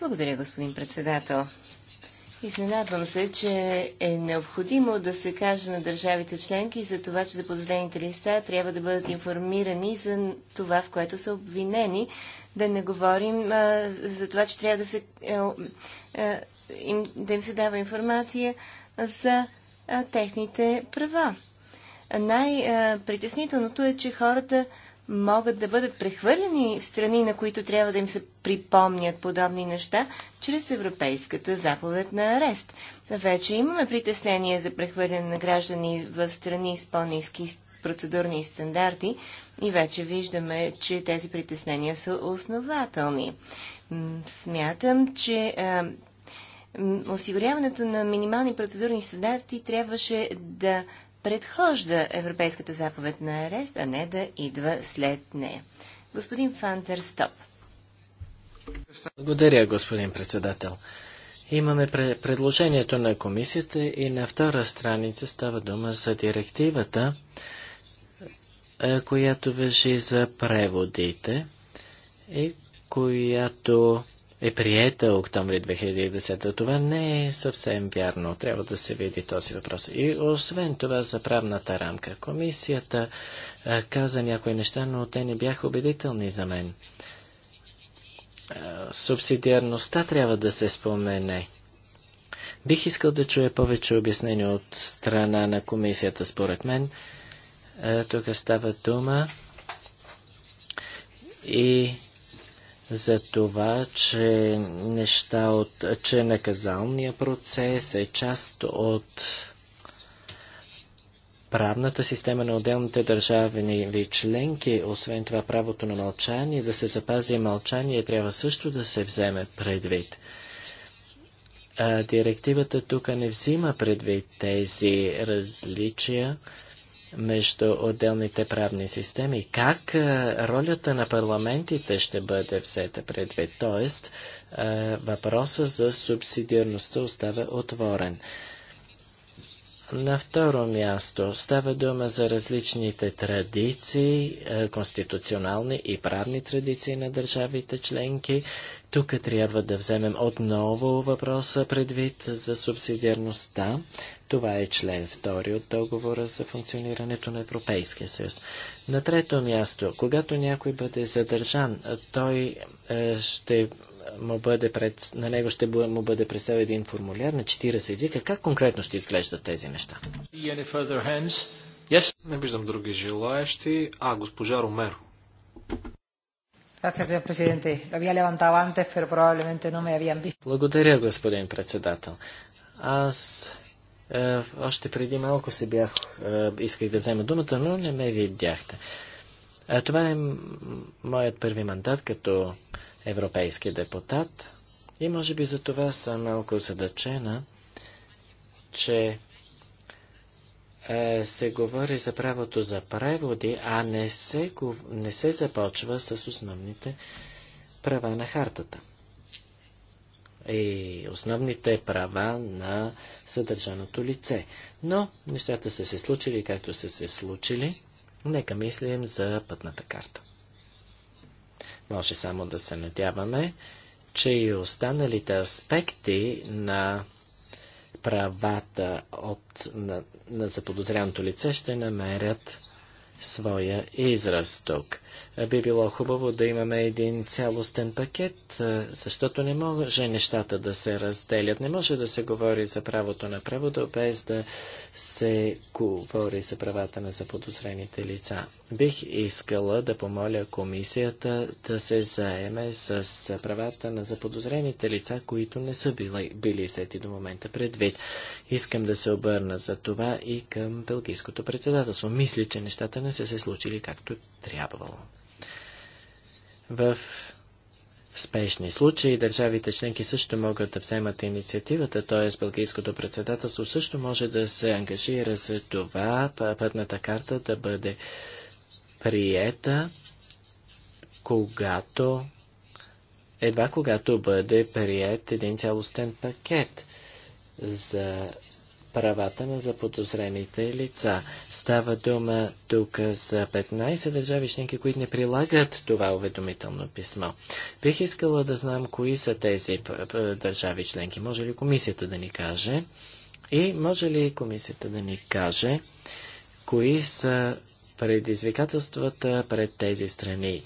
Благодаря, господин председател. Изненадвам се, че е необходимо да се каже на държавите членки за това, че заподозрените лица трябва да бъдат информирани за това, в което са обвинени. Да не говорим а, за това, че трябва да, се, а, е, а, е, им, да им се дава информация за а, техните права. Най-притеснителното е, че хората могат да бъдат прехвърлени в страни, на които трябва да им се припомнят подобни неща, чрез Европейската заповед на арест. Вече имаме притеснение за прехвърляне на граждани в страни с по-низки процедурни стандарти и вече виждаме, че тези притеснения са основателни. Смятам, че а, осигуряването на минимални процедурни стандарти трябваше да предхожда Европейската заповед на арест, а не да идва след нея. Господин Фантер, стоп. Благодаря, господин председател. Имаме предложението на комисията и на втора страница става дума за директивата, която вежи за преводите и която е приета октомври 2010. Това не е съвсем вярно. Трябва да се види този въпрос. И освен това за правната рамка. Комисията а, каза някои неща, но те не бяха убедителни за мен. А, субсидиарността трябва да се спомене. Бих искал да чуя повече обяснение от страна на комисията, според мен. А, тук става дума и за това, че неща от, че наказалния процес е част от правната система на отделните държави ви членки, освен това правото на мълчание, да се запази мълчание, трябва също да се вземе предвид. директивата тук не взима предвид тези различия между отделните правни системи. Как е, ролята на парламентите ще бъде взета предвид? Тоест, е, въпросът за субсидиарността остава отворен. На второ място става дума за различните традиции, е, конституционални и правни традиции на държавите членки. Тук трябва да вземем отново въпроса предвид за субсидиарността. Това е член 2 от договора за функционирането на Европейския съюз. На трето място, когато някой бъде задържан, той е, ще му бъде пред, на него ще му бъде представен един формуляр на 40 езика. Как конкретно ще изглеждат тези неща? Yes. Не виждам други желаящи. А, госпожа Ромеро. Благодаря, господин председател. Аз е, още преди малко се бях, е, исках да взема думата, но не ме видяхте. Е, това е моят първи мандат като европейски депутат и може би за това съм малко задъчена, че е, се говори за правото за преводи, а не се, не се започва с основните права на хартата и основните права на съдържаното лице. Но нещата са се случили както са се случили. Нека мислим за пътната карта. Може само да се надяваме, че и останалите аспекти на правата от, на, на заподозряното лице ще намерят своя израз тук би било хубаво да имаме един цялостен пакет, защото не може нещата да се разделят. Не може да се говори за правото на превода, без да се говори за правата на заподозрените лица. Бих искала да помоля комисията да се заеме с правата на заподозрените лица, които не са били, били взети до момента предвид. Искам да се обърна за това и към Белгийското председателство. Мисля, че нещата не са се случили както трябвало. В спешни случаи държавите членки също могат да вземат инициативата, т.е. Бългийското председателство също може да се ангажира за това пътната карта да бъде приета, когато едва когато бъде прият един цялостен пакет за правата на заподозрените лица. Става дума тук за 15 държави членки, които не прилагат това уведомително писмо. Бих искала да знам кои са тези държави членки. Може ли комисията да ни каже? И може ли комисията да ни каже кои са предизвикателствата пред тези страни?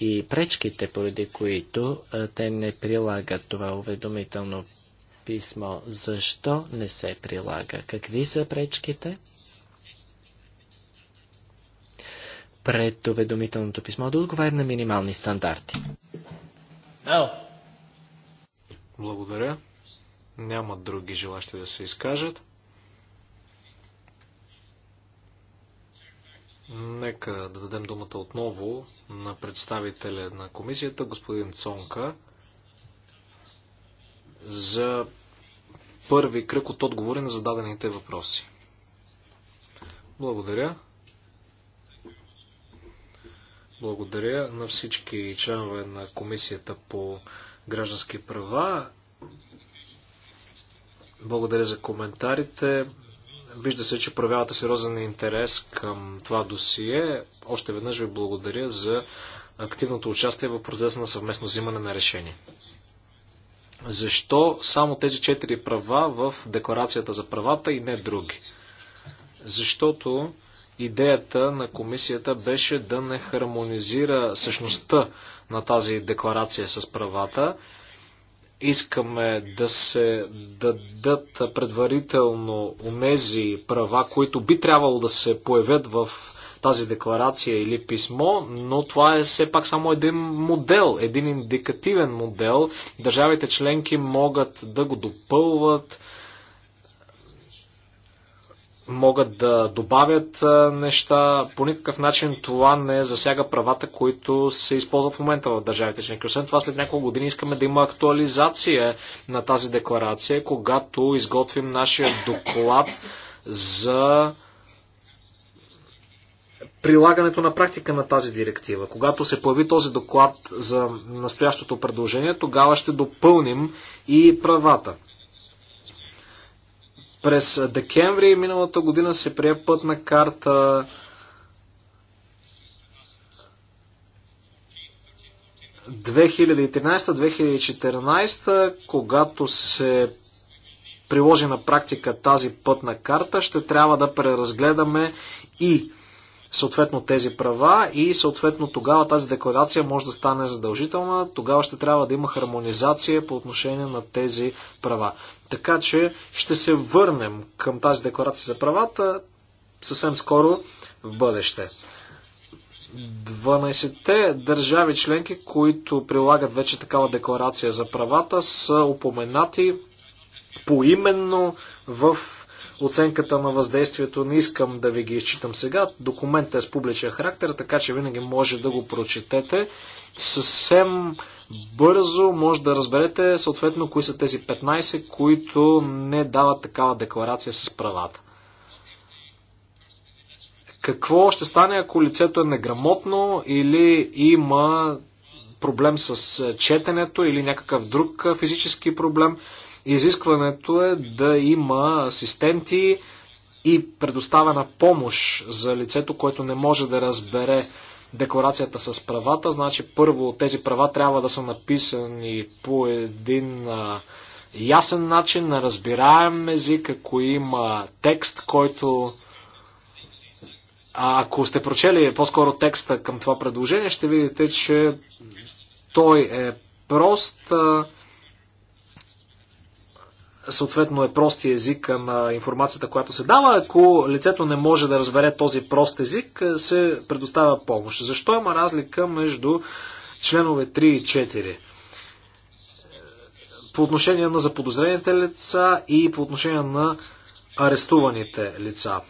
и пречките, поради които те не прилагат това уведомително писмо. Защо не се прилага? Какви са пречките? Пред уведомителното писмо да отговаря на минимални стандарти. Ел. Благодаря. Няма други желащи да се изкажат. Нека да дадем думата отново на представителя на комисията, господин Цонка за първи кръг от отговори на зададените въпроси. Благодаря. Благодаря на всички членове на Комисията по граждански права. Благодаря за коментарите. Вижда се, че проявявате сериозен интерес към това досие. Още веднъж ви благодаря за активното участие в процеса на съвместно взимане на решение. Защо само тези четири права в Декларацията за правата и не други? Защото идеята на комисията беше да не хармонизира същността на тази декларация с правата. Искаме да се дадат предварително онези права, които би трябвало да се появят в тази декларация или писмо, но това е все пак само един модел, един индикативен модел. Държавите членки могат да го допълват, могат да добавят неща. По никакъв начин това не засяга правата, които се използват в момента в държавите членки. Освен това, след няколко години искаме да има актуализация на тази декларация, когато изготвим нашия доклад за прилагането на практика на тази директива. Когато се появи този доклад за настоящото предложение, тогава ще допълним и правата. През декември миналата година се прие пътна карта ...2013-2014, когато се приложи на практика тази пътна карта, ще трябва да преразгледаме и съответно тези права и съответно тогава тази декларация може да стане задължителна. Тогава ще трябва да има хармонизация по отношение на тези права. Така че ще се върнем към тази декларация за правата съвсем скоро в бъдеще. 12-те държави членки, които прилагат вече такава декларация за правата, са упоменати поименно в оценката на въздействието. Не искам да ви ги изчитам сега. Документът е с публичен характер, така че винаги може да го прочетете. Съвсем бързо може да разберете съответно кои са тези 15, които не дават такава декларация с правата. Какво ще стане, ако лицето е неграмотно или има проблем с е, четенето или някакъв друг е, физически проблем? Изискването е да има асистенти и предоставена помощ за лицето, което не може да разбере декларацията с правата. Значи първо тези права трябва да са написани по един а, ясен начин, на разбираем език, ако има текст, който а ако сте прочели по-скоро текста към това предложение, ще видите, че той е прост. А, съответно е прост език на информацията, която се дава. Ако лицето не може да разбере този прост език, се предоставя помощ. Защо има разлика между членове 3 и 4? По отношение на заподозрените лица и по отношение на арестуваните лица.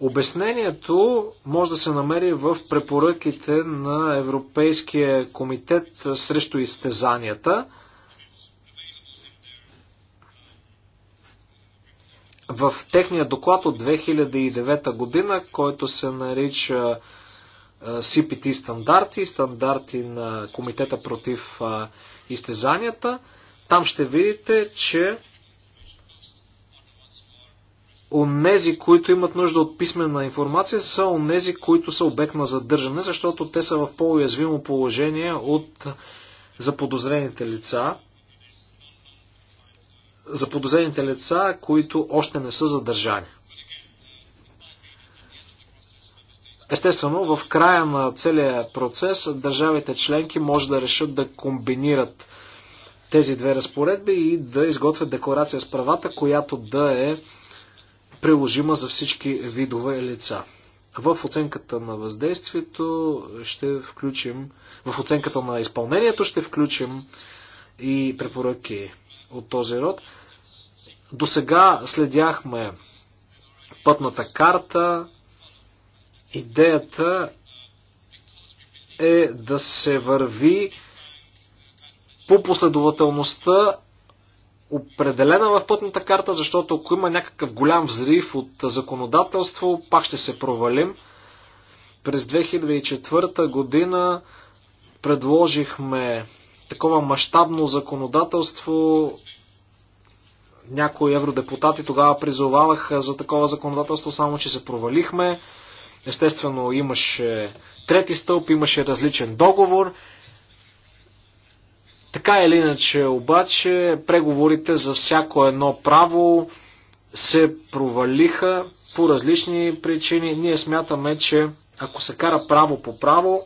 Обяснението може да се намери в препоръките на Европейския комитет срещу изтезанията – в техния доклад от 2009 година, който се нарича CPT стандарти, стандарти на Комитета против изтезанията, там ще видите, че онези, които имат нужда от писмена информация, са онези, които са обект на задържане, защото те са в по-уязвимо положение от заподозрените лица за подозрените лица, които още не са задържани. Естествено, в края на целия процес държавите членки може да решат да комбинират тези две разпоредби и да изготвят декларация с правата, която да е приложима за всички видове лица. В оценката на въздействието ще включим, в оценката на изпълнението ще включим и препоръки от този род. До сега следяхме пътната карта. Идеята е да се върви по последователността определена в пътната карта, защото ако има някакъв голям взрив от законодателство, пак ще се провалим. През 2004 година предложихме такова мащабно законодателство. Някои евродепутати тогава призоваваха за такова законодателство, само че се провалихме. Естествено, имаше трети стълб, имаше различен договор. Така или иначе, обаче, преговорите за всяко едно право се провалиха по различни причини. Ние смятаме, че ако се кара право по право,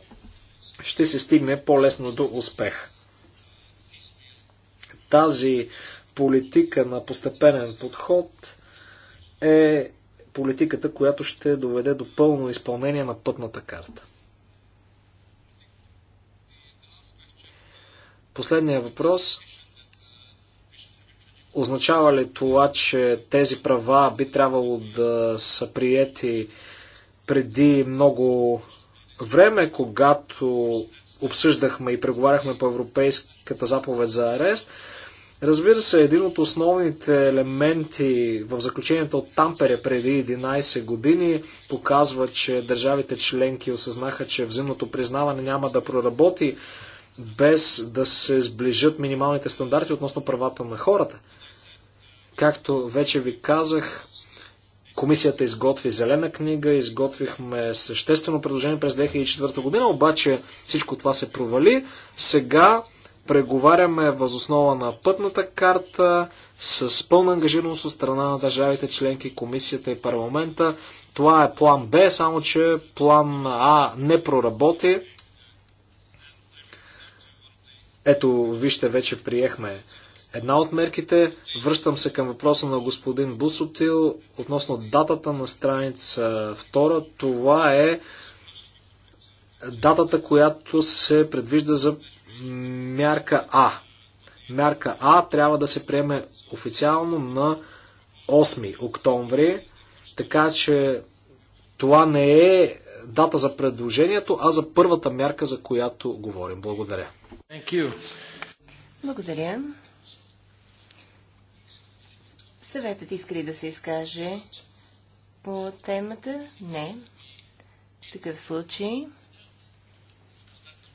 ще се стигне по-лесно до успех тази политика на постепенен подход е политиката, която ще доведе до пълно изпълнение на пътната карта. Последния въпрос. Означава ли това, че тези права би трябвало да са приети преди много време, когато обсъждахме и преговаряхме по Европейската заповед за арест? Разбира се, един от основните елементи в заключението от Тампере преди 11 години показва, че държавите членки осъзнаха, че взаимното признаване няма да проработи без да се сближат минималните стандарти относно правата на хората. Както вече ви казах, комисията изготви зелена книга, изготвихме съществено предложение през 2004 година, обаче всичко това се провали. Сега преговаряме възоснова на пътната карта с пълна ангажираност от страна на държавите членки, комисията и парламента. Това е план Б, само че план А не проработи. Ето, вижте, вече приехме една от мерките. Връщам се към въпроса на господин Бусотил относно датата на страница 2. Това е датата, която се предвижда за мярка А. Мярка А трябва да се приеме официално на 8 октомври, така че това не е дата за предложението, а за първата мярка, за която говорим. Благодаря. Благодаря. Съветът иска ли да се изкаже по темата? Не. В такъв случай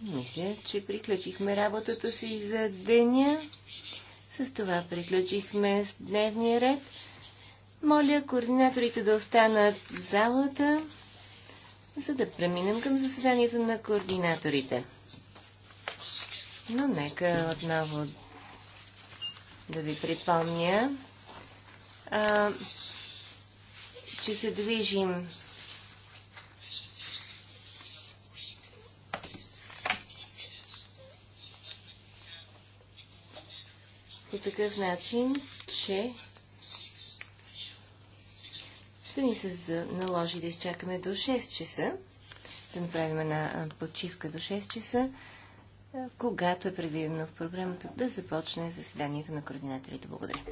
мисля, че приключихме работата си за деня. С това приключихме с дневния ред. Моля координаторите да останат в залата, за да преминем към заседанието на координаторите. Но нека отново да ви припомня, а, че се движим по такъв начин, че ще ни се наложи да изчакаме до 6 часа, да направим една почивка до 6 часа, когато е предвидено в програмата да започне заседанието на координаторите. Благодаря.